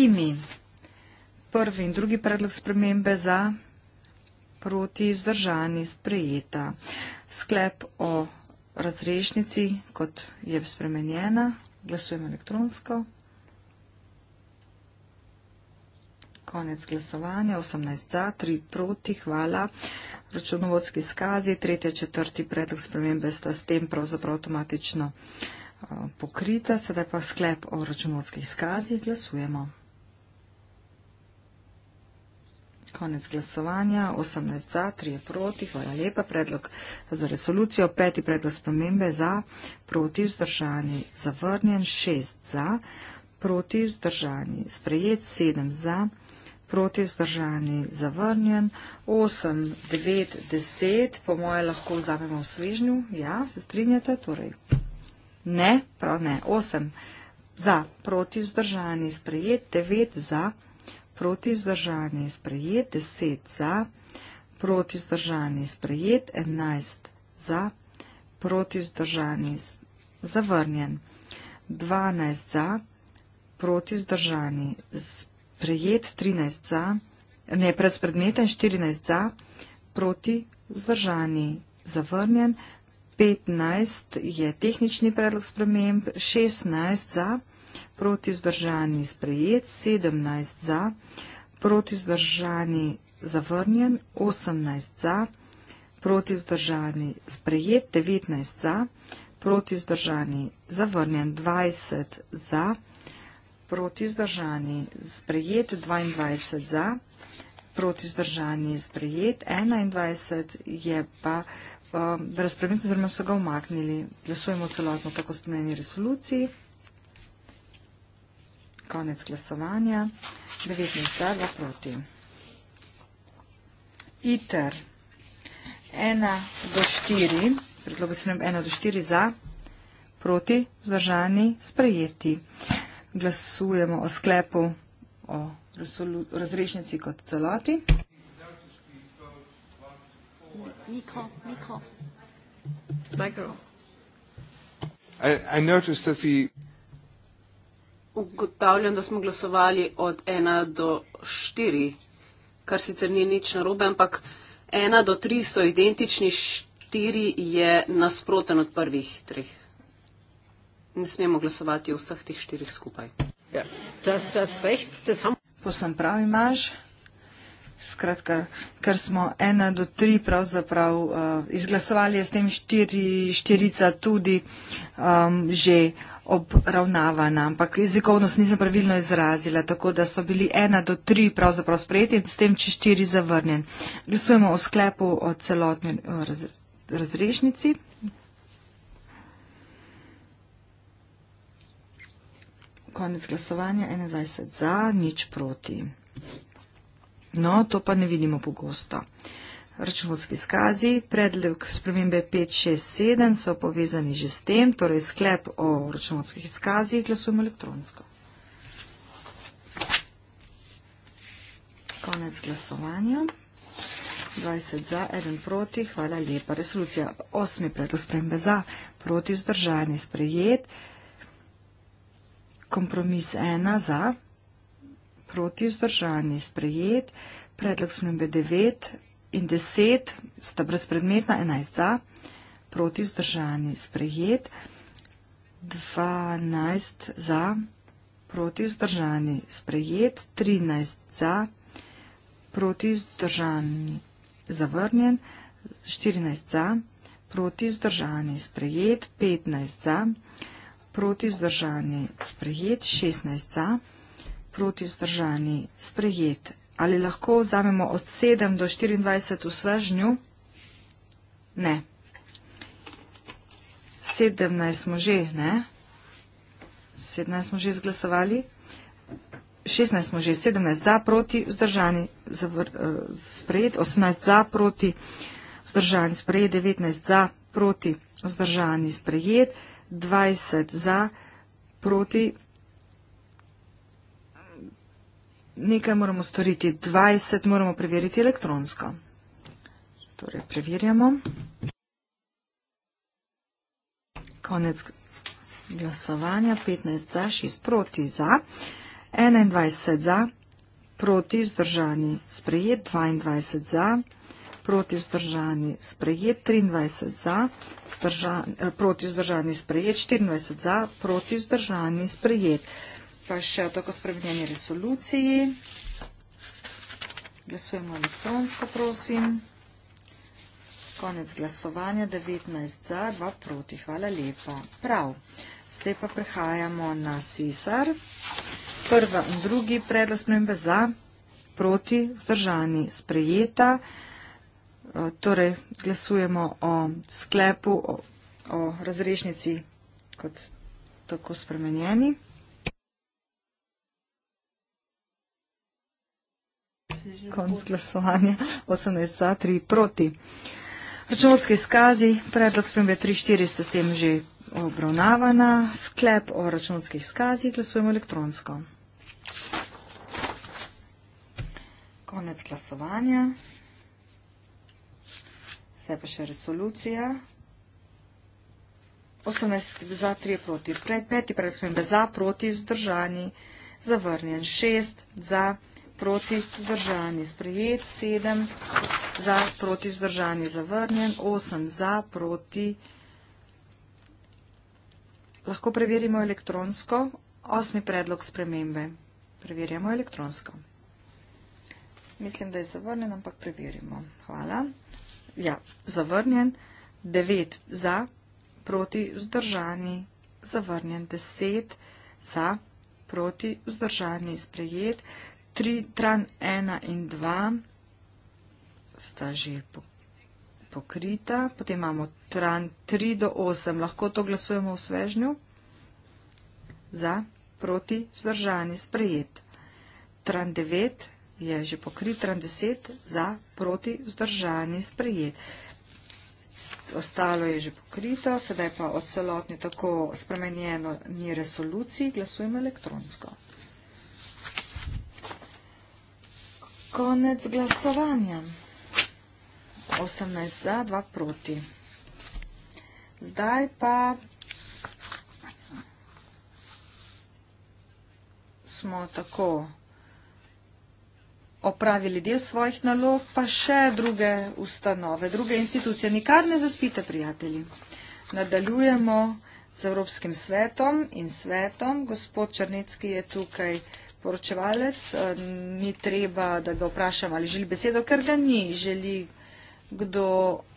Imi. Prvi in drugi predlog spremembe za proti vzdržani sprejeta. Sklep o razrešnici, kot je spremenjena, glasujemo elektronsko. Konec glasovanja, 18 za, 3 proti, hvala. Računovodski skazi, tretja, četrti predlog spremembe sta s tem pravzaprav avtomatično pokrita. Sedaj pa sklep o računovodskih skazi, glasujemo. Konec glasovanja, 18 za, 3 proti, hvala lepa. Predlog za resolucijo, peti predlog spremembe za, proti, vzdržani, zavrnjen, 6 za, proti, vzdržani, sprejet, 7 za, proti, vzdržani, sprejet, 7 za, proti vzdržani zavrnjen, 8, 9, 10, po moje lahko vzamemo v svežnju, ja, se strinjate, torej ne, prav ne, 8, za, proti vzdržani sprejet, 9, za, proti vzdržani sprejet, 10, za, proti vzdržani sprejet, 11, za, proti vzdržani zavrnjen, 12, za, proti vzdržani sprejet, prejet 13 za, ne pred predmeten 14 za, proti zdržani zavrnjen, 15 je tehnični predlog sprememb, 16 za, proti zdržani sprejet, 17 za, proti zdržani zavrnjen, 18 za, proti zdržani sprejet, 19 za, proti zdržani zavrnjen, 20 za, proti vzdržani sprejet, 22 za, proti vzdržani sprejet, 21 je pa um, razpremenjen oziroma so ga umaknili. Glasujemo celotno tako spremenjeni resoluciji. Konec glasovanja. 19 za, 2 proti. ITER 1 do 4, predlogo se nam 1 do 4 za, proti, zdržani, sprejeti glasujemo o sklepu o razrešnici kot celoti. Ugotavljam, da smo glasovali od 1 do 4, kar sicer ni nič narobe, ampak 1 do 3 so identični, 4 je nasproten od prvih 3 ne smemo glasovati vseh teh štirih skupaj. Ja. To sem prav imaš. Skratka, ker smo ena do tri pravzaprav uh, izglasovali, je s tem štiri, štirica tudi um, že obravnavana, ampak jezikovnost nisem pravilno izrazila, tako da so bili ena do tri pravzaprav sprejeti in s tem če štiri zavrnjen. Glasujemo o sklepu o celotni uh, eh, raz, razrešnici. konec glasovanja 21 za, nič proti. No, to pa ne vidimo pogosto. Računovski skazi, predlog spremembe 567 so povezani že s tem, torej sklep o računovskih skazi glasujemo elektronsko. Konec glasovanja. 20 za, 1 proti, hvala lepa. Resolucija 8. predlog spremembe za, proti vzdržanje sprejet kompromis ena za, proti vzdržani sprejet, predlog smembe devet in deset sta brezpredmetna, enajst za, proti vzdržani sprejet, dvanajst za, proti vzdržani sprejet, trinajst za, proti vzdržani zavrnjen, štirinajst za, proti vzdržani sprejet, petnajst za, proti vzdržani sprejet, proti vzdržani sprejet, 16 za, proti vzdržani sprejet. Ali lahko vzamemo od 7 do 24 v svežnju? Ne. 17 smo že, ne? 17 smo že zglasovali. 16 smo že, 17 eh, za, proti vzdržani sprejet, 18 za, proti vzdržani sprejet, 19 za, proti vzdržani sprejet, 20 za, proti. Nekaj moramo storiti. 20 moramo preveriti elektronsko. Torej, preverjamo. Konec glasovanja. 15 za, 6 proti za. 21 za, proti vzdržani sprejet. 22 za, proti vzdržani sprejet. 23 za, proti vzdržani sprejet vzdržan, eh, proti vzdržani sprejet, 24 za proti vzdržani sprejet. Pa še tako spremenjeni resoluciji. Glasujemo elektronsko, prosim. Konec glasovanja, 19 za, 2 proti. Hvala lepa. Prav. Zdaj pa prehajamo na SISAR. Prva in drugi predlog spremembe za, proti, vzdržani, sprejeta. Eh, torej, glasujemo o sklepu, o, o razrešnici kot tako spremenjeni. Konc glasovanja 18.3 proti. Računovske skazi, predlog spremembe 3.4 ste s tem že obravnavana. Sklep o računovskih skazi glasujemo elektronsko. Konec glasovanja. Zdaj pa še resolucija. 18 za, 3 proti, 5 pred spremembe za, proti, vzdržani, zavrnjen, 6 za, proti, vzdržani, sprejet, 7 za, proti, vzdržani, zavrnjen, 8 za, proti, lahko preverimo elektronsko, 8 predlog spremembe, preverjamo elektronsko. Mislim, da je zavrnjen, ampak preverimo. Hvala ja, zavrnjen, 9 za, proti vzdržani, zavrnjen, 10 za, proti vzdržani, sprejet, 3, tran 1 in 2 sta že pokrita, potem imamo tran 3 do 8, lahko to glasujemo v svežnju, za, proti vzdržani, sprejet, tran 9 za, je že pokrit, 30 torej za proti vzdržani sprejet. Ostalo je že pokrito, sedaj pa od celotni tako spremenjeno ni resoluciji, glasujemo elektronsko. Konec glasovanja. 18 za, 2 proti. Zdaj pa smo tako opravili del svojih nalog, pa še druge ustanove, druge institucije. Nikar ne zaspite, prijatelji. Nadaljujemo z Evropskim svetom in svetom. Gospod Črnecki je tukaj poročevalec. E, ni treba, da ga vprašam, ali želi besedo, ker ga ni. Želi kdo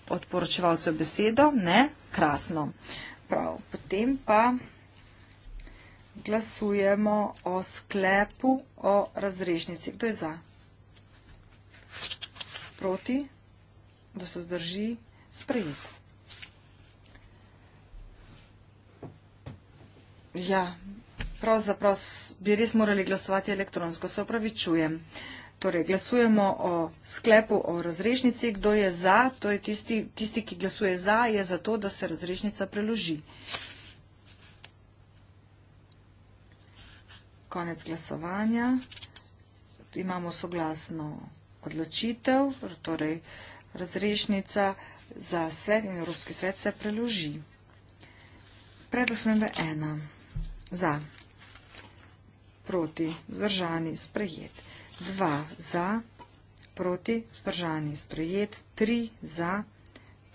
od poročevalcev besedo? Ne? Krasno. Prav. Potem pa glasujemo o sklepu o razrežnici. Kdo je za? proti, da se zdrži sprejeti. Ja, pravzaprav bi res morali glasovati elektronsko, se opravičujem. Torej, glasujemo o sklepu o razrešnici, kdo je za, to je tisti, tisti ki glasuje za, je za to, da se razrešnica preloži. Konec glasovanja. Imamo soglasno odločitev, torej razrešnica za svet in Evropski svet se preloži. Predlog smembe ena. Za. Proti. Zdržani. Sprejet. Dva. Za. Proti. Zdržani. Sprejet. Tri. Za.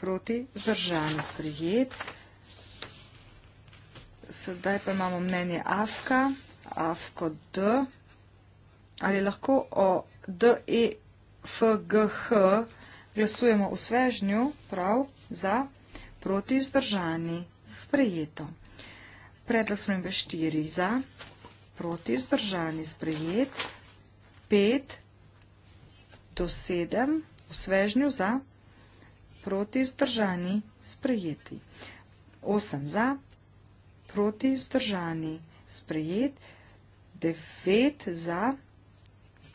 Proti. Zdržani. Sprejet. Sedaj pa imamo mnenje AFK. AFKO D. Ali lahko o DE FGH, glasujemo v svežnju, prav, za, proti vzdržani, sprejeto. Predlog spremembe 4 za, proti vzdržani, sprejet, 5 do 7 v svežnju za, proti vzdržani, sprejeti, 8 za, proti vzdržani, sprejet, 9 za, sprejeti,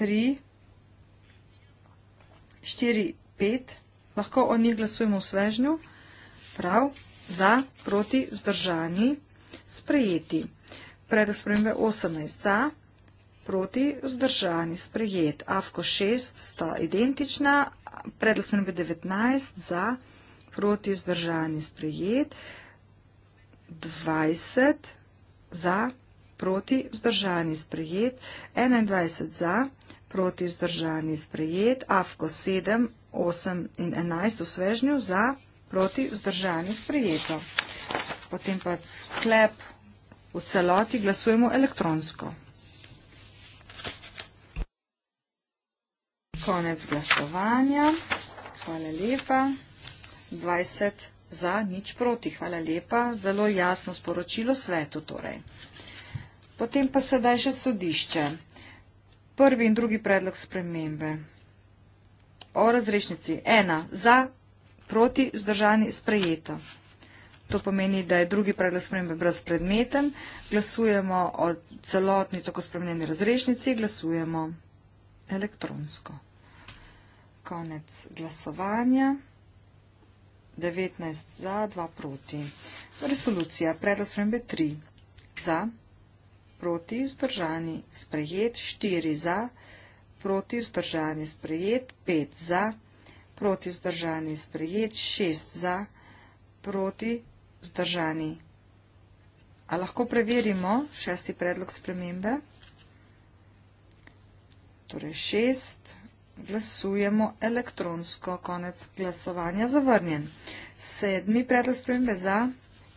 tri, štiri, pet, lahko o njih glasujemo v svežnju, prav, za, proti, vzdržani, sprejeti. Predlog spremembe 18, za, proti, vzdržani, sprejet. Avko 6 sta identična, predlog spremembe 19, za, proti, vzdržani, sprejet. 20, za, proti, vzdržani, sprejet proti vzdržani sprejet, 21 za proti vzdržani sprejet, AFKO 7, 8 in 11 v svežnju za proti vzdržani sprejeto. Potem pa sklep v celoti glasujemo elektronsko. Konec glasovanja. Hvala lepa. 20 za nič proti. Hvala lepa. Zelo jasno sporočilo svetu torej. Potem pa sedaj še sodišče. Prvi in drugi predlog spremembe. O razrešnici. Ena. Za, proti, vzdržani, sprejeto. To pomeni, da je drugi predlog spremembe brezpredmeten. Glasujemo o celotni tako spremenjeni razrešnici. Glasujemo elektronsko. Konec glasovanja. 19 za, 2 proti. Resolucija. Predlog spremembe 3. Za proti, vzdržani, sprejet, 4 za, proti, vzdržani, sprejet, 5 za, proti, vzdržani, sprejet, 6 za, proti, vzdržani. A lahko preverimo šesti predlog spremembe? Torej šest, glasujemo elektronsko, konec glasovanja zavrnjen. Sedmi predlog spremembe za,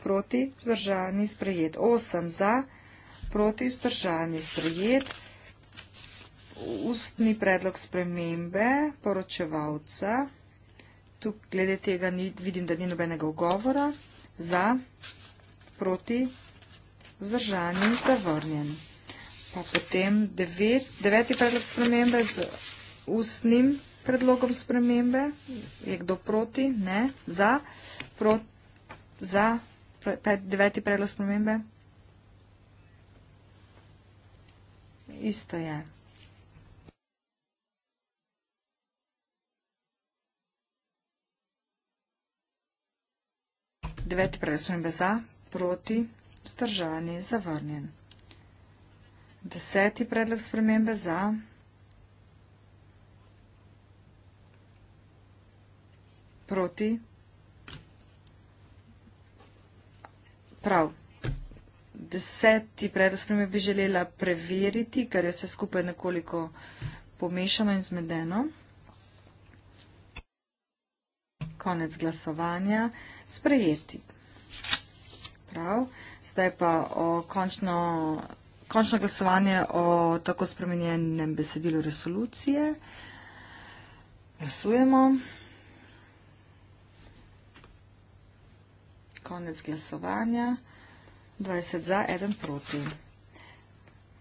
proti, vzdržani, sprejet, osem za, vzdržani, nasproti, vzdržani, sprejet, ustni predlog spremembe, poročevalca, tu glede tega ni, vidim, da ni nobenega ugovora, za, proti, vzdržani, zavrnjen. Pa potem devet, deveti predlog spremembe z ustnim predlogom spremembe, je kdo proti, ne, za, proti, za, pre, deveti predlog spremembe, isto je. Deveti presunbe za, proti, stržani, zavrnjen. Deseti predlog spremembe za. Proti. Prav deseti predlog spremembe bi želela preveriti, ker je vse skupaj nekoliko pomešano in zmedeno. Konec glasovanja. Sprejeti. Prav. Zdaj pa o končno, končno glasovanje o tako spremenjenem besedilu resolucije. Glasujemo. Konec glasovanja. 20 za, 1 proti.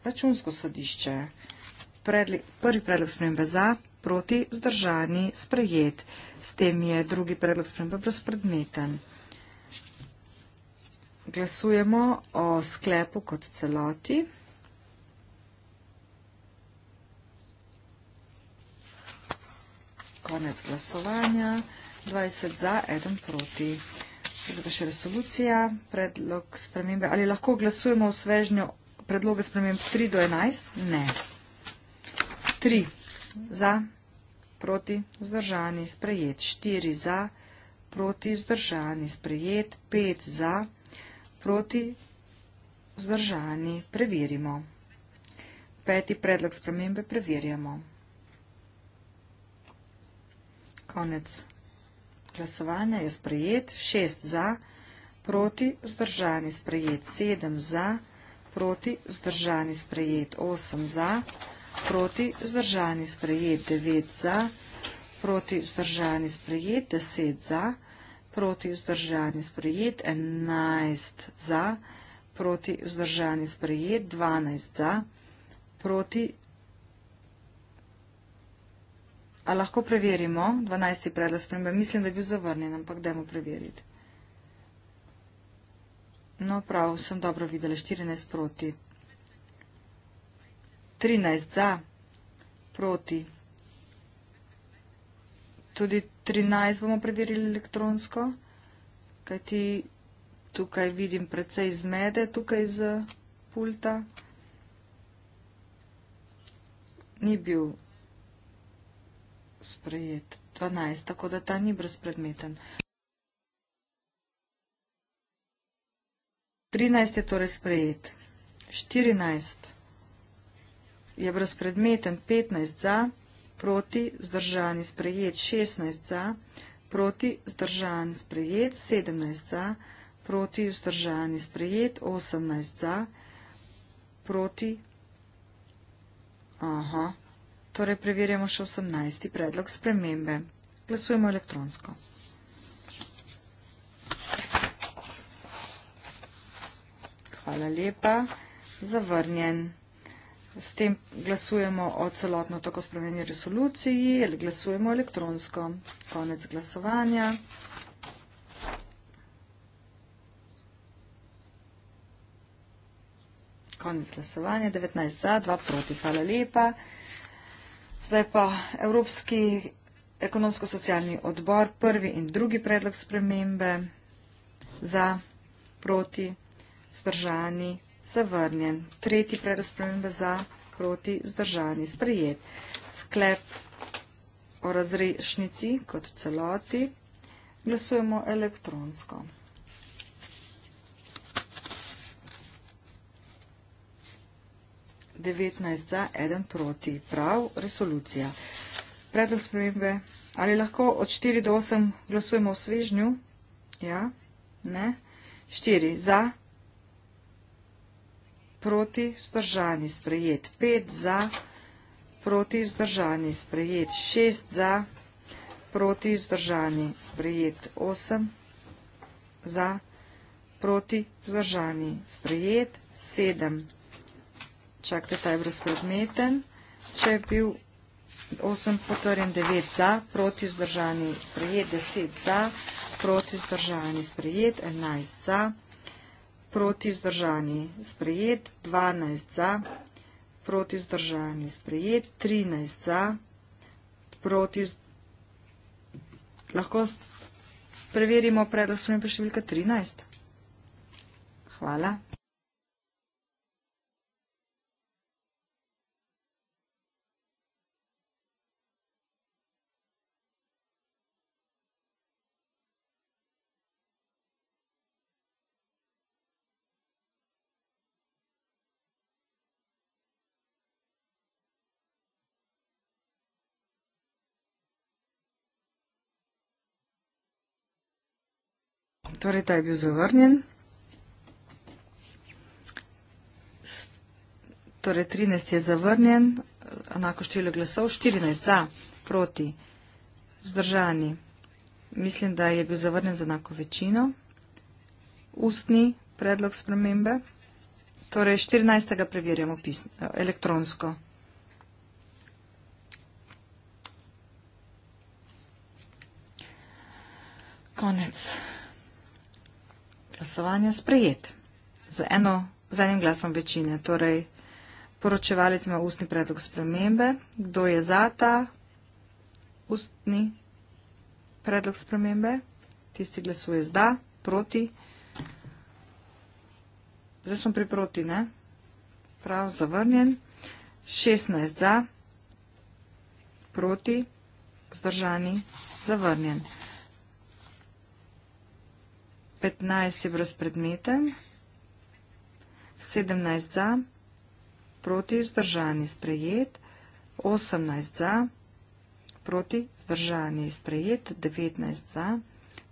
Računsko sodišče. Prvi predlog spremembe za, proti, zdržani, sprejet. S tem je drugi predlog spremembe brezpredmeten. Glasujemo o sklepu kot celoti. Konec glasovanja. 20 za, 1 proti. Zdaj še resolucija, predlog spremembe. Ali lahko glasujemo v svežnju predloge sprememb 3 do 11? Ne. 3 za, proti, vzdržani, sprejet. 4 za, proti, vzdržani, sprejet. 5 za, proti, vzdržani, preverimo. Peti predlog spremembe preverjamo. Konec glasovanja je sprejet, šest za, proti, vzdržani sprejet, sedem za, proti, vzdržani sprejet, osem za, proti, vzdržani sprejet, devet za, proti, vzdržani sprejet, deset za, proti, vzdržani sprejet, enajst za, proti, vzdržani sprejet, dvanajst za, proti, vzdržani sprejet, A lahko preverimo? 12. predlog spremembe. Mislim, da je bil zavrnjen, ampak dajmo preveriti. No, prav, sem dobro videla. 14 proti. 13 za. Proti. Tudi 13 bomo preverili elektronsko, kajti tukaj vidim precej zmede, tukaj z pulta. Ni bil sprejet. 12, tako da ta ni brezpredmeten. 13 je torej sprejet. 14 je brezpredmeten. 15 za, proti, zdržani, sprejet. 16 za, proti, zdržani, sprejet. 17 za, proti, zdržani, sprejet. 18 za, proti, aha, Torej preverjamo še 18. predlog spremembe. Glasujemo elektronsko. Hvala lepa. Zavrnjen. S tem glasujemo o celotno tako spremeni resoluciji. Glasujemo elektronsko. Konec glasovanja. Konec glasovanja. 19 za, 2 proti. Hvala lepa. Zdaj pa Evropski ekonomsko-socialni odbor, prvi in drugi predlog spremembe za, proti, vzdržani, zavrnjen. Tretji predlog spremembe za, proti, vzdržani, sprejet. Sklep o razrešnici kot celoti glasujemo elektronsko. 19 za, 1 proti. Prav, resolucija. Predlog spremembe. Ali lahko od 4 do 8 glasujemo o svežnju? Ja, ne. 4 za, proti, vzdržani, sprejet. 5 za, proti, vzdržani, sprejet. 6 za, proti, vzdržani, sprejet. 8 za, proti, vzdržani, sprejet. 7 za. Čakajte, ta je brezpredmeten. Če je bil 8 potrjen, 9 za, proti vzdržani sprejet, 10 za, proti vzdržani sprejet, 11 za, proti vzdržani sprejet, 12 za, proti vzdržani sprejet, 13 za, proti vzdržani, lahko preverimo predlasmeni preštevilka 13. Hvala. torej ta je bil zavrnjen. Torej, 13 je zavrnjen, enako število glasov, 14 za, proti, vzdržani. Mislim, da je bil zavrnjen za enako večino. Ustni predlog spremembe. Torej, 14. preverjamo pisno, eh, elektronsko. Konec glasovanja sprejet z, eno, z enim glasom večine. Torej, poročevalec ima ustni predlog spremembe. Kdo je za ta ustni predlog spremembe? Tisti glasuje zda, proti. Zdaj smo pri proti, ne? Prav, zavrnjen. 16 za, proti, zdržani, zavrnjen. 15 je brezpredmeten, 17 za, proti vzdržani sprejet, 18 za, proti vzdržani sprejet, 19 za,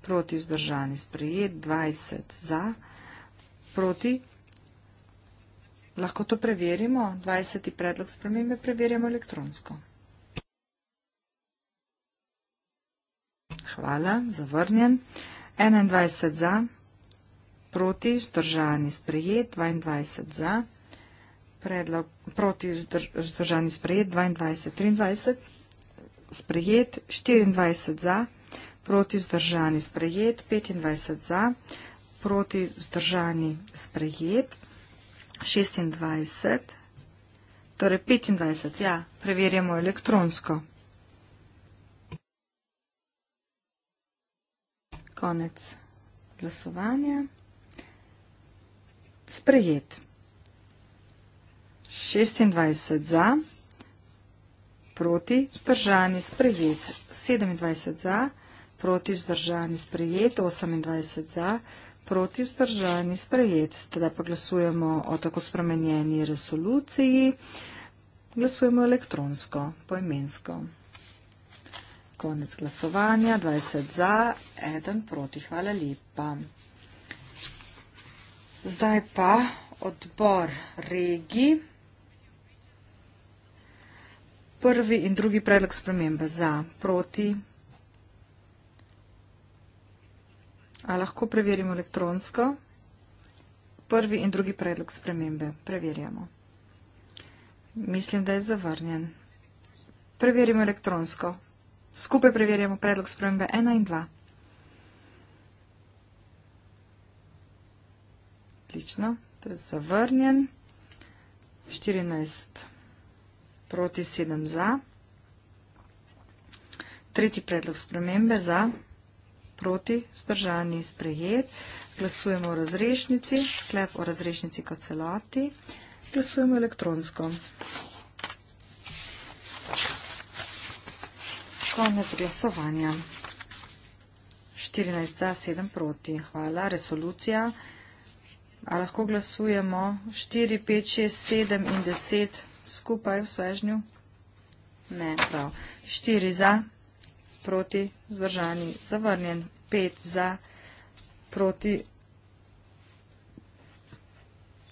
proti vzdržani sprejet, 20 za, proti, lahko to preverimo, 20 predlog spremembe preverjamo elektronsko. Hvala, zavrnjen. Hvala. 21 za, proti, vzdržani sprejet, 22 za, predlog proti, vzdržani sprejet, 22, 23, sprejet, 24 za, proti, vzdržani sprejet, 25 za, proti, vzdržani sprejet, 26, torej 25, ja, preverjamo elektronsko. konec glasovanja. Sprejet. 26 za, proti, vzdržani, sprejet. 27 za, proti, vzdržani, sprejet. 28 za, proti, vzdržani, sprejet. Teda pa glasujemo o tako spremenjeni resoluciji. Glasujemo elektronsko, poimensko. Konec glasovanja, 20 za, 1 proti, hvala lepa. Zdaj pa odbor regi. Prvi in drugi predlog spremembe za, proti. A lahko preverimo elektronsko? Prvi in drugi predlog spremembe. Preverjamo. Mislim, da je zavrnjen. Preverimo elektronsko. Skupaj preverjamo predlog spremembe 1 in 2. Odlično, to je zavrnjen. 14 proti 7 za. Tretji predlog spremembe za proti vzdržani sprejet. Glasujemo o razrešnici, sklep o razrešnici kot celoti. Glasujemo elektronsko. Glasujemo elektronsko. konec glasovanja. 14 za, 7 proti. Hvala. Resolucija. A lahko glasujemo 4, 5, 6, 7 in 10 skupaj v svežnju? Ne, prav. 4 za, proti, zdržani, zavrnjen. 5 za, proti,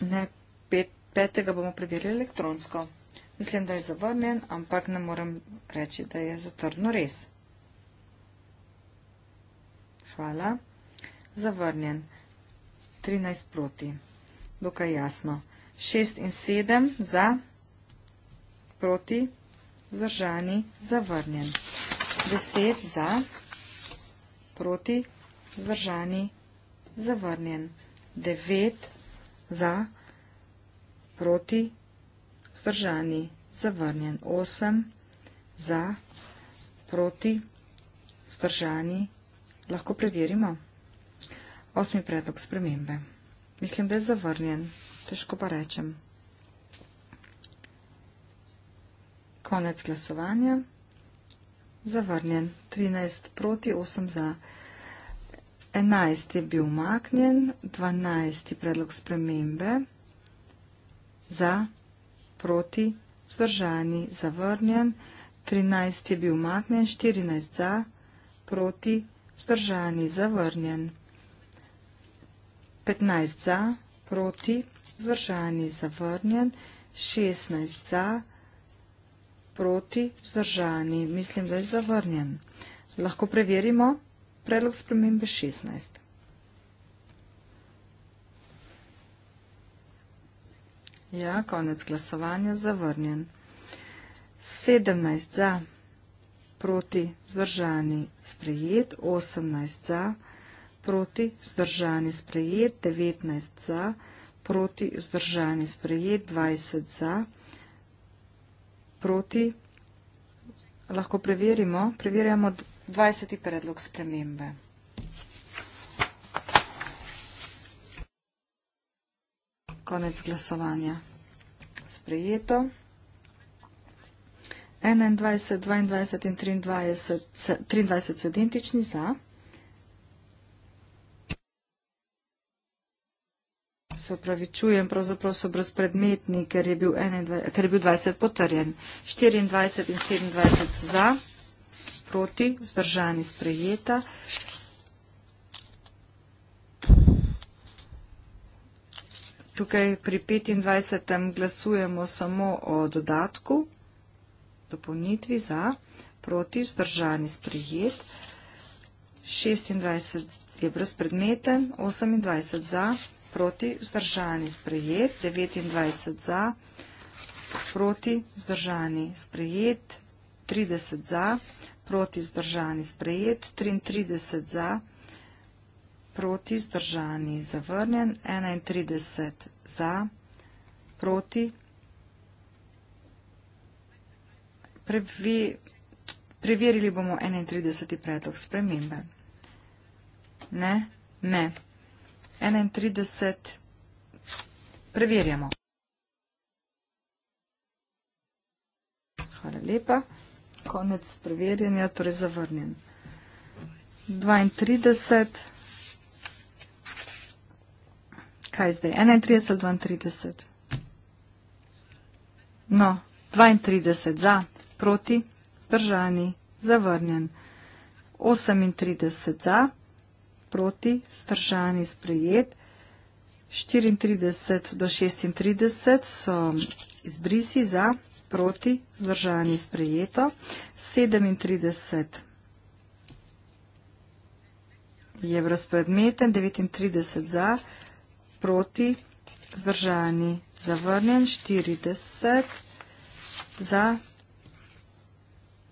ne, 5, 5. bomo preverili elektronsko. Mislim, da je zavrnjen, ampak ne morem reči, da je zatrdno res. Hvala. Zavrnjen. 13 proti. Dokaj jasno. 6 in 7 za proti. Zdržani. Zavrnjen. 10 za proti. Zdržani. Zavrnjen. 9 za proti. Zdržani vzdržani, zavrnjen 8, za, proti, vzdržani, lahko preverimo. Osmi predlog spremembe. Mislim, da je zavrnjen, težko pa rečem. Konec glasovanja. Zavrnjen 13 proti 8 za. 11 je bil umaknjen, 12 predlog spremembe za proti, zdržani, zavrnjen, 13 je bil umaknjen, 14 za, proti, zdržani, zavrnjen, 15 za, proti, zdržani, zavrnjen, 16 za, proti, zdržani, mislim, da je zavrnjen. Lahko preverimo predlog spremembe 16. Ja, konec glasovanja zavrnjen. 17 za, proti vzdržani sprejet, 18 za, proti vzdržani sprejet, 19 za, proti vzdržani sprejet, 20 za, proti, lahko preverimo, preverjamo 20. predlog spremembe. konec glasovanja. Sprejeto. 21, 22 in 23, 23 so identični za. Se opravičujem, pravzaprav so brezpredmetni, ker je bil, 21, ker je bil 20 potrjen. 24 in 27 za, proti, vzdržani sprejeta. Tukaj pri 25. glasujemo samo o dodatku, dopolnitvi za, proti, zdržani sprejet, 26 je brezpredmeten, 28 za, proti, zdržani sprejet, 29 za, proti, zdržani sprejet, 30 za, proti, zdržani sprejet, 33 za, proti, zdržani sprejet, proti, zdržani, zavrnjen, 31 za, proti. Preverili bomo 31. predlog spremembe. Ne, ne. 31. Preverjamo. Hvala lepa. Konec preverjanja, torej zavrnjen. 32. 32 kaj zdaj, 31 ali 32? No, 32 za, proti, zdržani, zavrnjen. 38 za, proti, zdržani, sprejet. 34 do 36 so izbrisi za, proti, zdržani, sprejeto. 37 je brezpredmeten, 39 za proti, zdržani, zavrnjen, 40, za,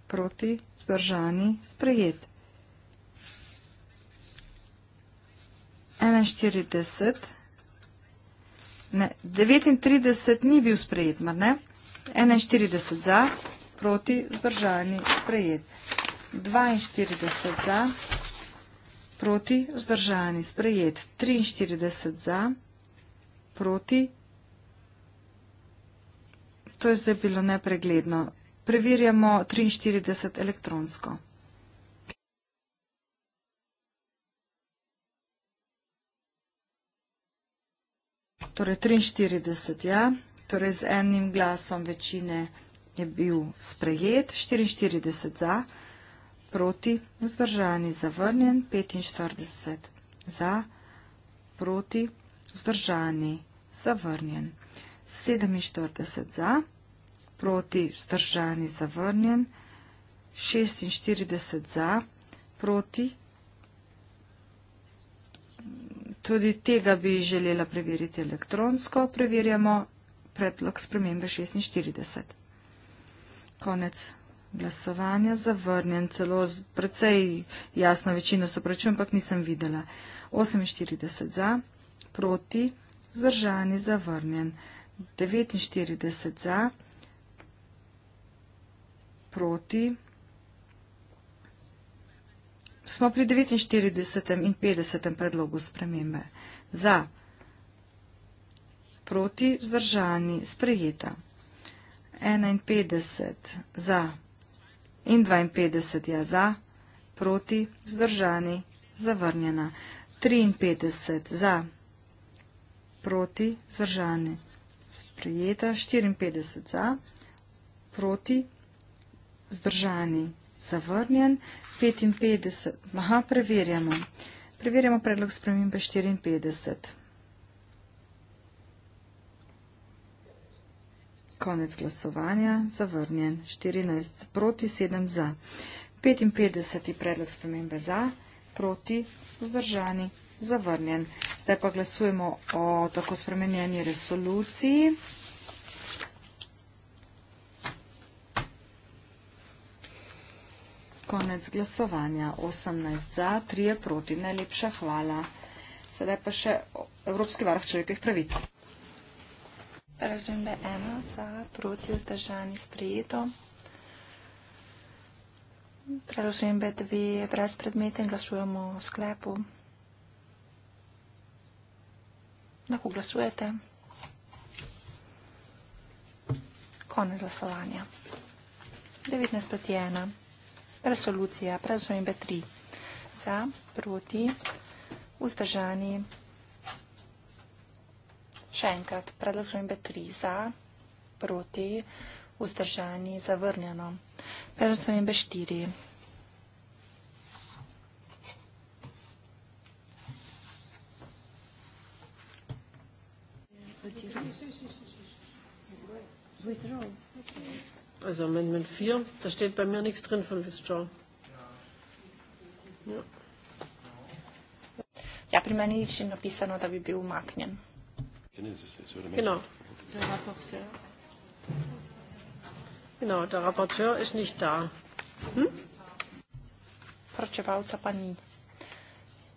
proti, zdržani, sprejet. 41, ne, 39 ni bil sprejet, mar ne? 41 za, proti, zdržani, sprejet. 42 za, 42 za, proti, vzdržani, sprejet, 43 za, proti, to je zdaj bilo nepregledno, preverjamo 43 elektronsko. Torej 43, ja, torej z enim glasom večine je bil sprejet, 44 za, 43 proti, vzdržani, zavrnjen, 45 za, proti, vzdržani, zavrnjen, 47 za, proti, vzdržani, zavrnjen, 46 za, proti, tudi tega bi želela preveriti elektronsko, preverjamo predlog spremembe 46. Konec vzdržani. Glasovanje zavrnjen, celo precej jasna večina so pravčujem, ampak nisem videla. 48 za, proti, vzdržani, zavrnjen. 49 za, proti. Smo pri 49 in 50 predlogu spremembe. Za, proti, vzdržani, sprejeta. 51 za, proti in 52 je za, proti, vzdržani, zavrnjena. 53 za, proti, vzdržani, sprijeta. 54 za, proti, vzdržani, zavrnjen. 55, aha, preverjamo. Preverjamo predlog spremembe 54. Konec glasovanja, zavrnjen, 14 proti, 7 za. 55. predlog spremembe za, proti, vzdržani, zavrnjen. Zdaj pa glasujemo o tako spremenjeni resoluciji. Konec glasovanja, 18 za, 3 proti, najlepša hvala. Sedaj pa še Evropski varh človekovih pravic. Razumbe ena za proti vzdržani sprejeto. Razumbe dve brez predmete in glasujemo o sklepu. Lahko glasujete. Konec glasovanja. 19 proti 1. Resolucija. Razumbe tri za proti vzdržani sprejeto. Še enkrat, predlog spremembe 3 za, proti, vzdržani, zavrnjeno. Predlog spremembe 4. Also Amendment 4, da steht bei mir nichts drin von Withdraw. Ja. ja, pri meni nič ni napisano, da bi bil umaknjen. Genau. Der Rapporteur. Genau, der Rapporteur ist nicht da. Hm?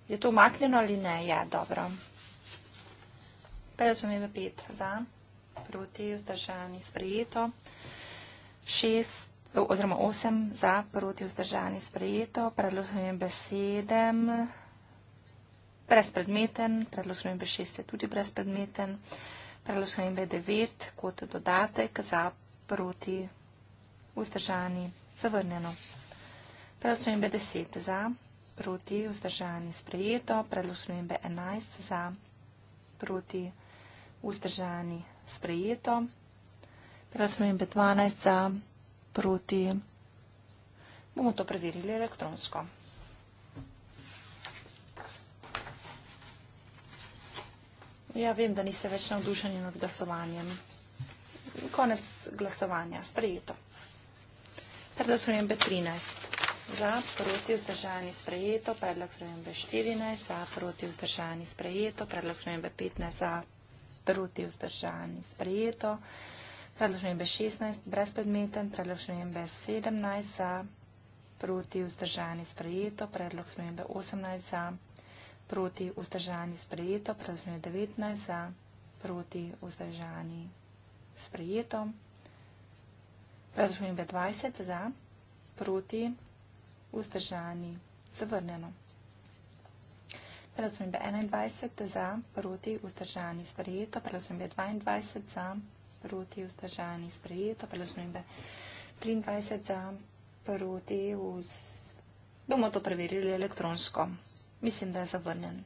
Je to umaknjeno ali ne? Je, ja, dobro. Pejo smo imeli pet za, proti, vzdržani, sprejeto. Šest, oziroma osem za, proti, vzdržani, sprejeto. Predlog smo imeli besedem brezpredmeten, predlog spremembe 6 je tudi brezpredmeten, predlog spremembe 9 kot dodatek za proti vzdržani zavrnjeno. Predlog spremembe 10 za proti vzdržani sprejeto, predlog spremembe 11 za proti vzdržani sprejeto, predlog spremembe 12 za proti. Bomo to preverili elektronsko. Ja, vem, da niste več navdušeni nad glasovanjem. Konec glasovanja. Sprejeto. Predlog spremembe 13. Za, proti, vzdržani, sprejeto. Predlog spremembe 14. Za, proti, vzdržani, sprejeto. Predlog spremembe 15. Za, proti, vzdržani, sprejeto. Predlog spremembe 16. Brezpredmeten. Predlog spremembe 17. Za, proti, vzdržani, sprejeto. Predlog spremembe 18. Za, proti, vzdržani, sprejeto proti vzdržani sprejeto, protivno je 19 za, proti vzdržani sprejeto, protivno je 20 za, proti vzdržani zavrneno. Prelazujem je 21 za, proti vzdržani sprejeto, prelazujem je 22 za, proti vzdržani sprejeto, prelazujem je 23 za, proti vzdržani sprejeto. Bomo to preverili elektronsko. Mislim, da je zavrnjen.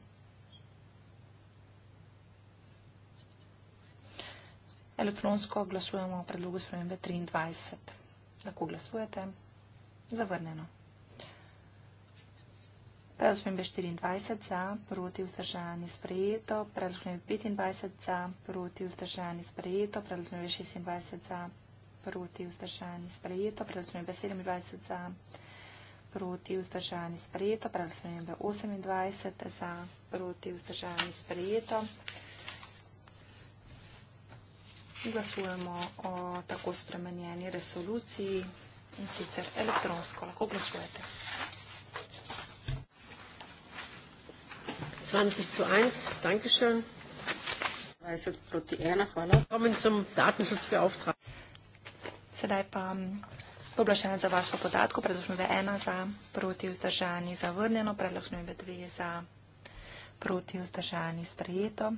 Elektronsko glasujemo o predlogu spremembe 23. Lahko glasujete? Zavrnjeno. Predlog spremembe 24 za, proti vzdržajanje sprejeto. Predlog spremembe 25 za, proti vzdržajanje sprejeto. Predlog spremembe 26 za, proti vzdržajanje sprejeto. Predlog spremembe 27 za, proti vzdržajanje sprejeto proti vzdržani sprejeto, pravi spremembe 28 za proti vzdržani sprejeto. Glasujemo o tako spremenjeni resoluciji in sicer elektronsko lahko glasujete. Sedaj pa Poblašenec za vašo podatko, predlog šnove ena za, proti vzdržani zavrnjeno, predlog šnove dve za, proti vzdržani sprejeto.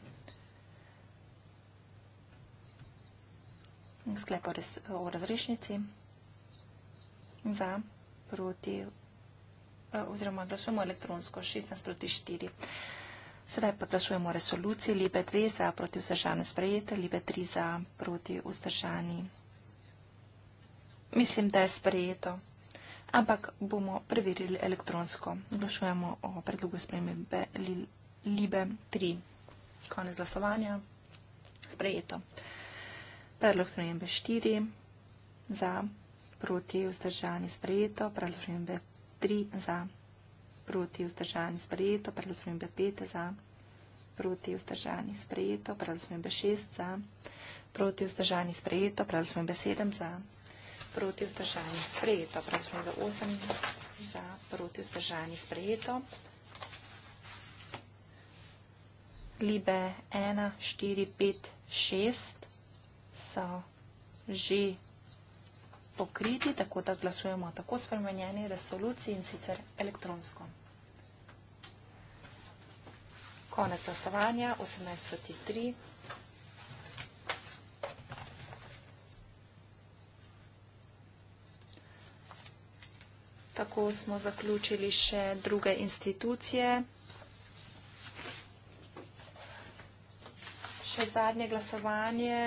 Sklep o razrešnici za, proti, eh, oziroma glasujemo elektronsko, 16 proti 4. Sedaj pa glasujemo resoluciji, libe 2 za, proti vzdržani sprejeto, libe 3 za, proti vzdržani sprejeto. Mislim, da je sprejeto. Ampak bomo preverili elektronsko. Glasujemo o predlogu spremembe li, Libe 3. Konec glasovanja. Sprejeto. Predlog spremembe 4. Za. Proti. Vzdržani. Sprejeto. Predlog spremembe 3. Za. Proti. Vzdržani. Sprejeto. Predlog spremembe 5. Za. Proti. Vzdržani. Sprejeto. Predlog spremembe 6. Za. Proti. Vzdržani. Sprejeto. Predlog spremembe 7. Za proti vzdržanju sprejeto. Pravzaprav za 8 za proti vzdržanju sprejeto. Libe 1, 4, 5, 6 so že pokriti, tako da glasujemo tako spremenjeni resoluciji in sicer elektronsko. Konec glasovanja, 18 proti 3. Tako smo zaključili še druge institucije. Še zadnje glasovanje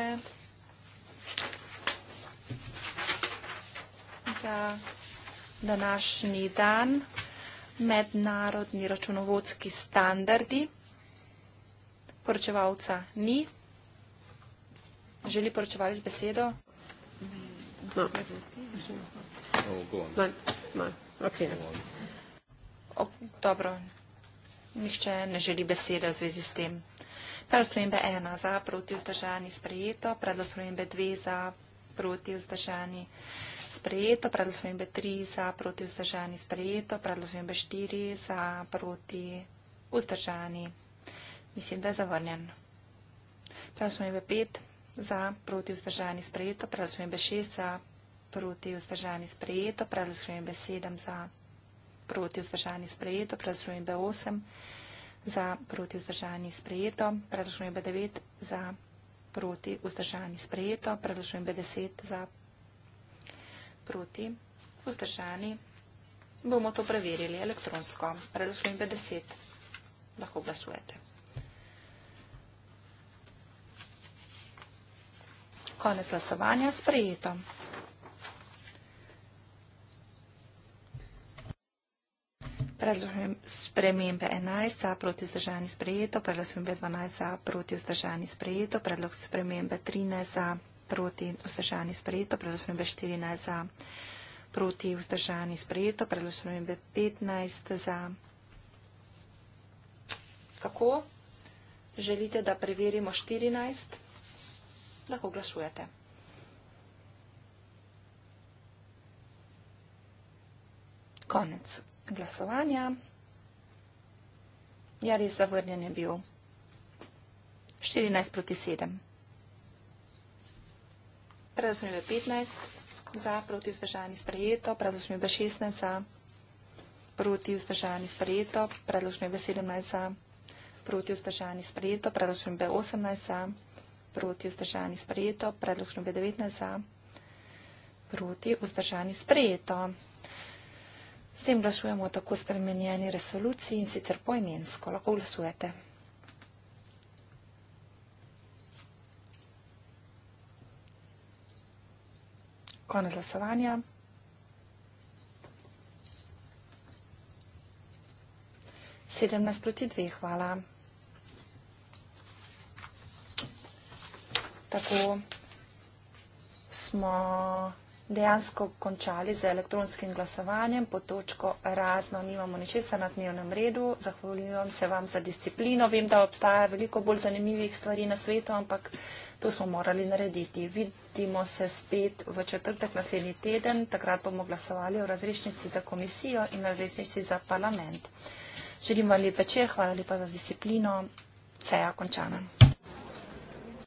za današnji dan. Mednarodni računovodski standardi. Poročevalca ni. Želi poročevali z besedo? No. No ne. Okay. O, dobro, nihče ne želi besede v zvezi s tem. Predlog slovenbe ena za proti vzdržani sprejeto, predlog slovenbe dve za proti vzdržani sprejeto, predlog slovenbe tri za proti vzdržani sprejeto, predlog slovenbe štiri za proti vzdržani. Mislim, da je zavrnjen. Predlog slovenbe pet za proti vzdržani sprejeto, predlog slovenbe šest za proti vzdržani sprejeto. Proti vzdržani sprejeto, predložujem be 7 za proti vzdržani sprejeto, predložujem be 8 za proti vzdržani sprejeto, predložujem be 9 za proti vzdržani sprejeto, predložujem be 10 za proti vzdržani. Bomo to preverili elektronsko. Predložujem be 10. Lahko glasujete. Konec glasovanja sprejeto. Predlagam spremembe 11 za proti vzdržani sprejeto, predlog spremembe 12 za proti vzdržani sprejeto, predlog spremembe 13 za proti vzdržani sprejeto, predlog spremembe 14 za proti vzdržani sprejeto, predlog spremembe 15 za. Kako želite, da preverimo 14? Lahko glasujete. Konec glasovanja. Ja, res zavrnjen je bil. 14 proti 7. Predlog je bil 15 za, proti vzdržani sprejeto, predlog je bil 16 za, proti vzdržani sprejeto, predlog je bil 17 za, proti vzdržani sprejeto, predlog je bil 18 za, proti vzdržani sprejeto, predlog je bil 19 za, proti vzdržani sprejeto. S tem glasujemo o tako spremenjeni resoluciji in sicer poimensko. Lahko glasujete. Konec glasovanja. Sedemnaest proti dve, hvala. Tako smo dejansko končali z elektronskim glasovanjem po točko razno. Nimamo ničesa na dnevnem redu. Zahvaljujem se vam za disciplino. Vem, da obstaja veliko bolj zanimivih stvari na svetu, ampak to smo morali narediti. Vidimo se spet v četrtek naslednji teden. Takrat bomo glasovali o razrešnici za komisijo in razrešnici za parlament. Želim vam lep večer, hvala lepa za disciplino. Seja končana.